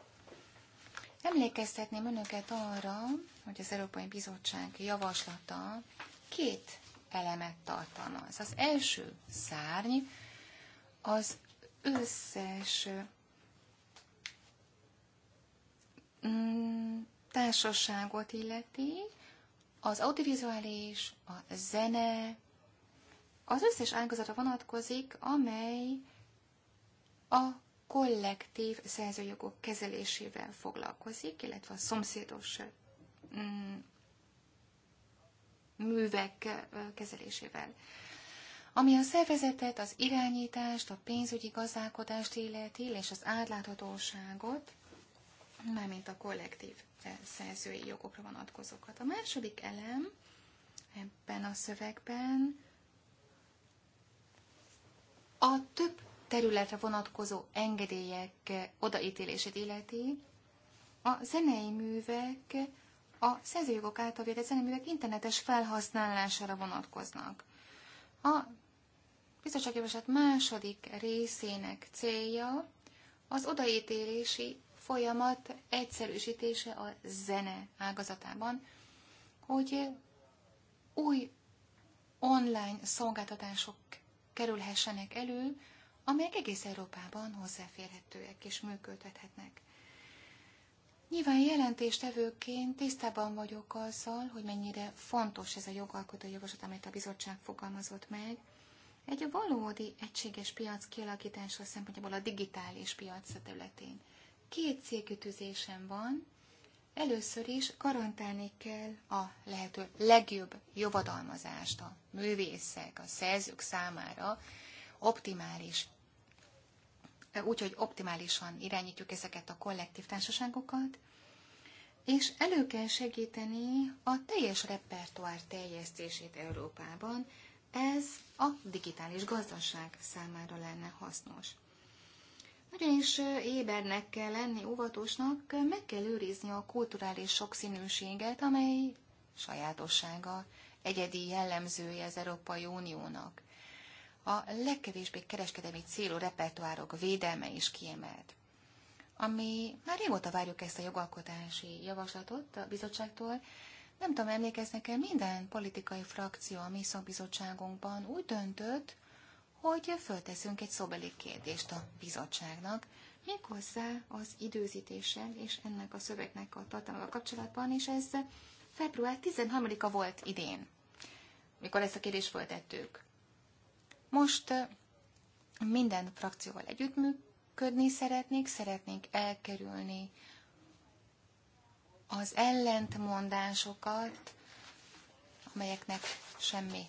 Emlékeztetném önöket arra, hogy az Európai Bizottság javaslata két elemet tartalmaz. Az első szárny az összes mm, társaságot illeti, az audiovizuális, a zene, az összes ágazata vonatkozik, amely a kollektív szerzőjogok kezelésével foglalkozik, illetve a szomszédos mm, művek kezelésével. Ami a szervezetet, az irányítást, a pénzügyi gazdálkodást illeti, és az átláthatóságot, mármint a kollektív szerzői jogokra vonatkozókat. A második elem ebben a szövegben a több területre vonatkozó engedélyek eh, odaítélését illeti, a zenei művek a szerzőjogok által védett zeneművek internetes felhasználására vonatkoznak. A biztonságjavaslat második részének célja az odaítélési folyamat egyszerűsítése a zene ágazatában, hogy új online szolgáltatások kerülhessenek elő, amelyek egész Európában hozzáférhetőek és működhetnek. Nyilván jelentéstevőként tisztában vagyok azzal, hogy mennyire fontos ez a jogalkotó javaslat, amit a bizottság fogalmazott meg. Egy valódi egységes piac kialakítása szempontjából a digitális piac területén. Két célkütőzésem van, Először is garantálni kell a lehető legjobb javadalmazást a művészek, a szerzők számára optimális. Úgyhogy optimálisan irányítjuk ezeket a kollektív társaságokat, és elő kell segíteni a teljes repertoár teljesztését Európában, ez a digitális gazdaság számára lenne hasznos. Ugyanis ébernek kell lenni, óvatosnak, meg kell őrizni a kulturális sokszínűséget, amely sajátossága, egyedi jellemzője az Európai Uniónak. A legkevésbé kereskedelmi célú repertoárok védelme is kiemelt. Ami már régóta várjuk ezt a jogalkotási javaslatot a bizottságtól, nem tudom, emlékeznek-e, minden politikai frakció a mi szakbizottságunkban úgy döntött, hogy fölteszünk egy szobeli kérdést a bizottságnak, méghozzá az időzítéssel és ennek a szövegnek a tartalmával kapcsolatban, és ez február 13-a volt idén, mikor ezt a kérdést föltettük. Most minden frakcióval együttműködni szeretnék, szeretnénk elkerülni az ellentmondásokat, amelyeknek semmi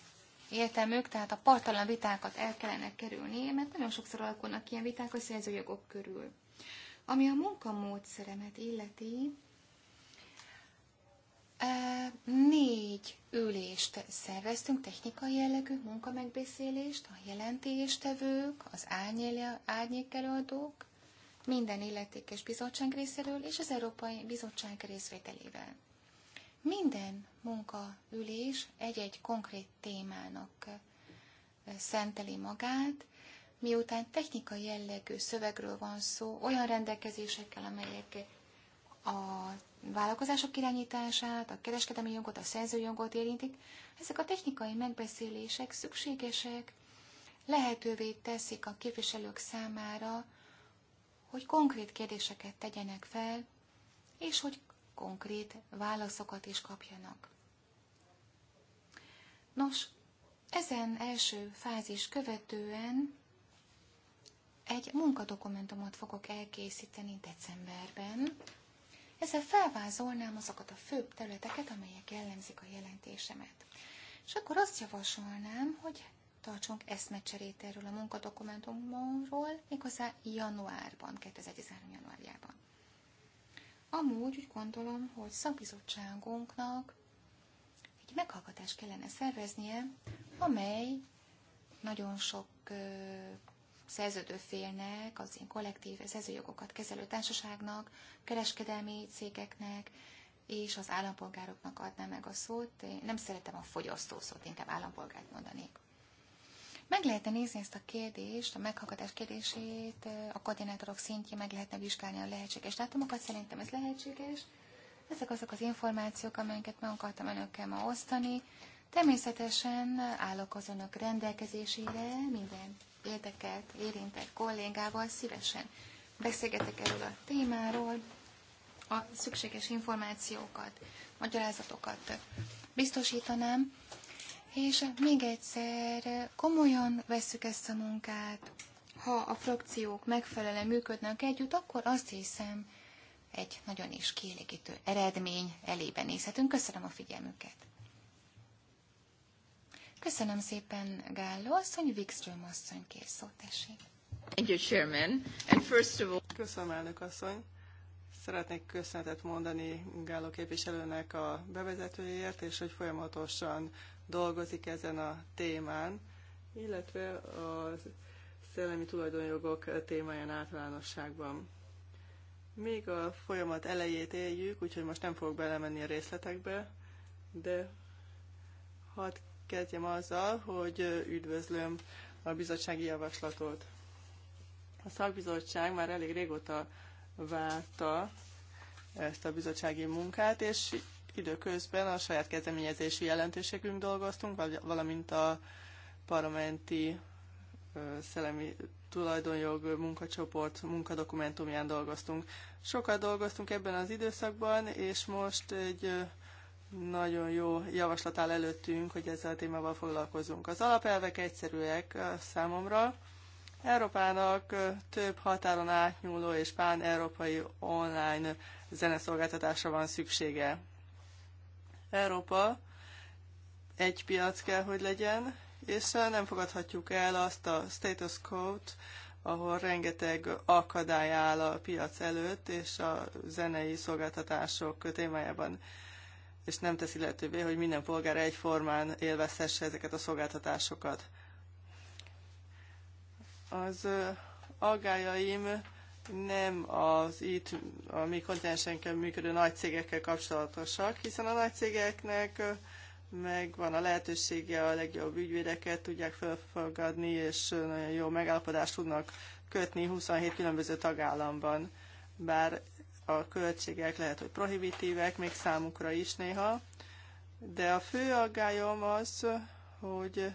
értelmük, tehát a partalan vitákat el kellene kerülni, mert nagyon sokszor alakulnak ilyen viták a szerzőjogok körül. Ami a munkamódszeremet illeti, e, négy ülést szerveztünk, technikai jellegű munkamegbeszélést, a jelentéstevők, az árnyékelőadók, minden illetékes bizottság részéről és az Európai Bizottság részvételével. Minden munkaülés egy-egy konkrét témának szenteli magát, miután technikai jellegű szövegről van szó, olyan rendelkezésekkel, amelyek a vállalkozások irányítását, a kereskedelmi jogot, a szerzőjogot érintik, ezek a technikai megbeszélések szükségesek, lehetővé teszik a képviselők számára, hogy konkrét kérdéseket tegyenek fel, és hogy konkrét válaszokat is kapjanak. Nos, ezen első fázis követően egy munkadokumentumot fogok elkészíteni decemberben. Ezzel felvázolnám azokat a főbb területeket, amelyek jellemzik a jelentésemet. És akkor azt javasolnám, hogy tartsunk eszmecserét erről a munkadokumentumról, méghozzá januárban, 2013. januárjában. Amúgy úgy gondolom, hogy szakbizottságunknak meghallgatást kellene szerveznie, amely nagyon sok szerződő félnek, az ilyen kollektív szerzőjogokat kezelő társaságnak, kereskedelmi cégeknek és az állampolgároknak adná meg a szót. Én nem szeretem a fogyasztó szót, inkább állampolgárt mondanék. Meg lehetne nézni ezt a kérdést, a meghallgatás kérdését, a koordinátorok szintjén meg lehetne vizsgálni a lehetséges dátumokat, szerintem ez lehetséges. Ezek azok az információk, amelyeket meg akartam önökkel ma osztani. Természetesen állok az önök rendelkezésére, minden érdekelt, érintett kollégával szívesen beszélgetek erről a témáról, a szükséges információkat, magyarázatokat biztosítanám, és még egyszer komolyan vesszük ezt a munkát, ha a frakciók megfelelően működnek együtt, akkor azt hiszem, egy nagyon is kielégítő eredmény elébe nézhetünk. Köszönöm a figyelmüket! Köszönöm szépen, Gálló asszony, Wikström asszony kész szó, tessék. Thank you, Chairman. And first of all... Köszönöm, elnök asszony. Szeretnék köszönetet mondani Gálló képviselőnek a bevezetőjéért, és hogy folyamatosan dolgozik ezen a témán, illetve a szellemi tulajdonjogok témáján általánosságban. Még a folyamat elejét éljük, úgyhogy most nem fogok belemenni a részletekbe, de hadd kezdjem azzal, hogy üdvözlöm a bizottsági javaslatot. A szakbizottság már elég régóta várta ezt a bizottsági munkát, és időközben a saját kezdeményezési jelentőségünk dolgoztunk, valamint a parlamenti szellemi tulajdonjog munkacsoport munkadokumentumján dolgoztunk. Sokat dolgoztunk ebben az időszakban, és most egy nagyon jó javaslat áll előttünk, hogy ezzel a témával foglalkozunk. Az alapelvek egyszerűek számomra. Európának több határon átnyúló és pán-európai online zeneszolgáltatásra van szüksége. Európa egy piac kell, hogy legyen, és eh, nem fogadhatjuk el azt a status quo-t, ahol rengeteg akadály áll a piac előtt, és a zenei szolgáltatások témájában és nem teszi lehetővé, hogy minden polgár egyformán élvezhesse ezeket a szolgáltatásokat. Az eh, aggájaim nem az itt a mi kontinensenken működő nagy cégekkel kapcsolatosak, hiszen a nagy cégeknek eh, meg van a lehetősége, a legjobb ügyvédeket tudják felfogadni, és nagyon jó megállapodást tudnak kötni 27 különböző tagállamban. Bár a költségek lehet, hogy prohibitívek, még számukra is néha, de a fő aggályom az, hogy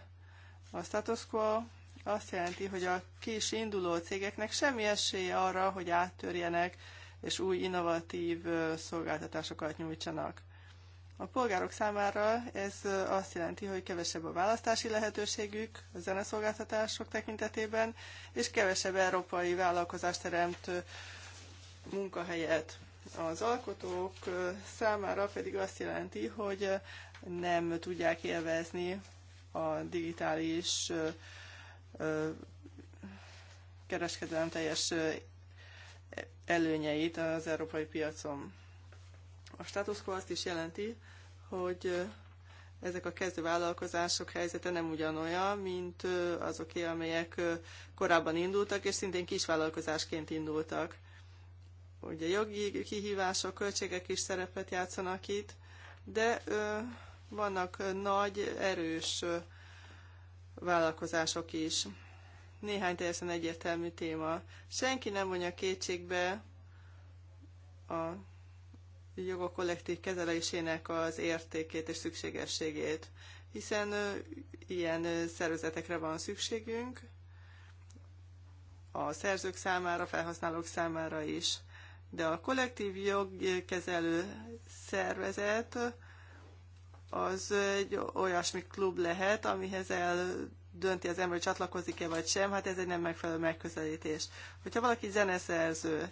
a status quo azt jelenti, hogy a kis induló cégeknek semmi esélye arra, hogy áttörjenek és új innovatív szolgáltatásokat nyújtsanak. A polgárok számára ez azt jelenti, hogy kevesebb a választási lehetőségük a zeneszolgáltatások tekintetében, és kevesebb európai vállalkozást teremt munkahelyet. Az alkotók számára pedig azt jelenti, hogy nem tudják élvezni a digitális kereskedelem teljes előnyeit az európai piacon. A status quo azt is jelenti, hogy ezek a vállalkozások helyzete nem ugyanolyan, mint azoké, amelyek korábban indultak, és szintén kisvállalkozásként indultak. Ugye jogi kihívások, költségek is szerepet játszanak itt, de vannak nagy, erős vállalkozások is. Néhány teljesen egyértelmű téma. Senki nem vonja kétségbe a jogok kollektív kezelésének az értékét és szükségességét, hiszen ilyen szervezetekre van szükségünk, a szerzők számára, felhasználók számára is. De a kollektív jogkezelő szervezet az egy olyasmi klub lehet, amihez el dönti az ember, hogy csatlakozik-e vagy sem, hát ez egy nem megfelelő megközelítés. Hogyha valaki zeneszerző,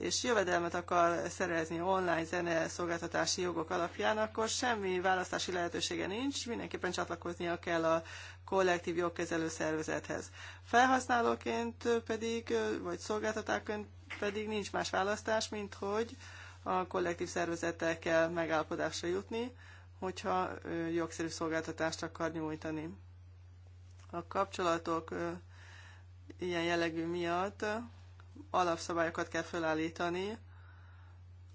és jövedelmet akar szerezni online zene szolgáltatási jogok alapján, akkor semmi választási lehetősége nincs, mindenképpen csatlakoznia kell a kollektív jogkezelő szervezethez. Felhasználóként pedig, vagy szolgáltatóként pedig nincs más választás, mint hogy a kollektív szervezettel kell megállapodásra jutni, hogyha jogszerű szolgáltatást akar nyújtani. A kapcsolatok ilyen jellegű miatt alapszabályokat kell felállítani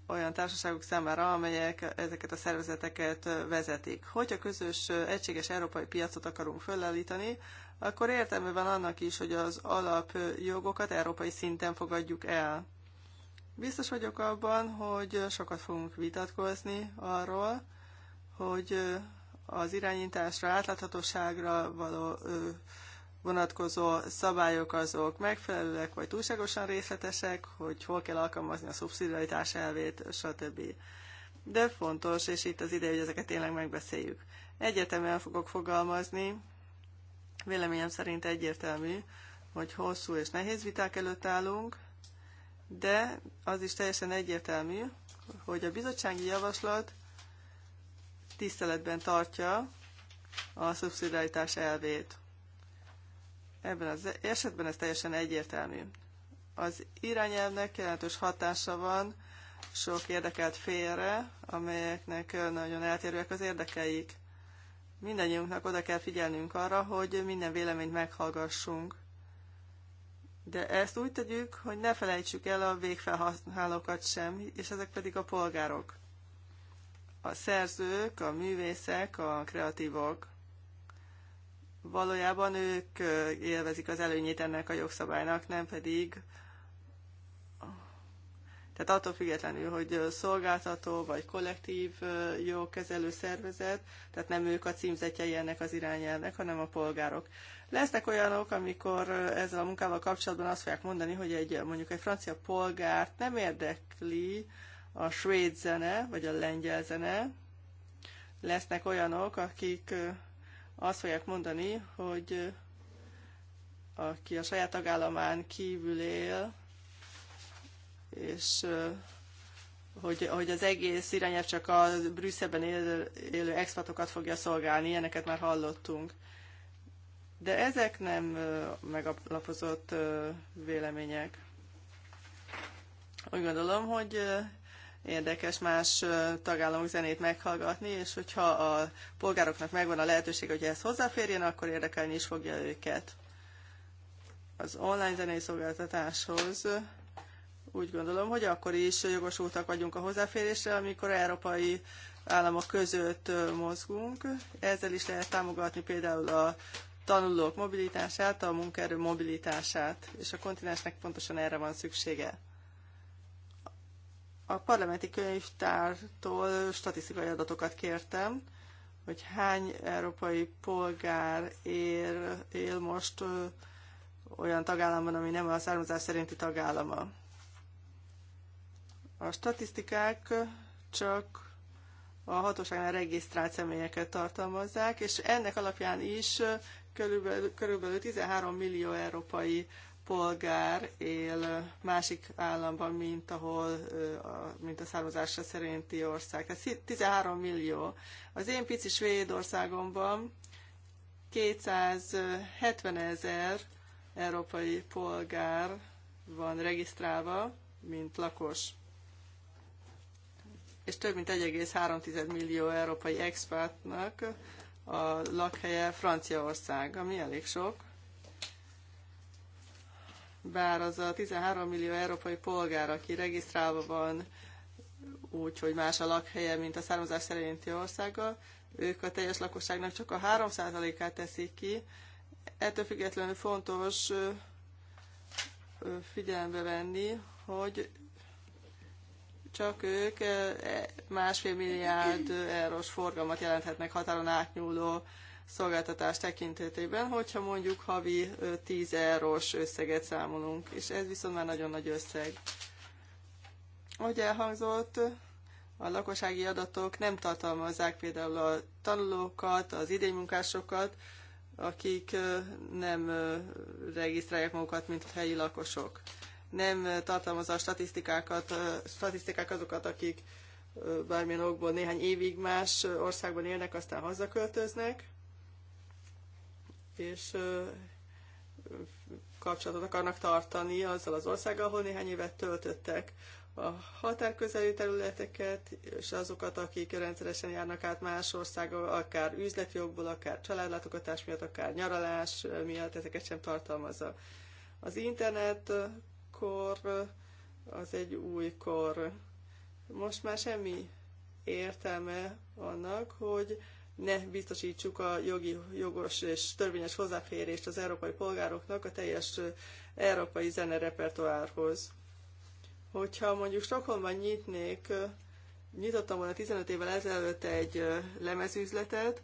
olyan társaságok számára, amelyek ezeket a szervezeteket vezetik. Hogyha közös, egységes európai piacot akarunk felállítani, akkor értelme van annak is, hogy az alapjogokat európai szinten fogadjuk el. Biztos vagyok abban, hogy sokat fogunk vitatkozni arról, hogy az irányításra, átláthatóságra való vonatkozó szabályok azok megfelelőek, vagy túlságosan részletesek, hogy hol kell alkalmazni a szubszidiaritás elvét, stb. De fontos, és itt az ideje, hogy ezeket tényleg megbeszéljük. Egyetemen fogok fogalmazni, véleményem szerint egyértelmű, hogy hosszú és nehéz viták előtt állunk, de az is teljesen egyértelmű, hogy a bizottsági javaslat tiszteletben tartja a szubszidiaritás elvét. Ebben az esetben ez teljesen egyértelmű. Az irányelvnek jelentős hatása van sok érdekelt félre, amelyeknek nagyon eltérőek az érdekeik. Mindennyiunknak oda kell figyelnünk arra, hogy minden véleményt meghallgassunk. De ezt úgy tegyük, hogy ne felejtsük el a végfelhasználókat sem, és ezek pedig a polgárok. A szerzők, a művészek, a kreatívok valójában ők élvezik az előnyét ennek a jogszabálynak, nem pedig tehát attól függetlenül, hogy szolgáltató vagy kollektív jogkezelő szervezet, tehát nem ők a címzetjei ennek az irányelnek, hanem a polgárok. Lesznek olyanok, amikor ezzel a munkával kapcsolatban azt fogják mondani, hogy egy, mondjuk egy francia polgárt nem érdekli a svéd zene, vagy a lengyel zene. Lesznek olyanok, akik azt fogják mondani, hogy aki a saját tagállamán kívül él, és hogy, hogy az egész irányelv csak a Brüsszelben élő, élő expatokat fogja szolgálni, ilyeneket már hallottunk. De ezek nem megalapozott vélemények. Úgy gondolom, hogy érdekes más tagállamok zenét meghallgatni, és hogyha a polgároknak megvan a lehetőség, hogy ezt hozzáférjen, akkor érdekelni is fogja őket. Az online zenei szolgáltatáshoz úgy gondolom, hogy akkor is jogosultak vagyunk a hozzáférésre, amikor európai államok között mozgunk. Ezzel is lehet támogatni például a tanulók mobilitását, a munkaerő mobilitását, és a kontinensnek pontosan erre van szüksége a parlamenti könyvtártól statisztikai adatokat kértem, hogy hány európai polgár él, él most ö, olyan tagállamban, ami nem a származás szerinti tagállama. A statisztikák csak a hatóságnál regisztrált személyeket tartalmazzák, és ennek alapján is körülbelül, körülbelül 13 millió európai polgár él másik államban, mint ahol, mint a származása szerinti ország. Tehát 13 millió. Az én pici Svédországomban 270 ezer európai polgár van regisztrálva, mint lakos. És több mint 1,3 millió európai expatnak a lakhelye Franciaország, ami elég sok bár az a 13 millió európai polgár, aki regisztrálva van úgy, hogy más a lakhelye, mint a származás szerinti országa, ők a teljes lakosságnak csak a 3%-át teszik ki. Ettől függetlenül fontos figyelembe venni, hogy csak ők e, másfél milliárd eurós forgalmat jelenthetnek határon átnyúló szolgáltatás tekintetében, hogyha mondjuk havi 10 eurós összeget számolunk, és ez viszont már nagyon nagy összeg. Ahogy elhangzott, a lakossági adatok nem tartalmazzák például a tanulókat, az idénymunkásokat, akik nem regisztrálják magukat, mint helyi lakosok. Nem tartalmaz a statisztikákat, statisztikák azokat, akik bármilyen okból néhány évig más országban élnek, aztán hazaköltöznek és kapcsolatot akarnak tartani azzal az országgal, ahol néhány évet töltöttek a határközeli területeket, és azokat, akik rendszeresen járnak át más országba, akár üzleti jogból, akár családlátogatás miatt, akár nyaralás miatt, ezeket sem tartalmazza. Az internet kor az egy új kor. Most már semmi értelme annak, hogy ne biztosítsuk a jogi, jogos és törvényes hozzáférést az európai polgároknak a teljes európai repertoárhoz. Hogyha mondjuk Stockholmban nyitnék, nyitottam volna 15 évvel ezelőtt egy lemezüzletet,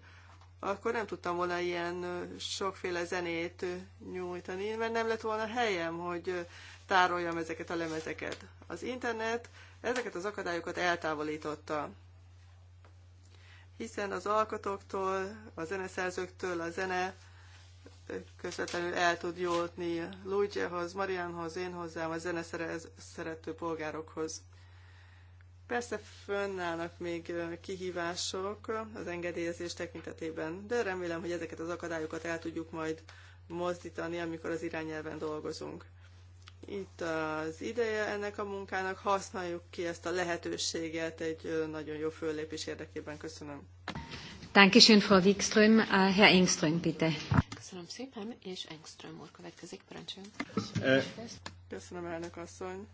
akkor nem tudtam volna ilyen sokféle zenét nyújtani, mert nem lett volna helyem, hogy tároljam ezeket a lemezeket. Az internet ezeket az akadályokat eltávolította hiszen az alkotóktól, a zeneszerzőktől a zene közvetlenül el tud jótni Luigyehoz, Marianhoz, én hozzám, a zeneszerető szerető polgárokhoz. Persze fönnállnak még kihívások az engedélyezés tekintetében, de remélem, hogy ezeket az akadályokat el tudjuk majd mozdítani, amikor az irányelven dolgozunk itt az ideje ennek a munkának, használjuk ki ezt a lehetőséget egy nagyon jó föllépés érdekében. Köszönöm. Dankeschön, Frau Wikström. Äh, Herr Engström, bitte. Köszönöm szépen, és Engström úr következik, parancsoljon. Köszönöm, elnök asszony.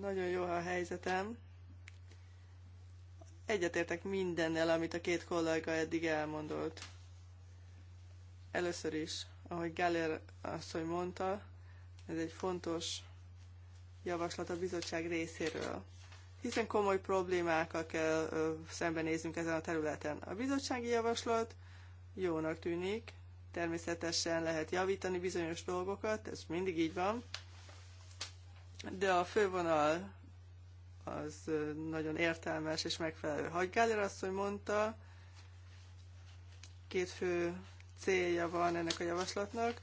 Nagyon jó a helyzetem. Egyetértek mindennel, amit a két kollega eddig elmondott. Először is, ahogy Gáler asszony mondta, ez egy fontos javaslat a bizottság részéről, hiszen komoly problémákkal kell szembenéznünk ezen a területen. A bizottsági javaslat jónak tűnik, természetesen lehet javítani bizonyos dolgokat, ez mindig így van, de a fővonal az nagyon értelmes és megfelelő. Hagygáler asszony mondta, két fő célja van ennek a javaslatnak.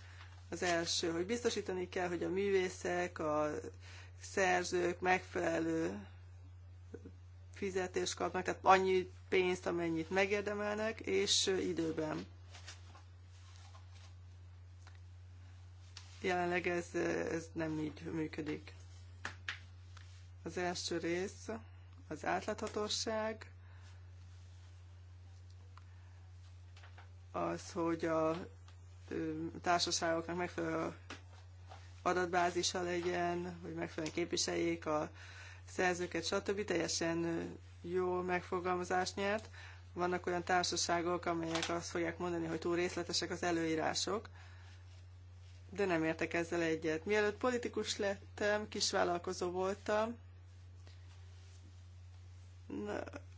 Az első, hogy biztosítani kell, hogy a művészek, a szerzők megfelelő fizetést kapnak, tehát annyi pénzt, amennyit megérdemelnek, és időben. Jelenleg ez, ez nem így működik. Az első rész az átláthatóság, az, hogy a társaságoknak megfelelő adatbázisa legyen, hogy megfelelően képviseljék a szerzőket, stb. Teljesen jó megfogalmazást nyert. Vannak olyan társaságok, amelyek azt fogják mondani, hogy túl részletesek az előírások, de nem értek ezzel egyet. Mielőtt politikus lettem, kisvállalkozó voltam,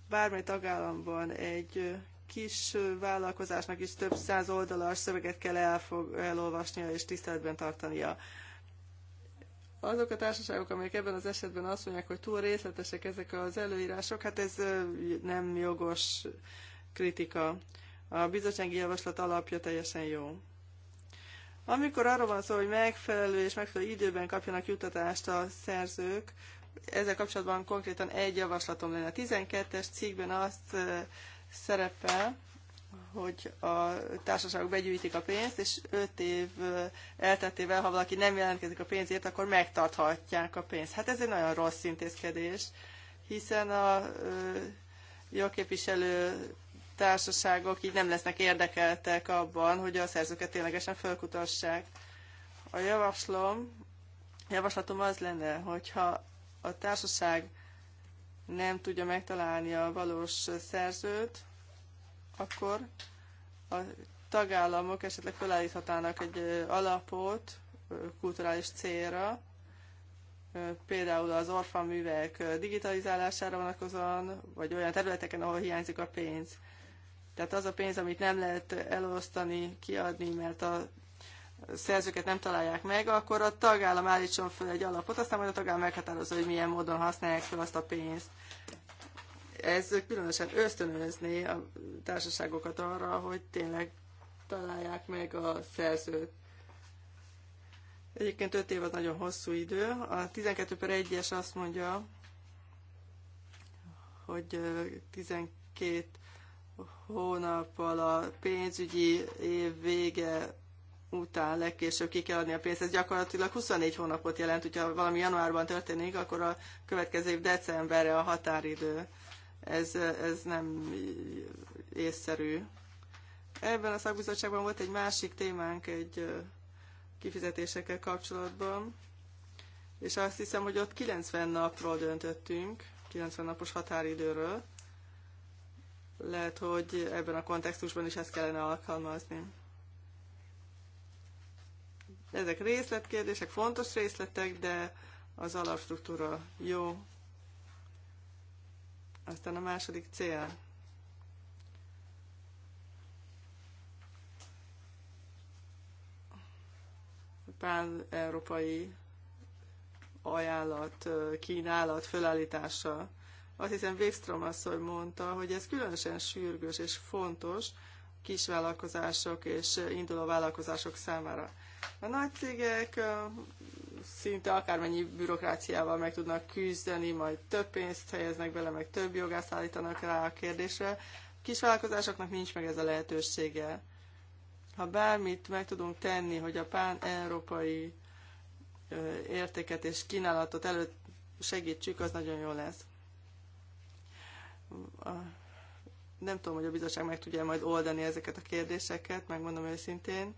bármely tagállamban egy kis vállalkozásnak is több száz oldalas szöveget kell elfog, elolvasnia és tiszteletben tartania. Azok a társaságok, amelyek ebben az esetben azt mondják, hogy túl részletesek ezek az előírások, hát ez nem jogos kritika. A bizottsági javaslat alapja teljesen jó. Amikor arról van szó, hogy megfelelő és megfelelő időben kapjanak jutatást a szerzők, ezzel kapcsolatban konkrétan egy javaslatom lenne. A 12-es cikkben azt szerepel, hogy a társaságok begyűjtik a pénzt, és 5 év elteltével, ha valaki nem jelentkezik a pénzért, akkor megtarthatják a pénzt. Hát ez egy nagyon rossz intézkedés, hiszen a jogképviselő társaságok így nem lesznek érdekeltek abban, hogy a szerzőket ténylegesen fölkutassák. A javaslom, javaslatom az lenne, hogyha a társaság nem tudja megtalálni a valós szerzőt, akkor a tagállamok esetleg felállíthatának egy alapot kulturális célra, például az művek digitalizálására vonatkozóan, vagy olyan területeken, ahol hiányzik a pénz. Tehát az a pénz, amit nem lehet elosztani, kiadni, mert a szerzőket nem találják meg, akkor a tagállam állítson föl egy alapot, aztán majd a tagállam meghatározza, hogy milyen módon használják fel azt a pénzt. Ez különösen ösztönözné a társaságokat arra, hogy tényleg találják meg a szerzőt. Egyébként 5 év az nagyon hosszú idő. A 12 per 1-es azt mondja, hogy 12 hónappal a pénzügyi év vége után legkésőbb ki kell adni a pénzt. Ez gyakorlatilag 24 hónapot jelent, hogyha valami januárban történik, akkor a következő év decemberre a határidő. Ez, ez nem észszerű. Ebben a szakbizottságban volt egy másik témánk egy kifizetésekkel kapcsolatban, és azt hiszem, hogy ott 90 napról döntöttünk, 90 napos határidőről. Lehet, hogy ebben a kontextusban is ezt kellene alkalmazni. Ezek részletkérdések, fontos részletek, de az alapstruktúra jó. Aztán a második cél. pán-európai ajánlat, kínálat fölállítása. Azt hiszem Wikström asszony mondta, hogy ez különösen sürgős és fontos, kisvállalkozások és induló vállalkozások számára. A nagy cégek szinte akármennyi bürokráciával meg tudnak küzdeni, majd több pénzt helyeznek bele, meg több jogást állítanak rá a kérdésre. A kisvállalkozásoknak nincs meg ez a lehetősége. Ha bármit meg tudunk tenni, hogy a pán-európai értéket és kínálatot előtt segítsük, az nagyon jó lesz nem tudom, hogy a bizottság meg tudja majd oldani ezeket a kérdéseket, megmondom őszintén,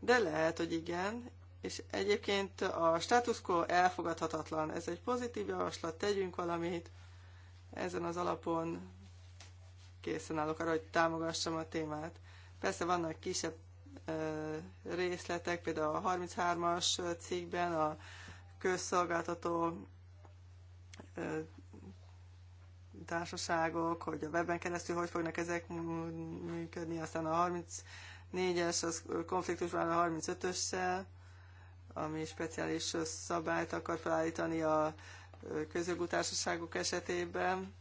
de lehet, hogy igen. És egyébként a status quo elfogadhatatlan. Ez egy pozitív javaslat, tegyünk valamit. Ezen az alapon készen állok arra, hogy támogassam a témát. Persze vannak kisebb részletek, például a 33-as cikkben a közszolgáltató társaságok, hogy a webben keresztül hogy fognak ezek működni, aztán a 34-es, az van a 35-össel, ami speciális szabályt akar felállítani a közjogú társaságok esetében.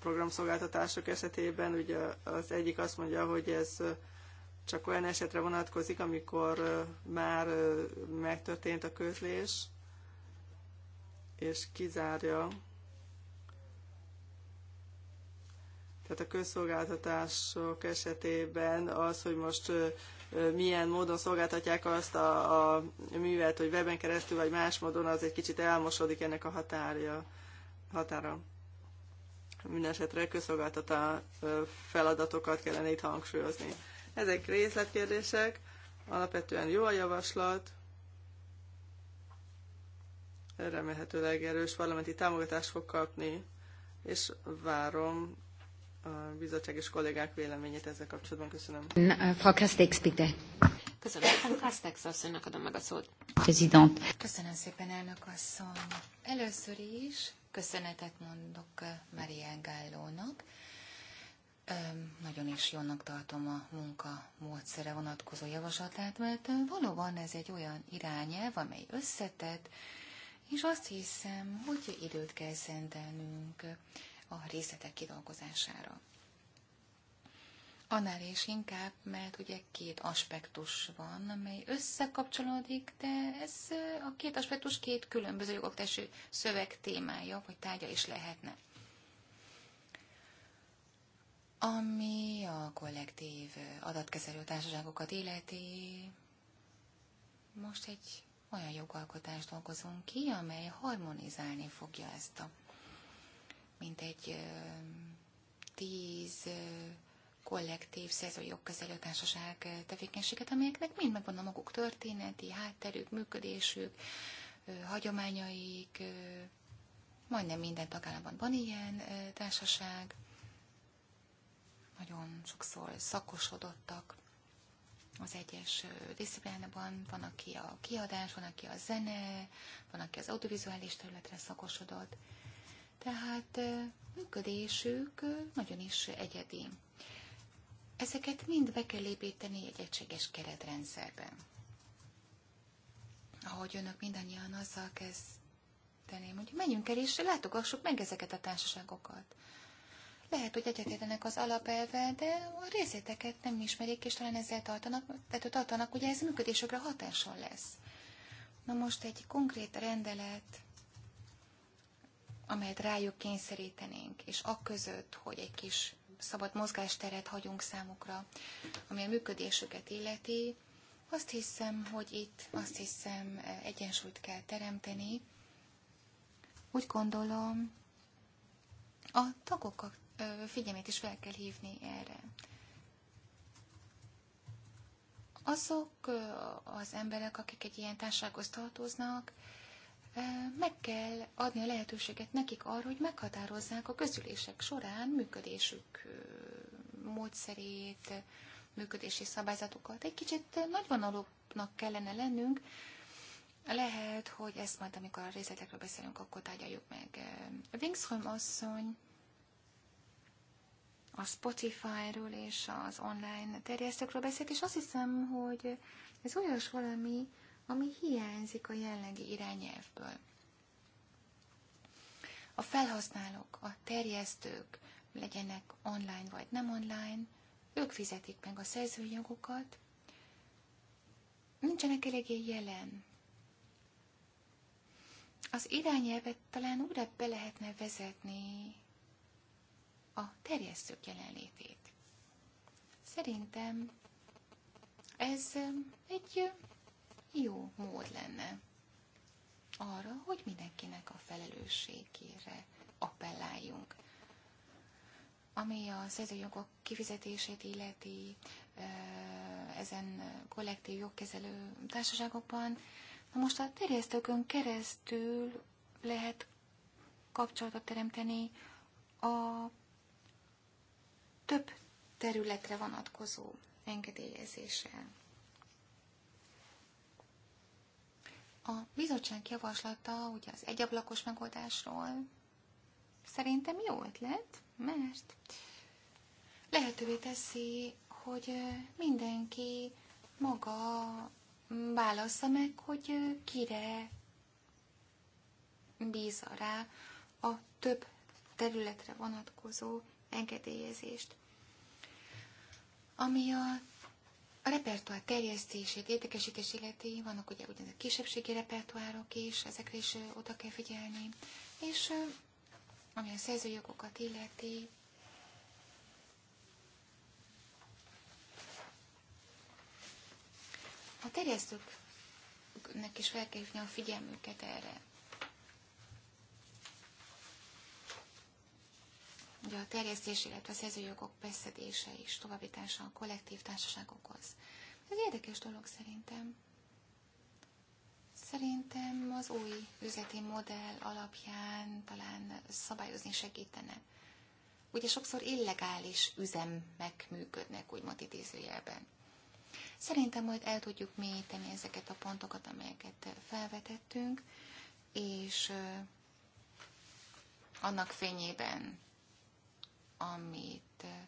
programszolgáltatások esetében ugye az egyik azt mondja, hogy ez csak olyan esetre vonatkozik, amikor már megtörtént a közlés, és kizárja tehát a közszolgáltatások esetében az, hogy most milyen módon szolgáltatják azt a, a művet, hogy weben keresztül, vagy más módon, az egy kicsit elmosodik ennek a határja, határa. Mindenesetre közszolgáltatá feladatokat kellene itt hangsúlyozni. Ezek részletkérdések, alapvetően jó a javaslat, remélhetőleg erős parlamenti támogatást fog kapni, és várom a bizottság és kollégák véleményét ezzel kapcsolatban. Köszönöm. Frau Kastex, bitte. Köszönöm szépen, Kastex asszonynak adom meg a szót. President. Köszönöm szépen, elnök asszony. Először is köszönetet mondok Marian Gállónak. Nagyon is jónak tartom a munka módszere vonatkozó javaslatát, mert valóban ez egy olyan irányelv, amely összetett, és azt hiszem, hogy időt kell szentelnünk a részletek kidolgozására. Annál is inkább, mert ugye két aspektus van, amely összekapcsolódik, de ez a két aspektus két különböző jogoktási szöveg témája, vagy tárgya is lehetne. Ami a kollektív adatkezelő társaságokat illeti, most egy olyan jogalkotást dolgozunk ki, amely harmonizálni fogja ezt a mint egy tíz kollektív szerző jogkezelő társaság tevékenységet, amelyeknek mind megvan a maguk történeti, hátterük, működésük, hagyományaik, majdnem minden tagállamban van ilyen társaság, nagyon sokszor szakosodottak, az egyes disziplinában, van, aki a kiadás, van, aki a zene, van, aki az audiovizuális területre szakosodott. Tehát működésük nagyon is egyedi. Ezeket mind be kell építeni egy egységes keretrendszerben. Ahogy önök mindannyian azzal kezdeném, hogy menjünk el és látogassuk meg ezeket a társaságokat lehet, hogy egyetértenek az alapelvel, de a részleteket nem ismerik, és talán ezzel tartanak, tehát tartanak, hogy ez működésükre hatással lesz. Na most egy konkrét rendelet, amelyet rájuk kényszerítenénk, és a között, hogy egy kis szabad mozgásteret hagyunk számukra, ami a működésüket illeti, azt hiszem, hogy itt azt hiszem egyensúlyt kell teremteni. Úgy gondolom, a tagokat figyelmét is fel kell hívni erre. Azok az emberek, akik egy ilyen társághoz tartoznak, meg kell adni a lehetőséget nekik arra, hogy meghatározzák a közülések során működésük módszerét, működési szabályzatokat. Egy kicsit nagyvonalúbbnak kellene lennünk. Lehet, hogy ezt majd, amikor a részletekről beszélünk, akkor tárgyaljuk meg. Wingsholm asszony a Spotify-ról és az online terjesztőkről beszélt, és azt hiszem, hogy ez olyas valami, ami hiányzik a jelenlegi irányelvből. A felhasználók, a terjesztők, legyenek online vagy nem online, ők fizetik meg a szerzőjogokat, nincsenek eléggé jelen. Az irányelvet talán újra be lehetne vezetni a terjesztők jelenlétét. Szerintem ez um, egy um, jó mód lenne arra, hogy mindenkinek a felelősségére appelláljunk. Ami a szerzőjogok kifizetését illeti uh, ezen kollektív jogkezelő társaságokban, na most a terjesztőkön keresztül lehet kapcsolatot teremteni a több területre vonatkozó engedélyezéssel. A bizottság javaslata ugye az egyablakos megoldásról szerintem jó ötlet, mert lehetővé teszi, hogy mindenki maga válassza meg, hogy kire bízza rá a több területre vonatkozó engedélyezést. Ami a a repertoár terjesztését, értékesítés illeti, vannak ugye ugyanaz a kisebbségi repertoárok is, ezekre is oda kell figyelni, és ami a szerzőjogokat illeti, a terjesztőknek is fel kell a figyelmüket erre. Ugye a terjesztés, illetve a szerzőjogok beszedése és továbbítása a kollektív társaságokhoz. Ez érdekes dolog szerintem. Szerintem az új üzleti modell alapján talán szabályozni segítene. Ugye sokszor illegális üzemek működnek, úgymond idézőjelben. Szerintem majd el tudjuk mélyíteni ezeket a pontokat, amelyeket felvetettünk, és annak fényében amit eh,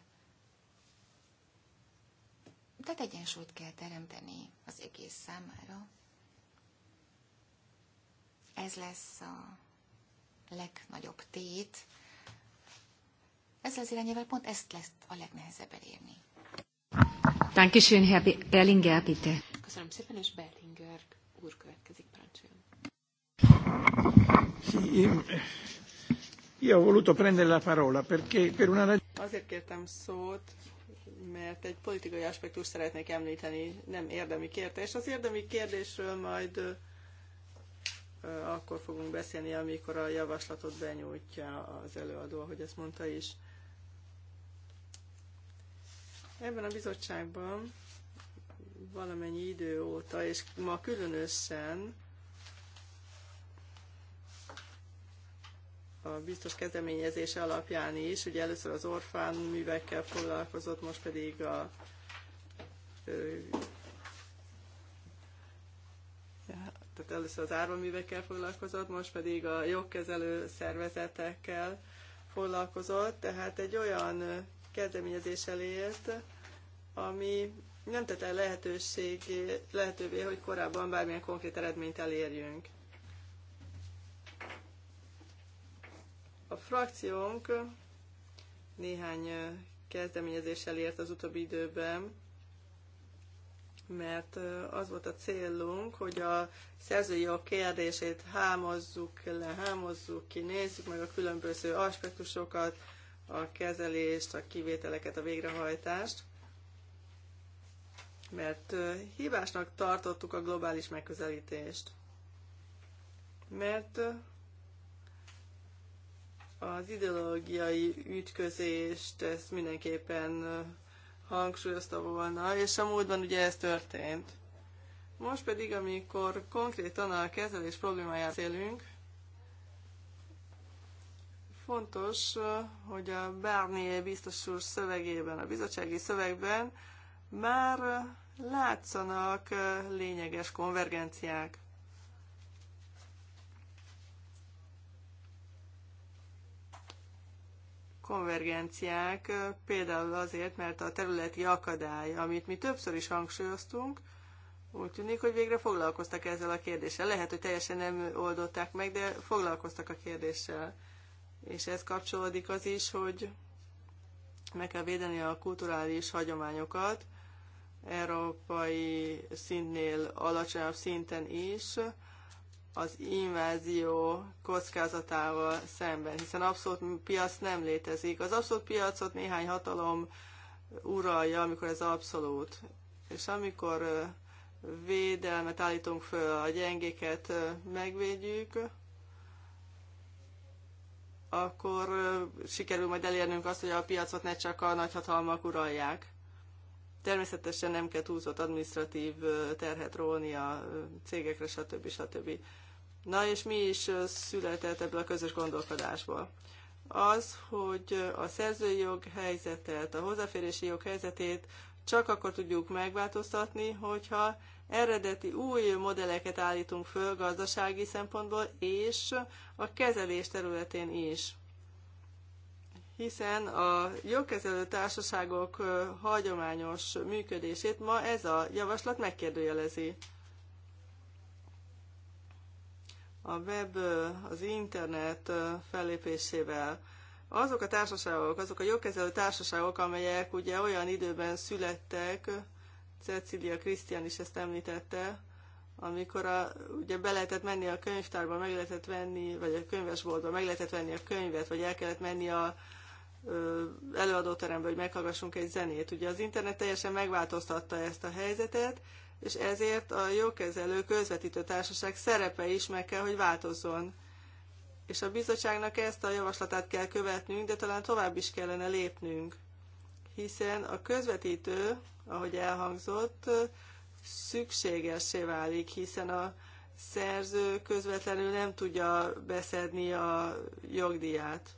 tehát egyensúlyt kell teremteni az egész számára. Ez lesz a legnagyobb tét. Ez az irányével pont ezt lesz a legnehezebb elérni. Dankeschön, Herr Berlinger, bitte. Köszönöm szépen, és Berlinger úr következik, parancsoljon. Azért kértem szót, mert egy politikai aspektust szeretnék említeni, nem érdemi kérdés. Az érdemi kérdésről majd akkor fogunk beszélni, amikor a javaslatot benyújtja az előadó, ahogy ezt mondta is. Ebben a bizottságban valamennyi idő óta, és ma különösen a biztos kezdeményezése alapján is. Ugye először az orfán művekkel foglalkozott, most pedig a tehát először az árvaművekkel foglalkozott, most pedig a jogkezelő szervezetekkel foglalkozott, tehát egy olyan kezdeményezéssel élt, ami nem tette lehetőség, lehetővé, hogy korábban bármilyen konkrét eredményt elérjünk. A frakciónk néhány kezdeményezés elért az utóbbi időben, mert az volt a célunk, hogy a szerzői jog kérdését hámozzuk le, hámozzuk ki, nézzük meg a különböző aspektusokat, a kezelést, a kivételeket, a végrehajtást, mert hibásnak tartottuk a globális megközelítést. Mert az ideológiai ütközést ezt mindenképpen hangsúlyozta volna, és a múltban ugye ez történt. Most pedig, amikor konkrétan a kezelés problémáját beszélünk, fontos, hogy a Barnier biztos úr szövegében, a bizottsági szövegben már látszanak lényeges konvergenciák. konvergenciák, például azért, mert a területi akadály, amit mi többször is hangsúlyoztunk, úgy tűnik, hogy végre foglalkoztak ezzel a kérdéssel. Lehet, hogy teljesen nem oldották meg, de foglalkoztak a kérdéssel. És ez kapcsolódik az is, hogy meg kell védeni a kulturális hagyományokat, európai szintnél alacsonyabb szinten is, az invázió kockázatával szemben, hiszen abszolút piac nem létezik. Az abszolút piacot néhány hatalom uralja, amikor ez abszolút. És amikor védelmet állítunk föl, a gyengéket megvédjük, akkor sikerül majd elérnünk azt, hogy a piacot ne csak a nagyhatalmak uralják. Természetesen nem kell túlzott administratív terhet róni a cégekre, stb. stb. stb. Na és mi is született ebből a közös gondolkodásból? Az, hogy a szerzői jog helyzetet, a hozzáférési jog helyzetét csak akkor tudjuk megváltoztatni, hogyha eredeti új modelleket állítunk föl gazdasági szempontból és a kezelés területén is. Hiszen a jogkezelő társaságok hagyományos működését ma ez a javaslat megkérdőjelezi. a web, az internet fellépésével azok a társaságok, azok a jogkezelő társaságok, amelyek ugye olyan időben születtek, Cecilia Krisztián is ezt említette, amikor a, ugye be lehetett menni a könyvtárba, meg lehetett venni, vagy a könyvesboltba, meg lehetett venni a könyvet, vagy el kellett menni a előadóterembe, hogy meghallgassunk egy zenét. Ugye az internet teljesen megváltoztatta ezt a helyzetet, és ezért a jogkezelő közvetítő társaság szerepe is meg kell, hogy változzon. És a bizottságnak ezt a javaslatát kell követnünk, de talán tovább is kellene lépnünk. Hiszen a közvetítő, ahogy elhangzott, szükségessé válik, hiszen a szerző közvetlenül nem tudja beszedni a jogdíját.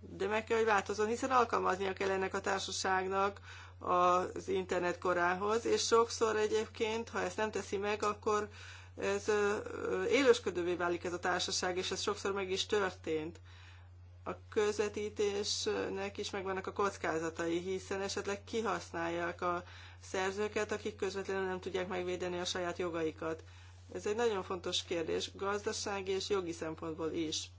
De meg kell, hogy változzon, hiszen alkalmaznia kell ennek a társaságnak az internet korához, és sokszor egyébként, ha ezt nem teszi meg, akkor ez élősködővé válik ez a társaság, és ez sokszor meg is történt. A közvetítésnek is megvannak a kockázatai, hiszen esetleg kihasználják a szerzőket, akik közvetlenül nem tudják megvédeni a saját jogaikat. Ez egy nagyon fontos kérdés, gazdasági és jogi szempontból is.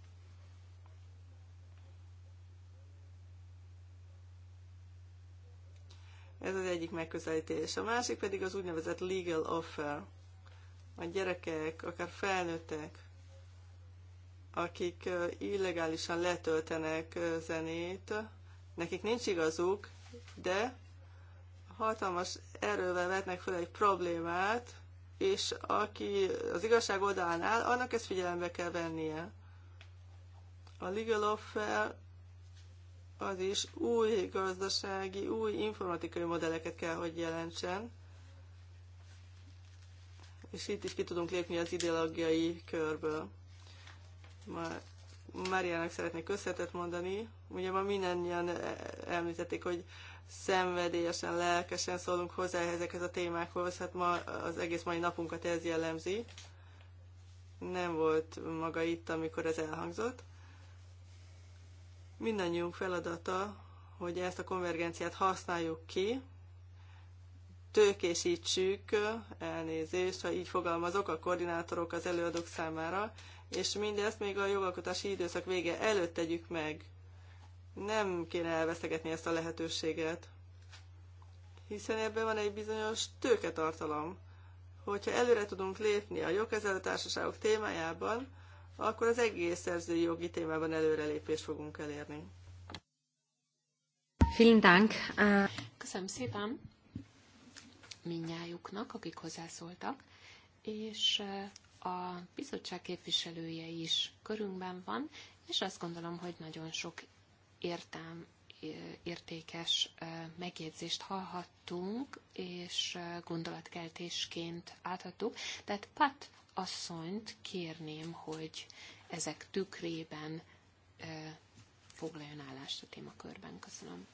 Ez az egyik megközelítés. A másik pedig az úgynevezett legal offer. A gyerekek, akár felnőttek, akik illegálisan letöltenek zenét, nekik nincs igazuk, de hatalmas erővel vetnek fel egy problémát, és aki az igazság oldalán áll, annak ezt figyelembe kell vennie. A legal offer az is új gazdasági, új informatikai modelleket kell, hogy jelentsen, és itt is ki tudunk lépni az ideológiai körből. Már Máriának szeretnék összetett mondani. Ugye ma mindannyian e- említették, hogy szenvedélyesen, lelkesen szólunk hozzá ezekhez a témákhoz, hát ma az egész mai napunkat ez jellemzi. Nem volt maga itt, amikor ez elhangzott. Mindannyiunk feladata, hogy ezt a konvergenciát használjuk ki, tőkésítsük, elnézést, ha így fogalmazok, a koordinátorok az előadók számára, és mindezt még a jogalkotási időszak vége előtt tegyük meg. Nem kéne elveszegetni ezt a lehetőséget, hiszen ebben van egy bizonyos tőketartalom. Hogyha előre tudunk lépni a jogkezelő társaságok témájában, akkor az egész szerzői jogi témában előrelépést fogunk elérni. Vielen Dank. Köszönöm szépen minnyájuknak, akik hozzászóltak, és a bizottság képviselője is körünkben van, és azt gondolom, hogy nagyon sok értem, értékes megjegyzést hallhattunk, és gondolatkeltésként áthattuk. Tehát Pat asszonyt kérném, hogy ezek tükrében foglaljon állást a témakörben. Köszönöm.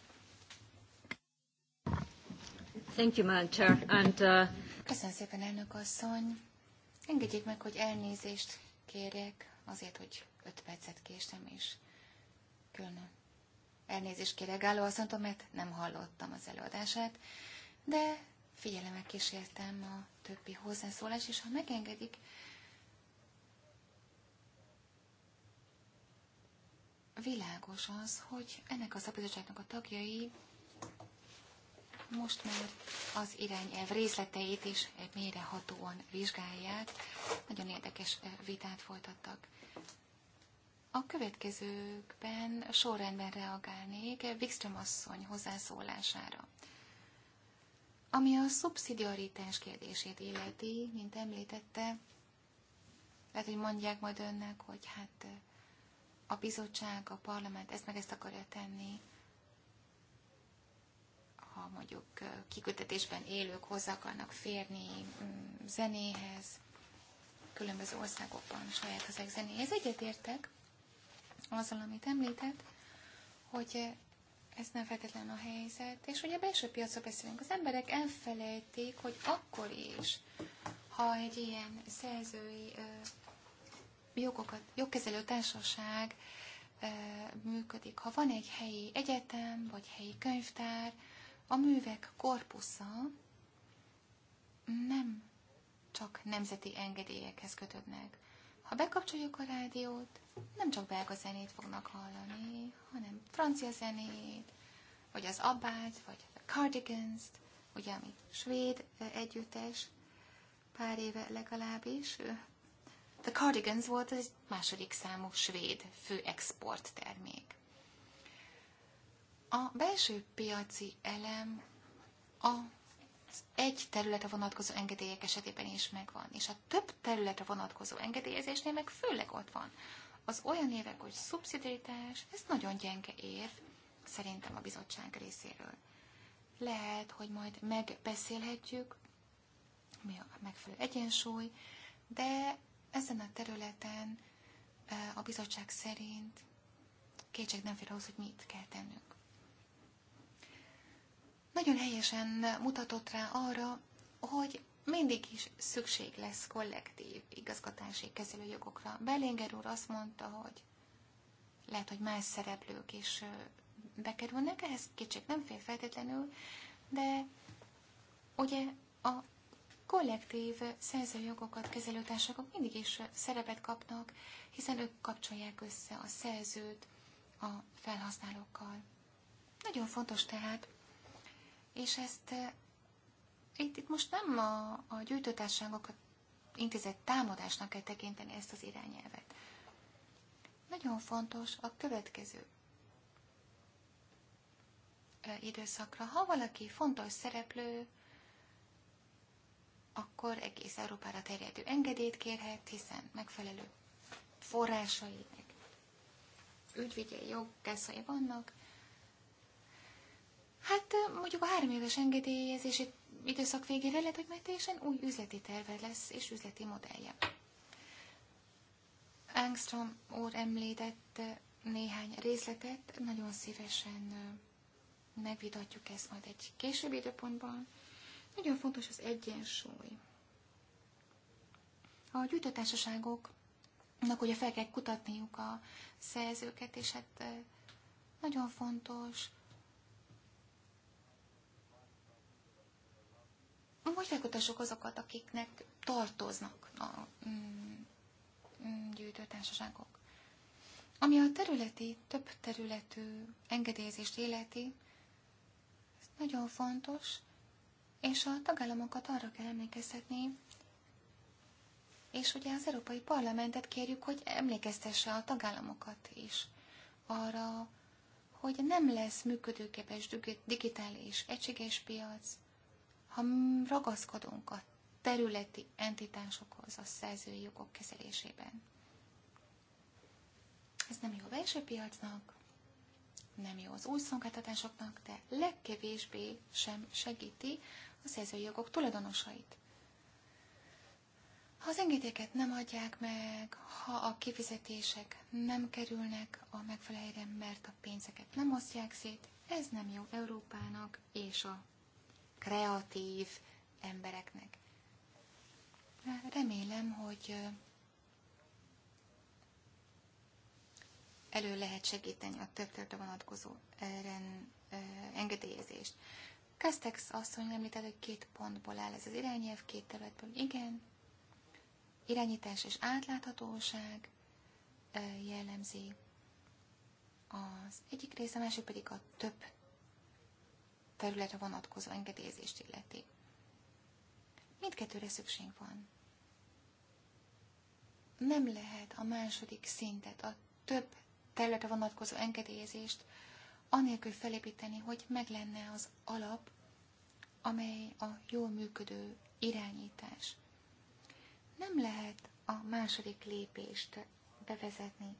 Thank you, Madam Chair. And, uh... Köszönöm szépen, elnök asszony. Engedjék meg, hogy elnézést kérjek azért, hogy öt percet késtem, és külön elnézést kérek álló asszontól, mert nem hallottam az előadását, de figyelemmel kísértem a többi hozzászólás, és ha megengedik, világos az, hogy ennek a szabadságnak a tagjai most már az irányelv részleteit is mérehatóan vizsgálják. Nagyon érdekes eh, vitát folytattak. A következőkben sorrendben reagálnék Wikström asszony hozzászólására. Ami a szubszidiaritás kérdését illeti, mint említette, lehet, hogy mondják majd önnek, hogy hát a bizottság, a parlament ezt meg ezt akarja tenni, ha mondjuk kikötetésben élők hozzá akarnak férni mm, zenéhez, különböző országokban saját hazák zenéhez. Egyetértek azzal, amit említett, hogy ez nem feltétlen a helyzet. És ugye belső piacról beszélünk. Az emberek elfelejtik, hogy akkor is, ha egy ilyen szerzői ö, jogokat, jogkezelő társaság ö, működik, ha van egy helyi egyetem, vagy helyi könyvtár, a művek korpusza nem csak nemzeti engedélyekhez kötődnek. Ha bekapcsoljuk a rádiót, nem csak belga zenét fognak hallani, hanem francia zenét, vagy az Abbát, vagy a cardigans ugye, ami svéd együttes, pár éve legalábbis. The Cardigans volt az második számú svéd fő export termék. A belső piaci elem a az egy területre vonatkozó engedélyek esetében is megvan, és a több területre vonatkozó engedélyezésnél meg főleg ott van. Az olyan évek, hogy szubszidiaritás, ez nagyon gyenge év, szerintem a bizottság részéről. Lehet, hogy majd megbeszélhetjük, mi a megfelelő egyensúly, de ezen a területen eh, a bizottság szerint kétség nem fél ahhoz, hogy mit kell tennünk nagyon helyesen mutatott rá arra, hogy mindig is szükség lesz kollektív igazgatási kezelőjogokra. Bellinger úr azt mondta, hogy lehet, hogy más szereplők is bekerülnek, ehhez kicsit nem fél feltétlenül, de ugye a kollektív szerzőjogokat kezelő társadalmak mindig is szerepet kapnak, hiszen ők kapcsolják össze a szerzőt a felhasználókkal. Nagyon fontos tehát, és ezt eh, itt, itt most nem a, a gyűjtőtárságokat intézett támadásnak kell tekinteni ezt az irányelvet. Nagyon fontos a következő eh, időszakra. Ha valaki fontos szereplő, akkor egész Európára terjedő engedélyt kérhet, hiszen megfelelő forrásai, meg ügyvigyei jogkászai vannak, Hát mondjuk a három éves engedélyezési időszak végére lehet, hogy már teljesen új üzleti terve lesz és üzleti modellje. Angstrom úr említett néhány részletet, nagyon szívesen megvitatjuk ezt majd egy későbbi időpontban. Nagyon fontos az egyensúly. A gyűjtőtársaságoknak ugye fel kell kutatniuk a szerzőket, és hát nagyon fontos Hogy felkutassuk azokat, akiknek tartoznak a mm, mm, gyűjtőtársaságok? Ami a területi, több területű engedélyezést életi ez nagyon fontos, és a tagállamokat arra kell emlékeztetni, és ugye az Európai Parlamentet kérjük, hogy emlékeztesse a tagállamokat is arra, hogy nem lesz működőképes digitális egységes piac, ha ragaszkodunk a területi entitásokhoz a szerzői jogok kezelésében. Ez nem jó a belső piacnak, nem jó az új szolgáltatásoknak, de legkevésbé sem segíti a szerzői jogok tulajdonosait. Ha az engedélyeket nem adják meg, ha a kifizetések nem kerülnek a megfelelőre, mert a pénzeket nem osztják szét, ez nem jó Európának és a kreatív embereknek. Remélem, hogy elő lehet segíteni a több területre vonatkozó engedélyezést. Kastex asszony említett, hogy két pontból áll ez az irányelv, két területből. Igen, irányítás és átláthatóság jellemzi az egyik része, a másik pedig a több területre vonatkozó engedélyezést illeti. Mindkettőre szükség van. Nem lehet a második szintet, a több területre vonatkozó engedélyezést anélkül felépíteni, hogy meg lenne az alap, amely a jól működő irányítás. Nem lehet a második lépést bevezetni.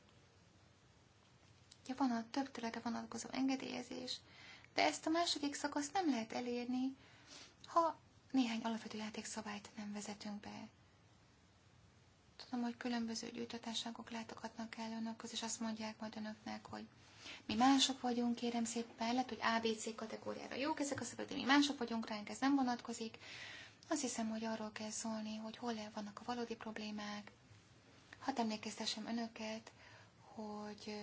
Ja, van a több területre vonatkozó engedélyezés, de ezt a második szakaszt nem lehet elérni, ha néhány alapvető játékszabályt nem vezetünk be. Tudom, hogy különböző gyűjtőtárságok látogatnak el önökhöz, és azt mondják majd önöknek, hogy mi mások vagyunk, kérem szépen, lehet, hogy ABC kategóriára jók ezek a szabályok, de mi mások vagyunk, ránk ez nem vonatkozik. Azt hiszem, hogy arról kell szólni, hogy hol vannak a valódi problémák. Hadd emlékeztessem önöket, hogy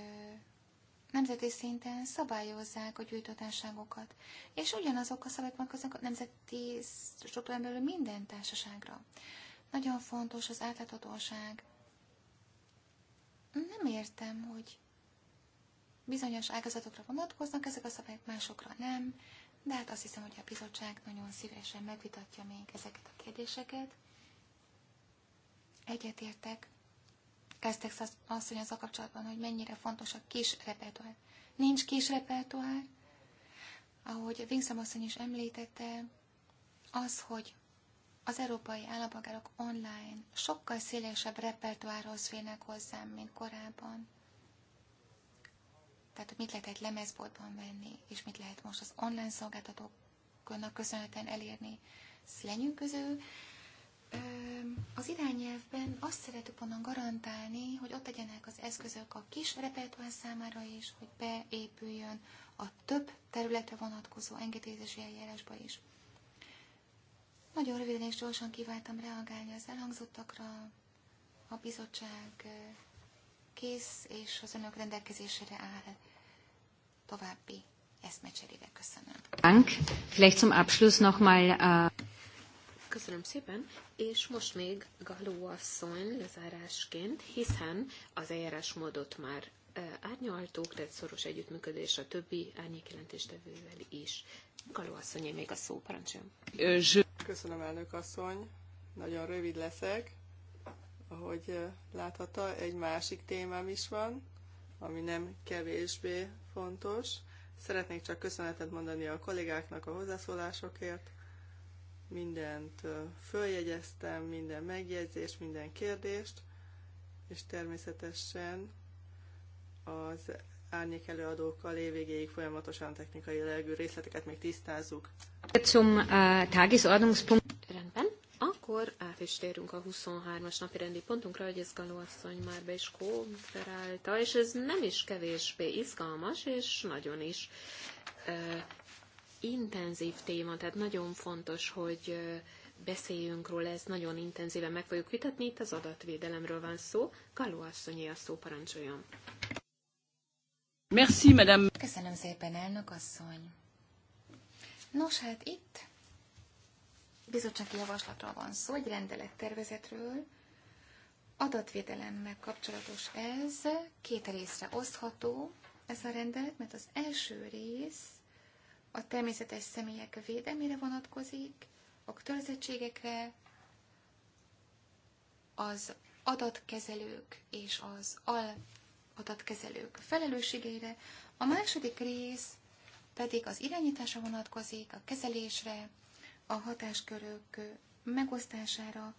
nemzeti szinten szabályozzák a gyűjtőtárságokat, és ugyanazok a szabályok vonatkoznak a nemzeti struktúrán belül minden társaságra. Nagyon fontos az átláthatóság. Nem értem, hogy bizonyos ágazatokra vonatkoznak ezek a szabályok, másokra nem, de hát azt hiszem, hogy a bizottság nagyon szívesen megvitatja még ezeket a kérdéseket. Egyetértek Kezdtek asszony a kapcsolatban, hogy mennyire fontos a kis repertoár. Nincs kis repertoár, ahogy Vincent asszony is említette, az, hogy az európai állampolgárok online sokkal szélesebb repertoárhoz félnek hozzám, mint korábban. Tehát, hogy mit lehet egy lemezboltban venni, és mit lehet most az online szolgáltatóknak köszönhetően elérni. Szlenyünk lenyűgöző. Az irányelvben azt szeretük volna garantálni, hogy ott legyenek az eszközök a kis repertoár számára is, hogy beépüljön a több területre vonatkozó engedélyezési eljárásba is. Nagyon röviden és gyorsan kiváltam reagálni az elhangzottakra. A bizottság kész, és az önök rendelkezésére áll további eszmecserére. Köszönöm. Dank. Vielleicht zum Abschluss nochmal. Äh, Köszönöm szépen, és most még Galó asszony lezárásként, hiszen az módot már árnyaltuk, tehát szoros együttműködés a többi árnyékjelentéstevővel is. Galó asszony, még a szó, parancsoljon. Köszönöm, elnök asszony. Nagyon rövid leszek. Ahogy láthatta, egy másik témám is van, ami nem kevésbé fontos. Szeretnék csak köszönetet mondani a kollégáknak a hozzászólásokért, mindent följegyeztem, minden megjegyzést, minden kérdést, és természetesen az árnyék előadókkal évvégéig folyamatosan technikai jellegű részleteket még tisztázzuk. Zum Tagesordnungspunkt. Rendben. Akkor át is térünk a 23-as napi rendi pontunkra, hogy Izgaló asszony már be is konferálta, és ez nem is kevésbé izgalmas, és nagyon is intenzív téma, tehát nagyon fontos, hogy beszéljünk róla, ezt nagyon intenzíven meg fogjuk vitatni. Itt az adatvédelemről van szó. Kaló asszonyi a szó, parancsoljon. Merci, madame. Köszönöm szépen, elnök asszony. Nos, hát itt bizottsági javaslatról van szó, egy rendelettervezetről. Adatvédelemmel kapcsolatos ez, két részre osztható ez a rendelet, mert az első rész a természetes személyek védelmére vonatkozik, a kötelezettségekre, az adatkezelők és az al adatkezelők felelősségeire, a második rész pedig az irányításra vonatkozik, a kezelésre, a hatáskörök megosztására,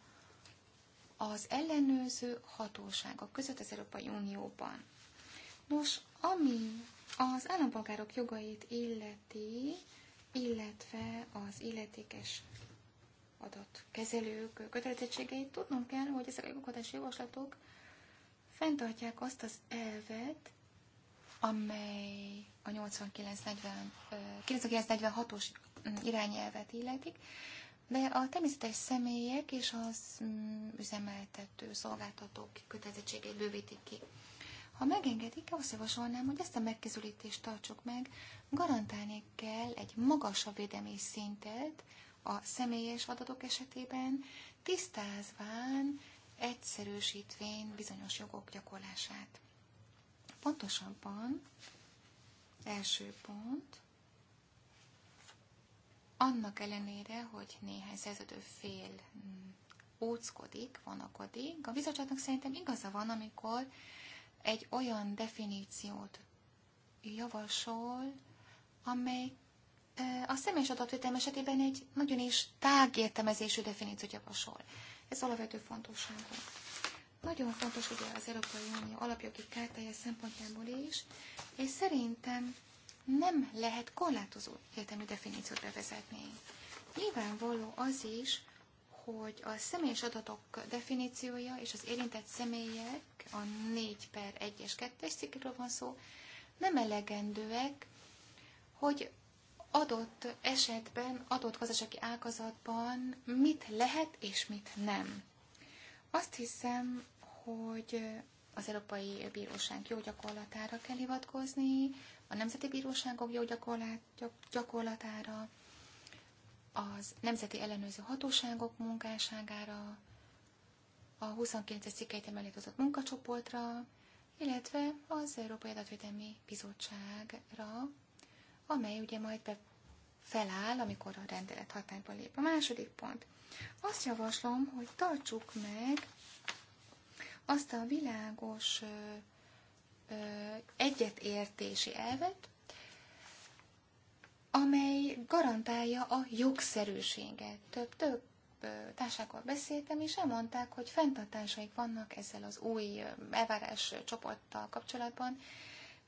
az ellenőrző hatóságok között az Európai Unióban. Nos, ami az állampolgárok jogait illeti, illetve az illetékes adatkezelők kötelezettségeit tudnom kell, hogy ezek a jogalkotási javaslatok fenntartják azt az elvet, amely a 8946-os irányelvet illetik, de a természetes személyek és az mm, üzemeltető szolgáltatók kötelezettségeit bővítik ki. Ha megengedik, azt javasolnám, hogy ezt a megkezelítést tartsuk meg, garantálni kell egy magasabb védelmi szintet a személyes adatok esetében, tisztázván, egyszerűsítvén bizonyos jogok gyakorlását. Pontosabban, első pont, annak ellenére, hogy néhány szerződő fél mm, óckodik, vonakodik, a bizottságnak szerintem igaza van, amikor egy olyan definíciót javasol, amely a személyes adatvételem esetében egy nagyon is értelmezésű definíciót javasol. Ez alapvető fontosságú. Nagyon fontos ugye az Európai Unió alapjogi kártája szempontjából is, és szerintem nem lehet korlátozó értelmű definíciót bevezetni. Nyilvánvaló az is, hogy a személyes adatok definíciója és az érintett személyek, a 4 per 1 és 2-es cikkről van szó, nem elegendőek, hogy adott esetben, adott gazdasági ágazatban mit lehet és mit nem. Azt hiszem, hogy az Európai Bíróság jó gyakorlatára kell hivatkozni, a Nemzeti Bíróságok jó gyakorlatára, az Nemzeti Ellenőrző Hatóságok munkásságára, a 29. cikkeit emelékozott munkacsoportra, illetve az Európai Adatvédelmi Bizottságra, amely ugye majd be feláll, amikor a rendelet hatályba lép. A második pont. Azt javaslom, hogy tartsuk meg azt a világos ö, ö, egyetértési elvet, amely garantálja a jogszerűséget. Több-több társákkal beszéltem, és elmondták, hogy fenntartásaik vannak ezzel az új elvárás csoporttal kapcsolatban.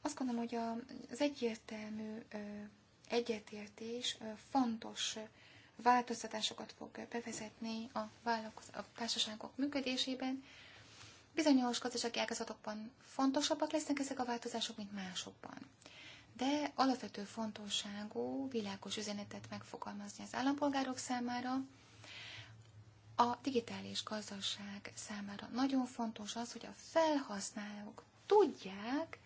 Azt gondolom, hogy az egyértelmű egyetértés fontos változtatásokat fog bevezetni a, vállalkoz- a társaságok működésében. Bizonyos gazdasági ágazatokban fontosabbak lesznek ezek a változások, mint másokban de alapvető fontosságú, világos üzenetet megfogalmazni az állampolgárok számára. A digitális gazdaság számára nagyon fontos az, hogy a felhasználók tudják,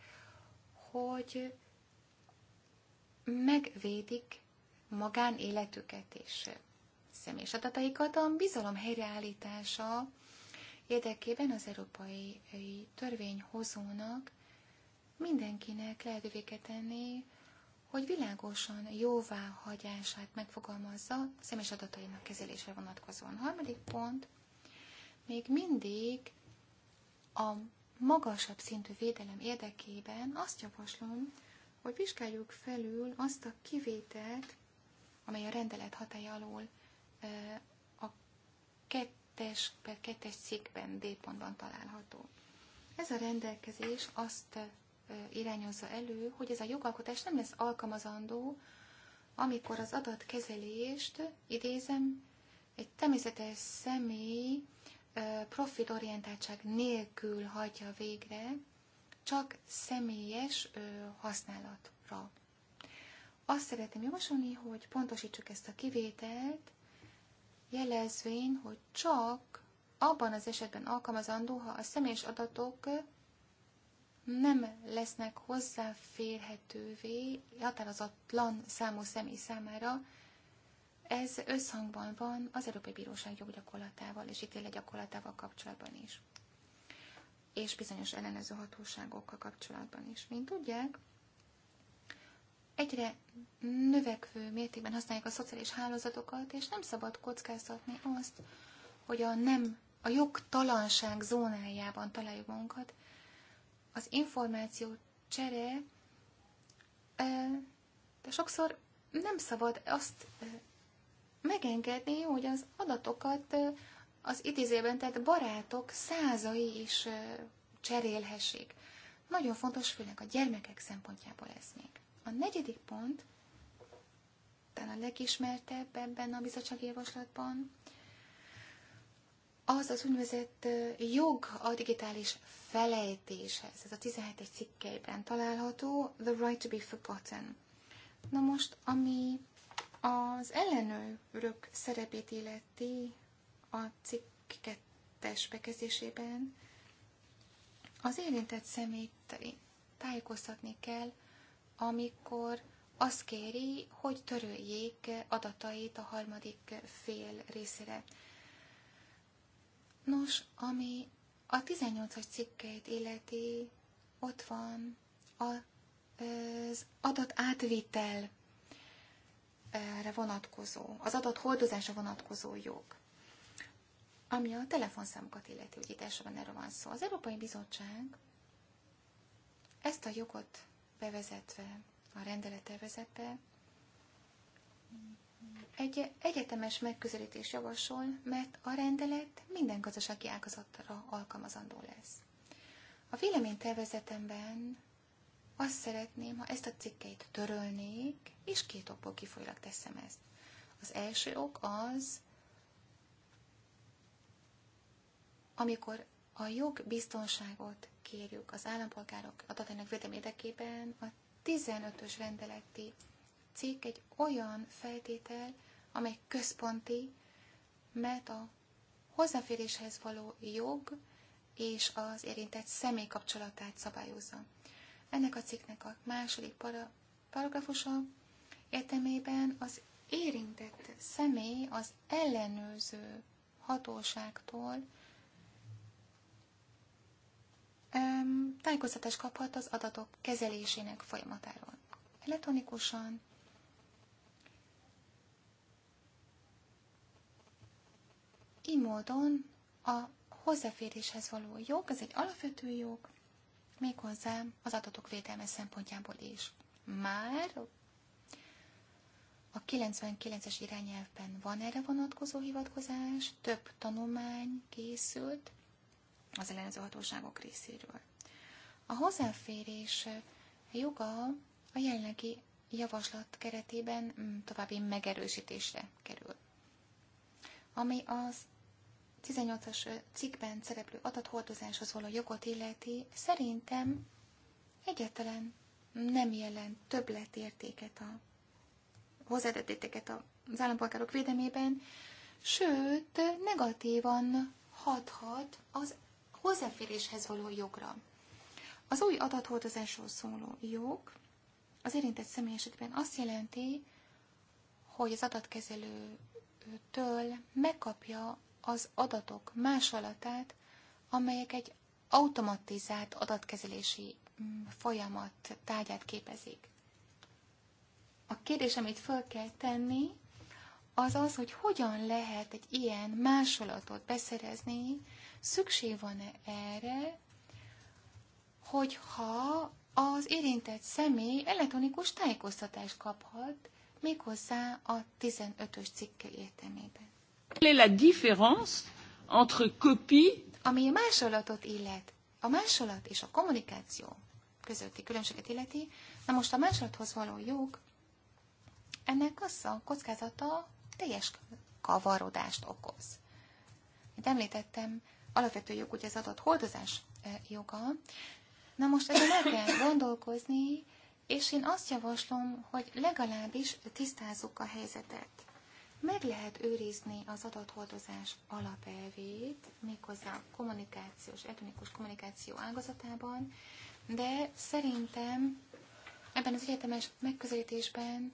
hogy megvédik magánéletüket és személyes adataikat a bizalom helyreállítása érdekében az európai törvényhozónak mindenkinek lehetővé kell tenni, hogy világosan hagyását megfogalmazza személyes adatainak kezelésre vonatkozóan. Harmadik pont, még mindig a magasabb szintű védelem érdekében azt javaslom, hogy vizsgáljuk felül azt a kivételt, amely a rendelet hatája alól a kettes per kettes cikkben, D pontban található. Ez a rendelkezés azt irányozza elő, hogy ez a jogalkotás nem lesz alkalmazandó, amikor az adatkezelést, idézem, egy természetes személy profitorientáltság nélkül hagyja végre, csak személyes használatra. Azt szeretném javasolni, hogy pontosítsuk ezt a kivételt, jelezvén, hogy csak abban az esetben alkalmazandó, ha a személyes adatok nem lesznek hozzáférhetővé határozatlan számú személy számára, ez összhangban van az Európai Bíróság joggyakorlatával és ítéle gyakorlatával kapcsolatban is. És bizonyos ellenőrző hatóságokkal kapcsolatban is. Mint tudják, egyre növekvő mértékben használják a szociális hálózatokat, és nem szabad kockáztatni azt, hogy a nem a jogtalanság zónájában találjuk magunkat, az információ csere, de sokszor nem szabad azt megengedni, hogy az adatokat az idézőben, tehát barátok százai is cserélhessék. Nagyon fontos, főleg a gyermekek szempontjából ez még. A negyedik pont, talán a legismertebb ebben a bizottsági javaslatban, az az úgynevezett jog a digitális felejtéshez. Ez a 17. cikkeiben található, The Right to be Forgotten. Na most, ami az ellenőrök szerepét illeti a cikk 2-es bekezdésében, az érintett személyt tájékoztatni kell, amikor azt kéri, hogy töröljék adatait a harmadik fél részére. Nos, ami a 18-as cikkeit illeti, ott van az adat átvitel erre vonatkozó, az adat hordozása vonatkozó jog, ami a telefonszámokat illeti, hogy itt elsősorban erről van szó. Az Európai Bizottság ezt a jogot bevezetve, a rendelet vezette egy egyetemes megközelítés javasol, mert a rendelet minden gazdasági ágazatra alkalmazandó lesz. A véleménytervezetemben azt szeretném, ha ezt a cikkeit törölnék, és két okból kifolyólag teszem ezt. Az első ok az, amikor a jogbiztonságot kérjük az állampolgárok adatainak védelmi érdekében, a 15-ös rendeleti cikk egy olyan feltétel, amely központi, mert a hozzáféréshez való jog és az érintett személy kapcsolatát szabályozza. Ennek a cikknek a második para, paragrafusa értelmében az érintett személy az ellenőrző hatóságtól tájékoztatást kaphat az adatok kezelésének folyamatáról. Elektronikusan Így módon a hozzáféréshez való jog, ez egy alapvető jog, méghozzá az adatok védelme szempontjából is. Már a 99-es irányelvben van erre vonatkozó hivatkozás, több tanulmány készült az ellenző hatóságok részéről. A hozzáférés joga a jelenlegi javaslat keretében mm, további megerősítésre kerül. Ami az 18-as cikkben szereplő adathordozáshoz való jogot illeti, szerintem egyáltalán nem jelent többletértéket a hozzáadatéteket az állampolgárok védelmében, sőt, negatívan hathat az hozzáféréshez való jogra. Az új adathordozásról szóló jog az érintett személy esetben azt jelenti, hogy az adatkezelőtől megkapja az adatok másolatát, amelyek egy automatizált adatkezelési mm, folyamat tárgyát képezik. A kérdés, amit föl kell tenni, az az, hogy hogyan lehet egy ilyen másolatot beszerezni, szükség van-e erre, hogyha az érintett személy elektronikus tájékoztatást kaphat, méghozzá a 15-ös cikke értelmében ami a másolatot illet, a másolat és a kommunikáció közötti különbséget illeti, na most a másolathoz való jog, ennek az a kockázata teljes kavarodást okoz. Mint említettem, alapvető jog ugye az adott hordozás e, joga. Na most ezen el kell gondolkozni, és én azt javaslom, hogy legalábbis tisztázzuk a helyzetet meg lehet őrizni az adathordozás alapelvét, méghozzá a kommunikációs, etnikus kommunikáció ágazatában, de szerintem ebben az egyetemes megközelítésben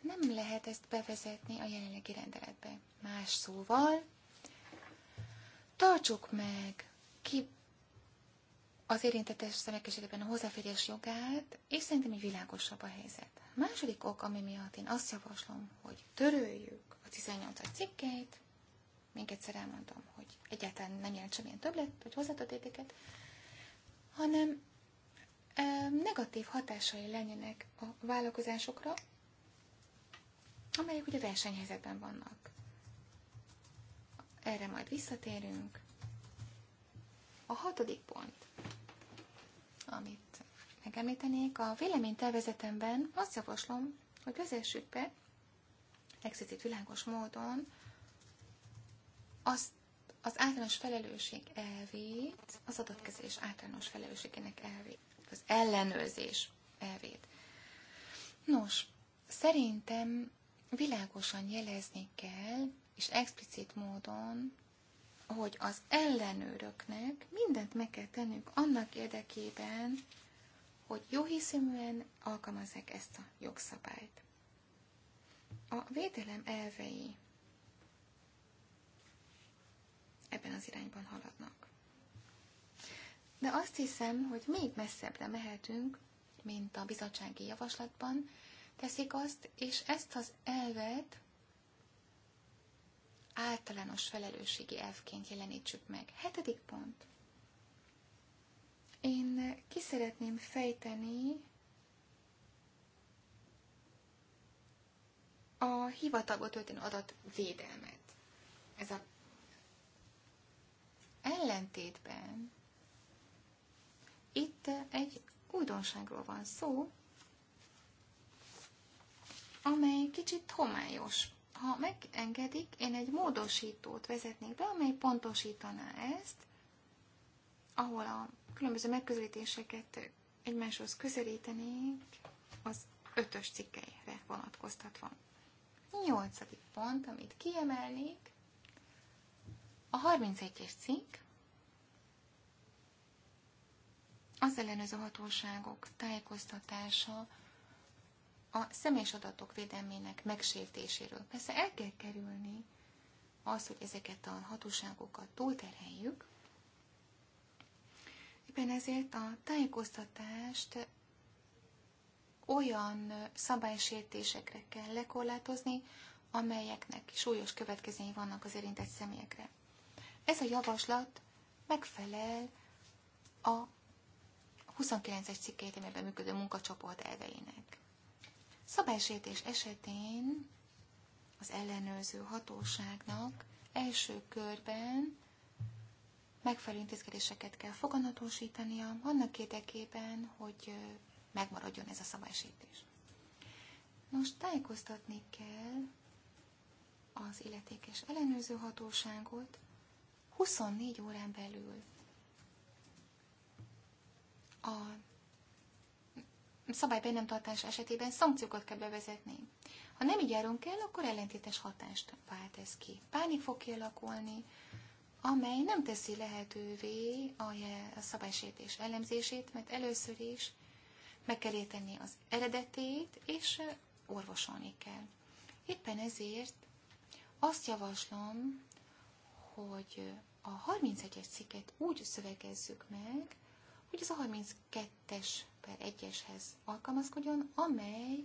nem lehet ezt bevezetni a jelenlegi rendeletbe. Más szóval, tartsuk meg ki az érintettes szemek esetében a hozzáférés jogát, és szerintem így világosabb a helyzet. Második ok, ami miatt én azt javaslom, hogy töröljük a 18-as cikkeit, még egyszer elmondom, hogy egyáltalán nem jelent semmilyen többlet, vagy hozzáadott értéket, hanem e, negatív hatásai lennének a vállalkozásokra, amelyek ugye versenyhelyzetben vannak. Erre majd visszatérünk. A hatodik pont, amit megemlítenék. A véleménytervezetemben azt javaslom, hogy vezessük be explicit világos módon azt az általános felelősség elvét, az adatkezelés általános felelősségének elvét, az ellenőrzés elvét. Nos, szerintem világosan jelezni kell, és explicit módon, hogy az ellenőröknek mindent meg kell tennünk annak érdekében, hogy jó hiszeműen alkalmazzák ezt a jogszabályt. A védelem elvei ebben az irányban haladnak. De azt hiszem, hogy még messzebbre mehetünk, mint a bizottsági javaslatban, teszik azt, és ezt az elvet általános felelősségi elvként jelenítsük meg. Hetedik pont. Én ki szeretném fejteni a hivatagot történő adatvédelmet. Ez a ellentétben itt egy újdonságról van szó, amely kicsit homályos. Ha megengedik, én egy módosítót vezetnék be, amely pontosítaná ezt, ahol a különböző megközelítéseket egymáshoz közelítenénk, az ötös cikkeire vonatkoztatva. Nyolcadik pont, amit kiemelnék, a 31-es cikk az ellenőrző hatóságok tájékoztatása a személyes adatok védelmének megsértéséről. Persze el kell kerülni az, hogy ezeket a hatóságokat túlterheljük, Éppen ezért a tájékoztatást olyan szabálysértésekre kell lekorlátozni, amelyeknek súlyos következményei vannak az érintett személyekre. Ez a javaslat megfelel a 29-es cikkét, amelyben működő munkacsoport elveinek. Szabálysértés esetén az ellenőrző hatóságnak első körben megfelelő intézkedéseket kell foganatosítania annak érdekében, hogy megmaradjon ez a szabálysítés. Most tájékoztatni kell az illetékes ellenőrző hatóságot 24 órán belül a szabálybe nem tartás esetében szankciókat kell bevezetni. Ha nem így járunk el, akkor ellentétes hatást vált ez ki. Pánik fog kialakulni, amely nem teszi lehetővé a, a szabálysértés elemzését, mert először is meg kell érteni az eredetét, és orvosolni kell. Éppen ezért azt javaslom, hogy a 31-es cikket úgy szövegezzük meg, hogy az a 32-es per 1-eshez alkalmazkodjon, amely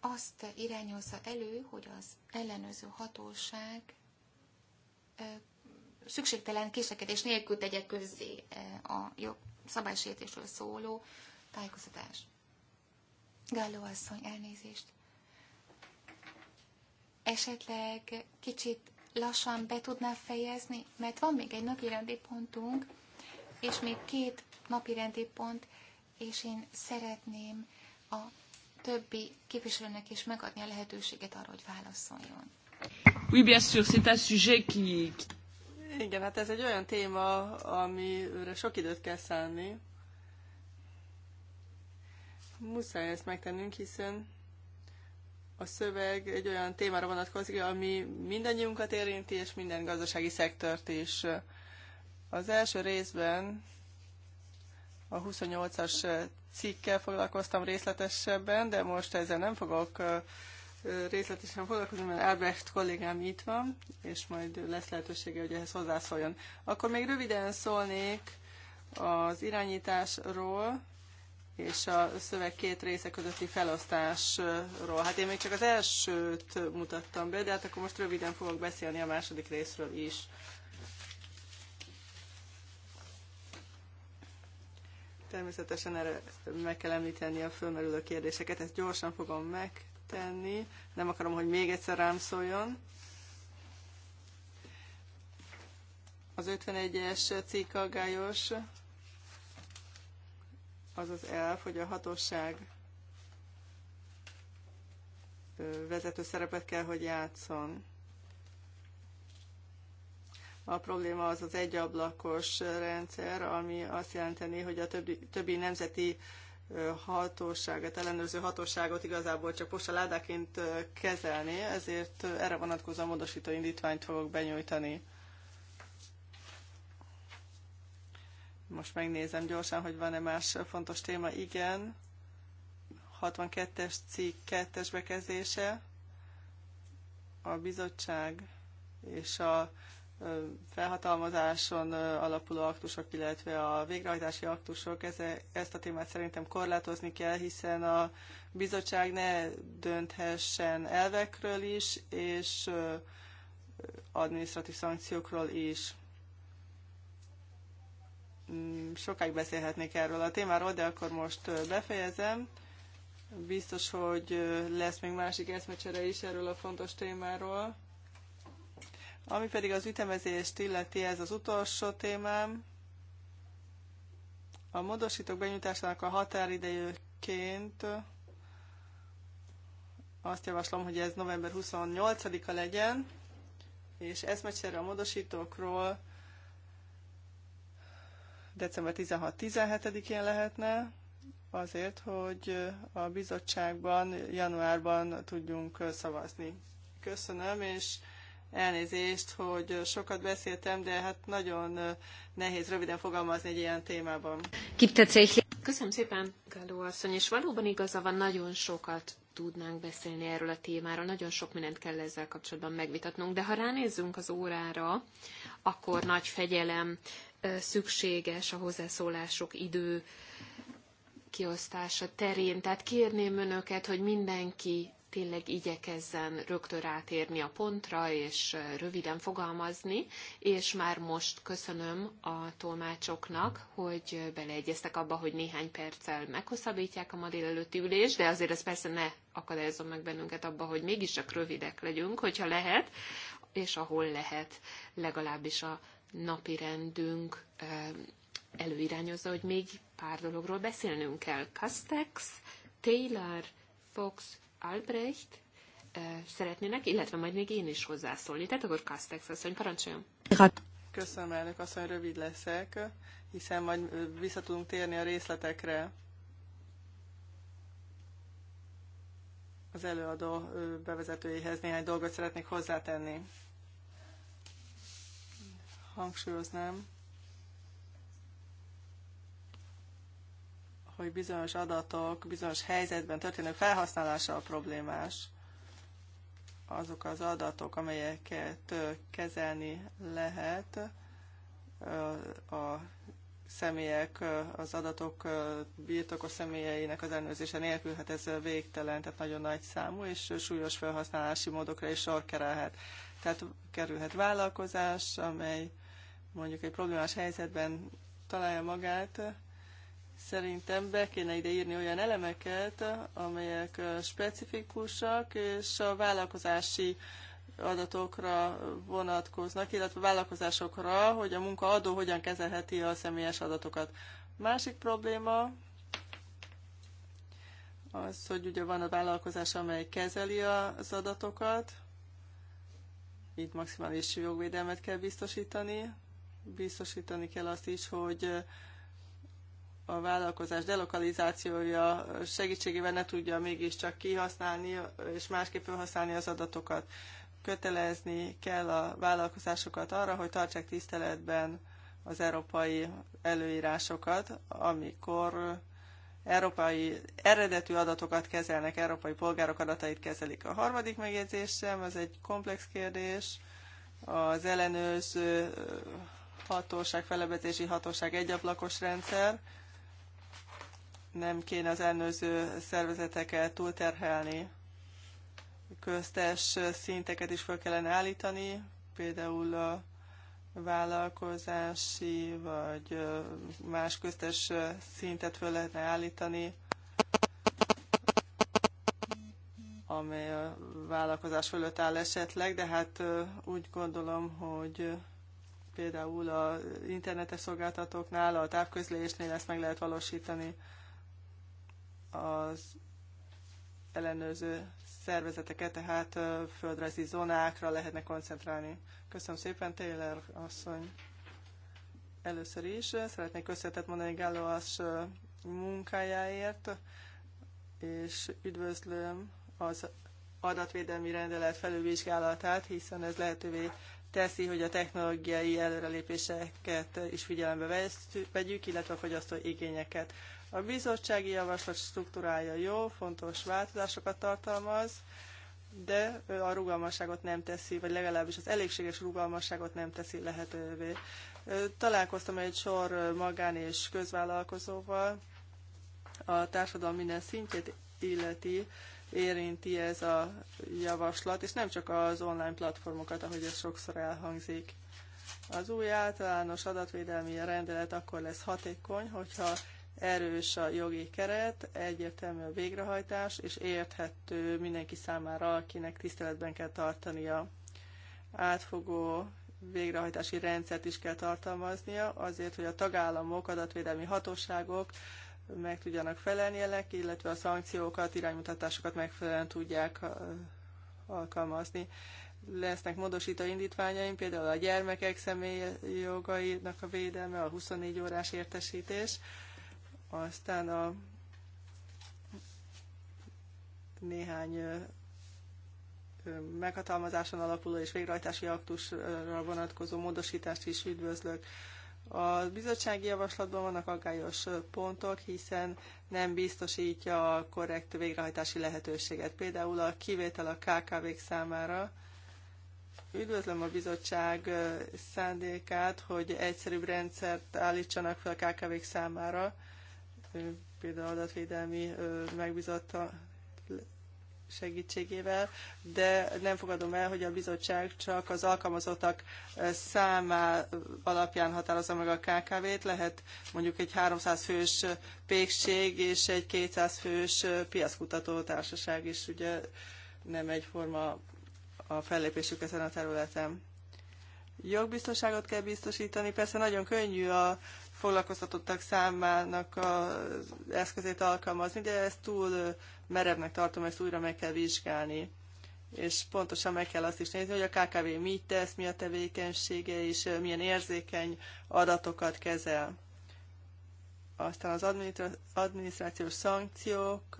azt irányozza elő, hogy az ellenőző hatóság szükségtelen késlekedés nélkül tegye közzé eh, a jobb szabálysértésről szóló tájékoztatás. Gálló asszony, elnézést. Esetleg kicsit lassan be tudná fejezni, mert van még egy rendi pontunk, és még két rendi pont, és én szeretném a többi képviselőnek is megadni a lehetőséget arra, hogy válaszoljon. Oui, bien sûr, c'est un sujet qui... Igen, hát ez egy olyan téma, amire sok időt kell szállni. Muszáj ezt megtennünk, hiszen a szöveg egy olyan témára vonatkozik, ami mindannyiunkat érinti, és minden gazdasági szektort is. Az első részben a 28-as cikkel foglalkoztam részletesebben, de most ezzel nem fogok részletesen foglalkozni, mert Albrecht kollégám itt van, és majd lesz lehetősége, hogy ehhez hozzászóljon. Akkor még röviden szólnék az irányításról, és a szöveg két része közötti felosztásról. Hát én még csak az elsőt mutattam be, de hát akkor most röviden fogok beszélni a második részről is. Természetesen erre meg kell említeni a fölmerülő kérdéseket, ezt gyorsan fogom meg tenni. Nem akarom, hogy még egyszer rám szóljon. Az 51-es cikk aggályos, az az elf, hogy a hatóság vezető szerepet kell, hogy játszon. A probléma az az egyablakos rendszer, ami azt jelenteni, hogy a többi, többi nemzeti hatóságot, ellenőrző hatóságot igazából csak postaládáként kezelni, ezért erre vonatkozó módosító indítványt fogok benyújtani. Most megnézem gyorsan, hogy van-e más fontos téma. Igen, 62-es cikk 2 bekezdése. A bizottság és a felhatalmazáson alapuló aktusok, illetve a végrehajtási aktusok, ezt a témát szerintem korlátozni kell, hiszen a bizottság ne dönthessen elvekről is, és adminisztratív szankciókról is. Mm, sokáig beszélhetnék erről a témáról, de akkor most befejezem. Biztos, hogy lesz még másik eszmecsere is erről a fontos témáról ami pedig az ütemezést illeti, ez az utolsó témám. A módosítók benyújtásának a határidejőként azt javaslom, hogy ez november 28-a legyen, és eszmecsere a módosítókról december 16-17-én lehetne, azért, hogy a bizottságban januárban tudjunk szavazni. Köszönöm, és Elnézést, hogy sokat beszéltem, de hát nagyon nehéz röviden fogalmazni egy ilyen témában. Köszönöm szépen, Gáló asszony, és valóban igaza van, nagyon sokat tudnánk beszélni erről a témáról, nagyon sok mindent kell ezzel kapcsolatban megvitatnunk, de ha ránézzünk az órára, akkor nagy fegyelem szükséges a hozzászólások idő kiosztása terén. Tehát kérném önöket, hogy mindenki tényleg igyekezzen rögtön rátérni a pontra, és röviden fogalmazni, és már most köszönöm a tolmácsoknak, hogy beleegyeztek abba, hogy néhány perccel meghosszabbítják a ma délelőtti ülést, de azért ez persze ne akadályozom meg bennünket abba, hogy mégiscsak rövidek legyünk, hogyha lehet, és ahol lehet, legalábbis a napi rendünk előirányozza, hogy még pár dologról beszélnünk kell. Castex, Taylor, Fox, Albrecht szeretnének, illetve majd még én is hozzászólni. Tehát akkor Kastex asszony, parancsoljon. Köszönöm, elnök asszony, rövid leszek, hiszen majd vissza tudunk térni a részletekre. Az előadó bevezetőjéhez néhány dolgot szeretnék hozzátenni. Hangsúlyoznám, hogy bizonyos adatok, bizonyos helyzetben történő felhasználása a problémás. Azok az adatok, amelyeket kezelni lehet, a személyek, az adatok birtokos személyeinek az ellenőrzése nélkül, hát ez végtelen, tehát nagyon nagy számú, és súlyos felhasználási módokra is sor kerülhet. Tehát kerülhet vállalkozás, amely mondjuk egy problémás helyzetben találja magát, Szerintem be kéne ide írni olyan elemeket, amelyek specifikusak, és a vállalkozási adatokra vonatkoznak, illetve vállalkozásokra, hogy a munkaadó hogyan kezelheti a személyes adatokat. Másik probléma az, hogy ugye van a vállalkozás, amely kezeli az adatokat, itt maximális jogvédelmet kell biztosítani, biztosítani kell azt is, hogy a vállalkozás delokalizációja segítségével ne tudja mégiscsak kihasználni és másképp felhasználni az adatokat. Kötelezni kell a vállalkozásokat arra, hogy tartsák tiszteletben az európai előírásokat, amikor európai eredetű adatokat kezelnek, európai polgárok adatait kezelik. A harmadik megjegyzésem, az egy komplex kérdés, az ellenőrző hatóság, felebezési hatóság egyablakos rendszer, nem kéne az ellenőrző szervezeteket túlterhelni. Köztes szinteket is fel kellene állítani, például a vállalkozási vagy más köztes szintet föl lehetne állítani, amely a vállalkozás fölött áll esetleg, de hát úgy gondolom, hogy például a internetes szolgáltatóknál, a távközlésnél ezt meg lehet valósítani az ellenőrző szervezeteket, tehát földrajzi zónákra lehetne koncentrálni. Köszönöm szépen, Taylor asszony. Először is szeretnék köszönetet mondani Gálló munkájáért, és üdvözlöm az adatvédelmi rendelet felülvizsgálatát, hiszen ez lehetővé teszi, hogy a technológiai előrelépéseket is figyelembe vegyük, illetve a fogyasztó igényeket. A bizottsági javaslat struktúrája jó, fontos változásokat tartalmaz, de a rugalmasságot nem teszi, vagy legalábbis az elégséges rugalmasságot nem teszi lehetővé. Találkoztam egy sor magán és közvállalkozóval, a társadalom minden szintjét illeti, érinti ez a javaslat, és nem csak az online platformokat, ahogy ez sokszor elhangzik. Az új általános adatvédelmi rendelet akkor lesz hatékony, hogyha erős a jogi keret, egyértelmű a végrehajtás, és érthető mindenki számára, akinek tiszteletben kell tartania. Átfogó végrehajtási rendszert is kell tartalmaznia, azért, hogy a tagállamok, adatvédelmi hatóságok meg tudjanak felelni ennek, illetve a szankciókat, iránymutatásokat megfelelően tudják alkalmazni. Lesznek módosító indítványaim, például a gyermekek személyi jogainak a védelme, a 24 órás értesítés, aztán a néhány meghatalmazáson alapuló és végrehajtási aktusra vonatkozó módosítást is üdvözlök. A bizottsági javaslatban vannak aggályos pontok, hiszen nem biztosítja a korrekt végrehajtási lehetőséget. Például a kivétel a KKV-k számára. Üdvözlöm a bizottság szándékát, hogy egyszerűbb rendszert állítsanak fel a KKV-k számára, például adatvédelmi megbízotta segítségével, de nem fogadom el, hogy a bizottság csak az alkalmazottak számá alapján határozza meg a KKV-t. Lehet mondjuk egy 300 fős pékség és egy 200 fős piaszkutató társaság is, ugye nem egyforma a fellépésük ezen a területen. Jogbiztonságot kell biztosítani, persze nagyon könnyű a foglalkoztatottak számának az eszközét alkalmazni, de ezt túl merevnek tartom, ezt újra meg kell vizsgálni. És pontosan meg kell azt is nézni, hogy a KKV mit tesz, mi a tevékenysége, és milyen érzékeny adatokat kezel. Aztán az adminisztrációs szankciók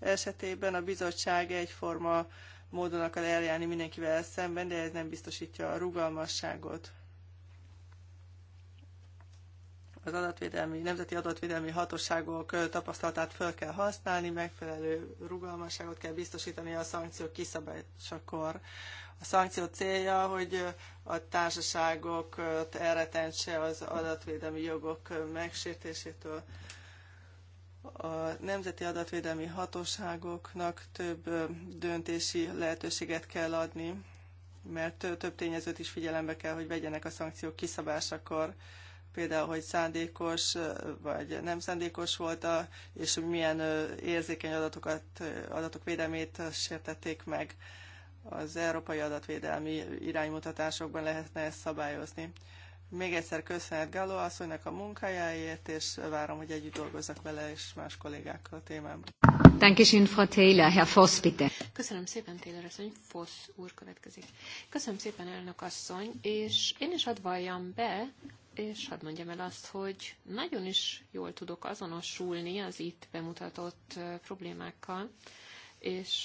esetében a bizottság egyforma módon akar eljárni mindenkivel szemben, de ez nem biztosítja a rugalmasságot az adatvédelmi, nemzeti adatvédelmi hatóságok tapasztalatát fel kell használni, megfelelő rugalmasságot kell biztosítani a szankciók kiszabásakor. A szankció célja, hogy a társaságok elretentse az adatvédelmi jogok megsértésétől. A nemzeti adatvédelmi hatóságoknak több döntési lehetőséget kell adni, mert több tényezőt is figyelembe kell, hogy vegyenek a szankciók kiszabásakor például, hogy szándékos vagy nem szándékos volt, a, és milyen érzékeny adatokat, adatok védelmét sértették meg. Az európai adatvédelmi iránymutatásokban lehetne ezt szabályozni. Még egyszer köszönet Galo asszonynak a munkájáért, és várom, hogy együtt dolgozzak vele és más kollégákkal a témában. Dankeschön, Frau Taylor, Herr Voss, bitte. Köszönöm szépen, Taylor asszony, Fosz úr következik. Köszönöm szépen, elnök asszony, és én is hadd valljam be, és hadd mondjam el azt, hogy nagyon is jól tudok azonosulni az itt bemutatott problémákkal, és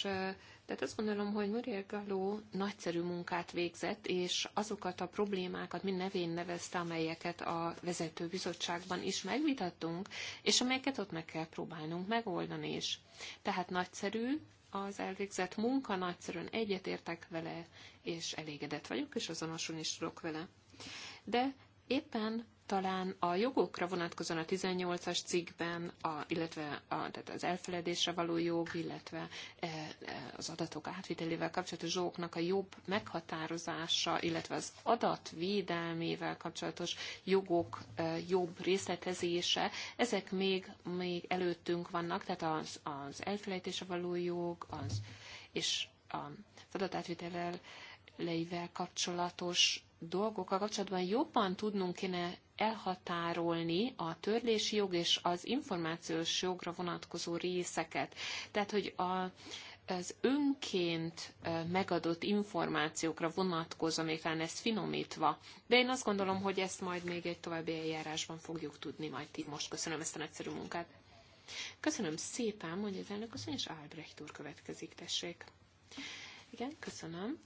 tehát azt gondolom, hogy Muriel Galó nagyszerű munkát végzett, és azokat a problémákat mind nevén nevezte, amelyeket a vezetőbizottságban is megvitattunk, és amelyeket ott meg kell próbálnunk megoldani is. Tehát nagyszerű, az elvégzett munka, nagyszerűen egyetértek vele, és elégedett vagyok, és azonosulni is tudok vele. De éppen talán a jogokra vonatkozóan a 18-as cikkben, a, illetve a, tehát az elfeledésre való jog, illetve e, e az adatok átvitelével kapcsolatos jogoknak a jobb meghatározása, illetve az adatvédelmével kapcsolatos jogok e, jobb részletezése, ezek még, még előttünk vannak, tehát az, az elfelejtésre való jog, az, és az adatátvitellel kapcsolatos dolgokkal kapcsolatban jobban tudnunk kéne elhatárolni a törlési jog és az információs jogra vonatkozó részeket. Tehát, hogy a, az önként megadott információkra vonatkozó, még talán ezt finomítva. De én azt gondolom, hogy ezt majd még egy további eljárásban fogjuk tudni majd így most. Köszönöm ezt a nagyszerű munkát. Köszönöm szépen, mondja az elnök, köszönöm, és Albrecht úr következik, tessék. Igen, köszönöm.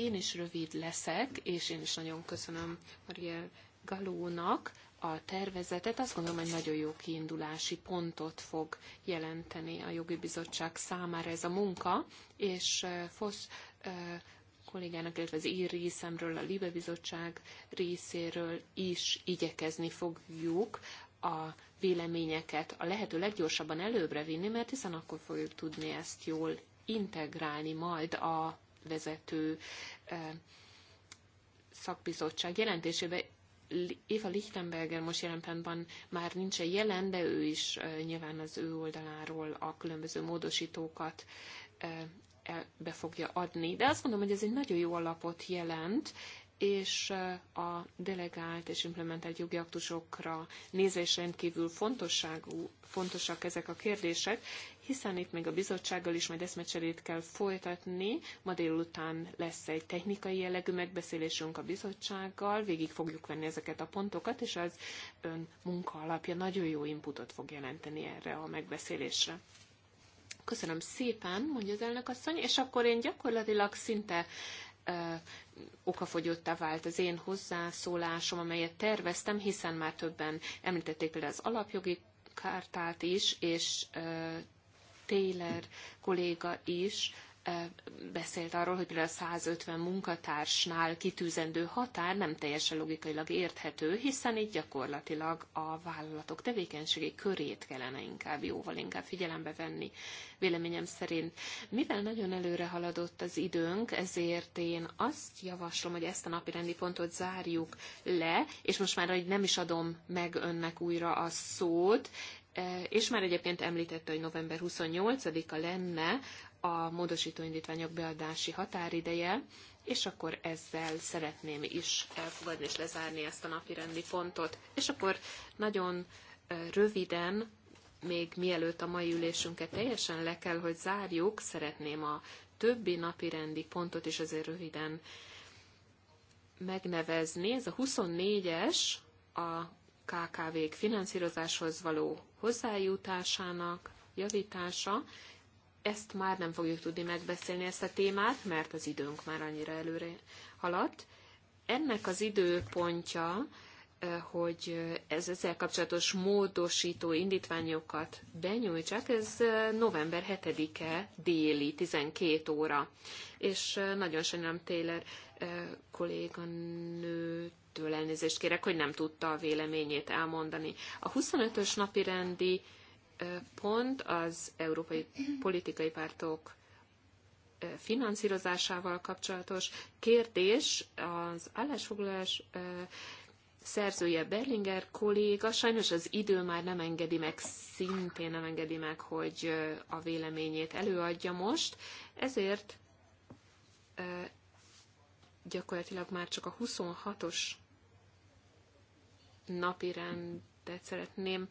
Én is rövid leszek, és én is nagyon köszönöm Mariel Galónak a tervezetet. Azt gondolom, hogy nagyon jó kiindulási pontot fog jelenteni a jogi bizottság számára ez a munka, és eh, Fosz eh, kollégának, illetve az ír részemről, a Libe Bizottság részéről is igyekezni fogjuk a véleményeket a lehető leggyorsabban előbbre vinni, mert hiszen akkor fogjuk tudni ezt jól integrálni majd a vezető szakbizottság jelentésébe Éva Lichtenberger most jelen pillanatban már nincsen jelen, de ő is nyilván az ő oldaláról a különböző módosítókat be fogja adni. De azt mondom, hogy ez egy nagyon jó alapot jelent és a delegált és implementált jogi aktusokra nézve is rendkívül fontosságú, fontosak ezek a kérdések, hiszen itt még a bizottsággal is majd eszmecserét kell folytatni. Ma délután lesz egy technikai jellegű megbeszélésünk a bizottsággal, végig fogjuk venni ezeket a pontokat, és az ön munka alapja nagyon jó inputot fog jelenteni erre a megbeszélésre. Köszönöm szépen, mondja az elnök asszony, és akkor én gyakorlatilag szinte okafogyottá vált az én hozzászólásom, amelyet terveztem, hiszen már többen említették például az alapjogi kártát is, és Taylor kolléga is E, beszélt arról, hogy például 150 munkatársnál kitűzendő határ nem teljesen logikailag érthető, hiszen itt gyakorlatilag a vállalatok tevékenységi körét kellene inkább jóval inkább figyelembe venni, véleményem szerint. Mivel nagyon előre haladott az időnk, ezért én azt javaslom, hogy ezt a napi rendi pontot zárjuk le, és most már hogy nem is adom meg önnek újra a szót, e, és már egyébként említette, hogy november 28-a lenne a módosító indítványok beadási határideje, és akkor ezzel szeretném is elfogadni és lezárni ezt a napi rendi pontot. És akkor nagyon röviden, még mielőtt a mai ülésünket teljesen le kell, hogy zárjuk, szeretném a többi napi rendi pontot is azért röviden megnevezni. Ez a 24-es a KKV-k finanszírozáshoz való hozzájutásának javítása, ezt már nem fogjuk tudni megbeszélni ezt a témát, mert az időnk már annyira előre haladt. Ennek az időpontja, hogy ez ezzel kapcsolatos módosító indítványokat benyújtsák, ez november 7-e déli 12 óra. És nagyon sajnálom Taylor kolléganőt tőle elnézést kérek, hogy nem tudta a véleményét elmondani. A 25-ös napi rendi pont az európai politikai pártok finanszírozásával kapcsolatos kérdés. Az állásfoglalás szerzője Berlinger kolléga, sajnos az idő már nem engedi meg, szintén nem engedi meg, hogy a véleményét előadja most, ezért gyakorlatilag már csak a 26-os napi rendet szeretném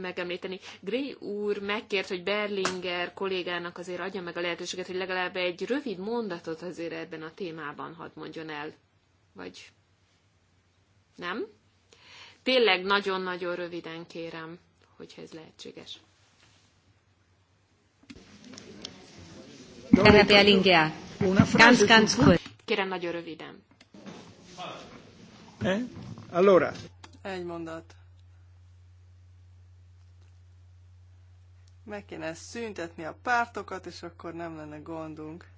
megemlíteni. Gray úr megkért, hogy Berlinger kollégának azért adja meg a lehetőséget, hogy legalább egy rövid mondatot azért ebben a témában hadd mondjon el. Vagy nem? Tényleg nagyon-nagyon röviden kérem, hogyha ez lehetséges. Herr Berlinger, ganz, ganz kurz. Kérem, nagyon röviden. Eh? Allora. Egy mondat. Meg kéne szüntetni a pártokat, és akkor nem lenne gondunk.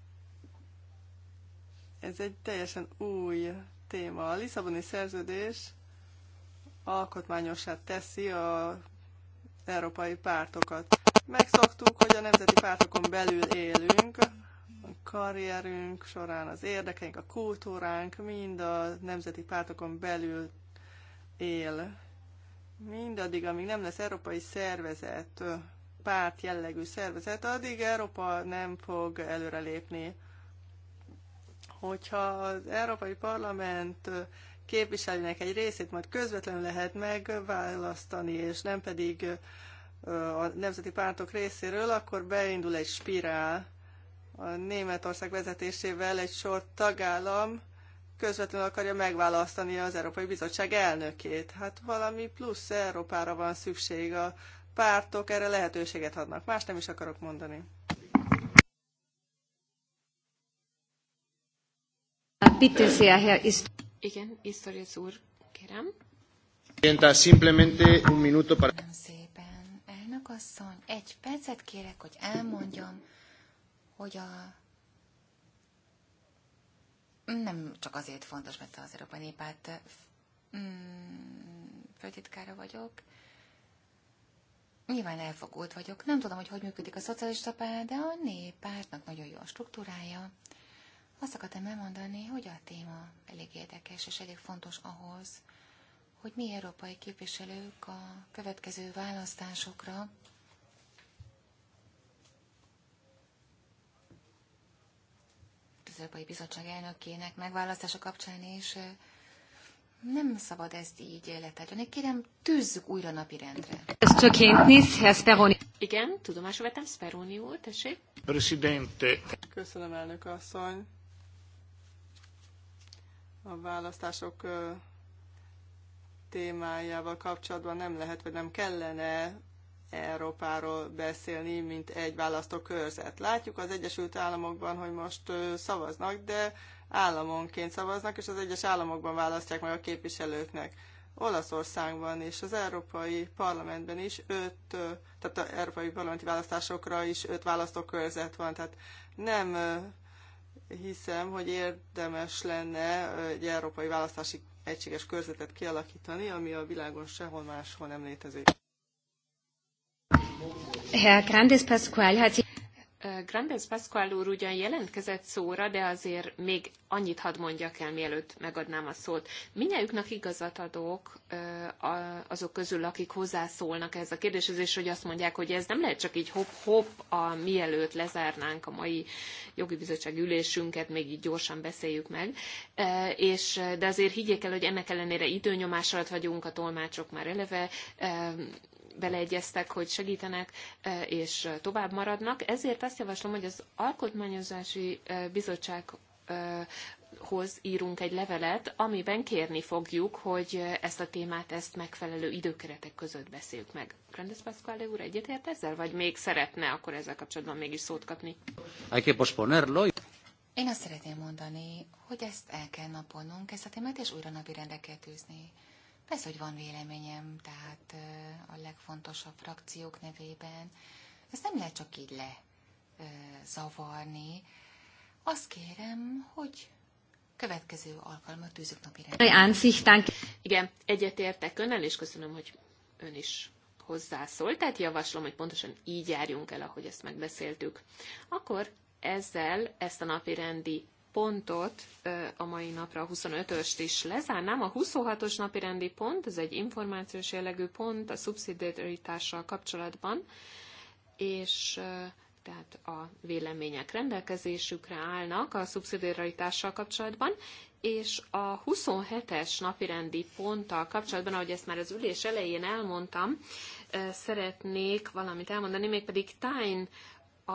Ez egy teljesen új téma. A Lisszaboni szerződés alkotmányosát teszi a európai pártokat. Megszoktuk, hogy a nemzeti pártokon belül élünk, a karrierünk során az érdekeink, a kultúránk mind a nemzeti pártokon belül él. Mindaddig, amíg nem lesz európai szervezet, párt jellegű szervezet, addig Európa nem fog előrelépni. Hogyha az Európai Parlament képviselőnek egy részét majd közvetlenül lehet megválasztani, és nem pedig a nemzeti pártok részéről, akkor beindul egy spirál. A Németország vezetésével egy sor tagállam közvetlenül akarja megválasztani az Európai Bizottság elnökét. Hát valami plusz Európára van szükség a pártok erre lehetőséget adnak. Más nem is akarok mondani. Bitte sehr, Igen, Istorius úr, kérem. Simplemente un minuto para... Szépen, elnök asszony, egy percet kérek, hogy elmondjam, hogy a nem csak azért fontos, mert az Európai Néppárt mm, főtitkára vagyok, Nyilván elfogult vagyok. Nem tudom, hogy hogy működik a szocialista párt, de a néppártnak nagyon jó a struktúrája. Azt akartam elmondani, hogy a téma elég érdekes és elég fontos ahhoz, hogy mi európai képviselők a következő választásokra az Európai Bizottság elnökének megválasztása kapcsán is nem szabad ezt így leterülni. Kérem, tűzzük újra napirendre. Igen, tudomásra vettem, Speroni úr, tessék. Presidente. Köszönöm, elnök asszony. A választások témájával kapcsolatban nem lehet, vagy nem kellene Európáról beszélni, mint egy választókörzet. Látjuk az Egyesült Államokban, hogy most szavaznak, de államonként szavaznak, és az egyes államokban választják meg a képviselőknek. Olaszországban és az Európai Parlamentben is öt, tehát az Európai Parlamenti választásokra is öt választókörzet van, tehát nem hiszem, hogy érdemes lenne egy európai választási egységes körzetet kialakítani, ami a világon sehol máshol nem létezik. Herr Grandes Pascual Grandes Pascual úr ugyan jelentkezett szóra, de azért még annyit hadd mondjak el, mielőtt megadnám a szót. Minnyájuknak igazat adok azok közül, akik hozzászólnak ez a kérdéshez, és hogy azt mondják, hogy ez nem lehet csak így hop-hop, a, mielőtt lezárnánk a mai jogi bizottság ülésünket, még így gyorsan beszéljük meg. És, de azért higgyék el, hogy ennek ellenére időnyomás alatt vagyunk, a tolmácsok már eleve beleegyeztek, hogy segítenek e, és tovább maradnak. Ezért azt javaslom, hogy az Alkotmányozási e, Bizottság hoz írunk egy levelet, amiben kérni fogjuk, hogy ezt a témát ezt megfelelő időkeretek között beszéljük meg. Grandes Pasquale úr egyetért ezzel, vagy még szeretne akkor ezzel kapcsolatban mégis szót kapni? Én azt szeretném mondani, hogy ezt el kell napolnunk, ezt a témát, és újra napirendre kell tűzni. Persze, hogy van véleményem, tehát a legfontosabb frakciók nevében. Ezt nem lehet csak így lezavarni. Azt kérem, hogy következő alkalmat tűzök napirendre. Igen, egyetértek önnel, és köszönöm, hogy ön is hozzászól, tehát javaslom, hogy pontosan így járjunk el, ahogy ezt megbeszéltük. Akkor ezzel ezt a napi rendi pontot a mai napra, a 25-öst is lezárnám. A 26-os napi rendi pont, ez egy információs jellegű pont a szubszidiaritással kapcsolatban, és tehát a vélemények rendelkezésükre állnak a szubszidiaritással kapcsolatban, és a 27-es napirendi ponttal kapcsolatban, ahogy ezt már az ülés elején elmondtam, szeretnék valamit elmondani, mégpedig Tájn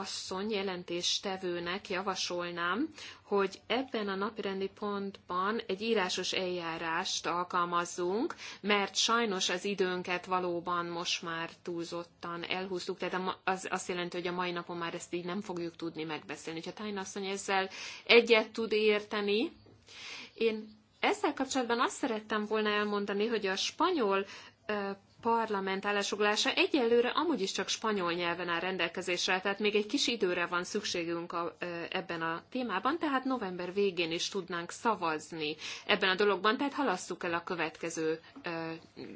asszony jelentéstevőnek javasolnám, hogy ebben a napirendi pontban egy írásos eljárást alkalmazzunk, mert sajnos az időnket valóban most már túlzottan elhúztuk, tehát az azt jelenti, hogy a mai napon már ezt így nem fogjuk tudni megbeszélni. Ha Tájna asszony ezzel egyet tud érteni, én ezzel kapcsolatban azt szerettem volna elmondani, hogy a spanyol parlament állásfoglalása egyelőre amúgy is csak spanyol nyelven áll rendelkezésre, tehát még egy kis időre van szükségünk a, ebben a témában, tehát november végén is tudnánk szavazni ebben a dologban, tehát halasszuk el a következő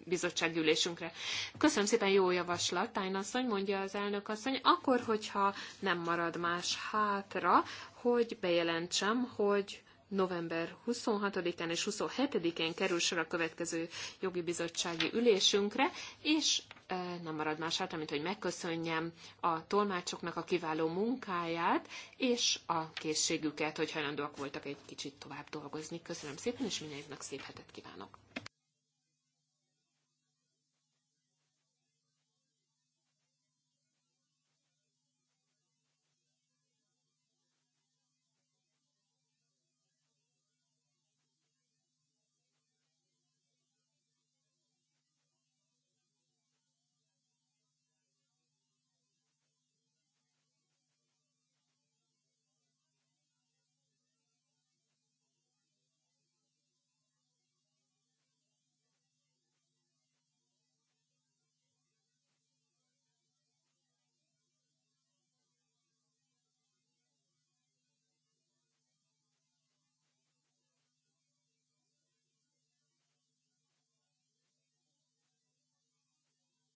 bizottsággyűlésünkre. Köszönöm szépen, jó javaslat, Tájnasszony, mondja az elnök asszony, akkor, hogyha nem marad más hátra, hogy bejelentsem, hogy november 26-án és 27-én kerül sor a következő jogi bizottsági ülésünkre, és e, nem marad más hátra, mint hogy megköszönjem a tolmácsoknak a kiváló munkáját, és a készségüket, hogy hajlandóak voltak egy kicsit tovább dolgozni. Köszönöm szépen, és mindenkinek szép hetet kívánok!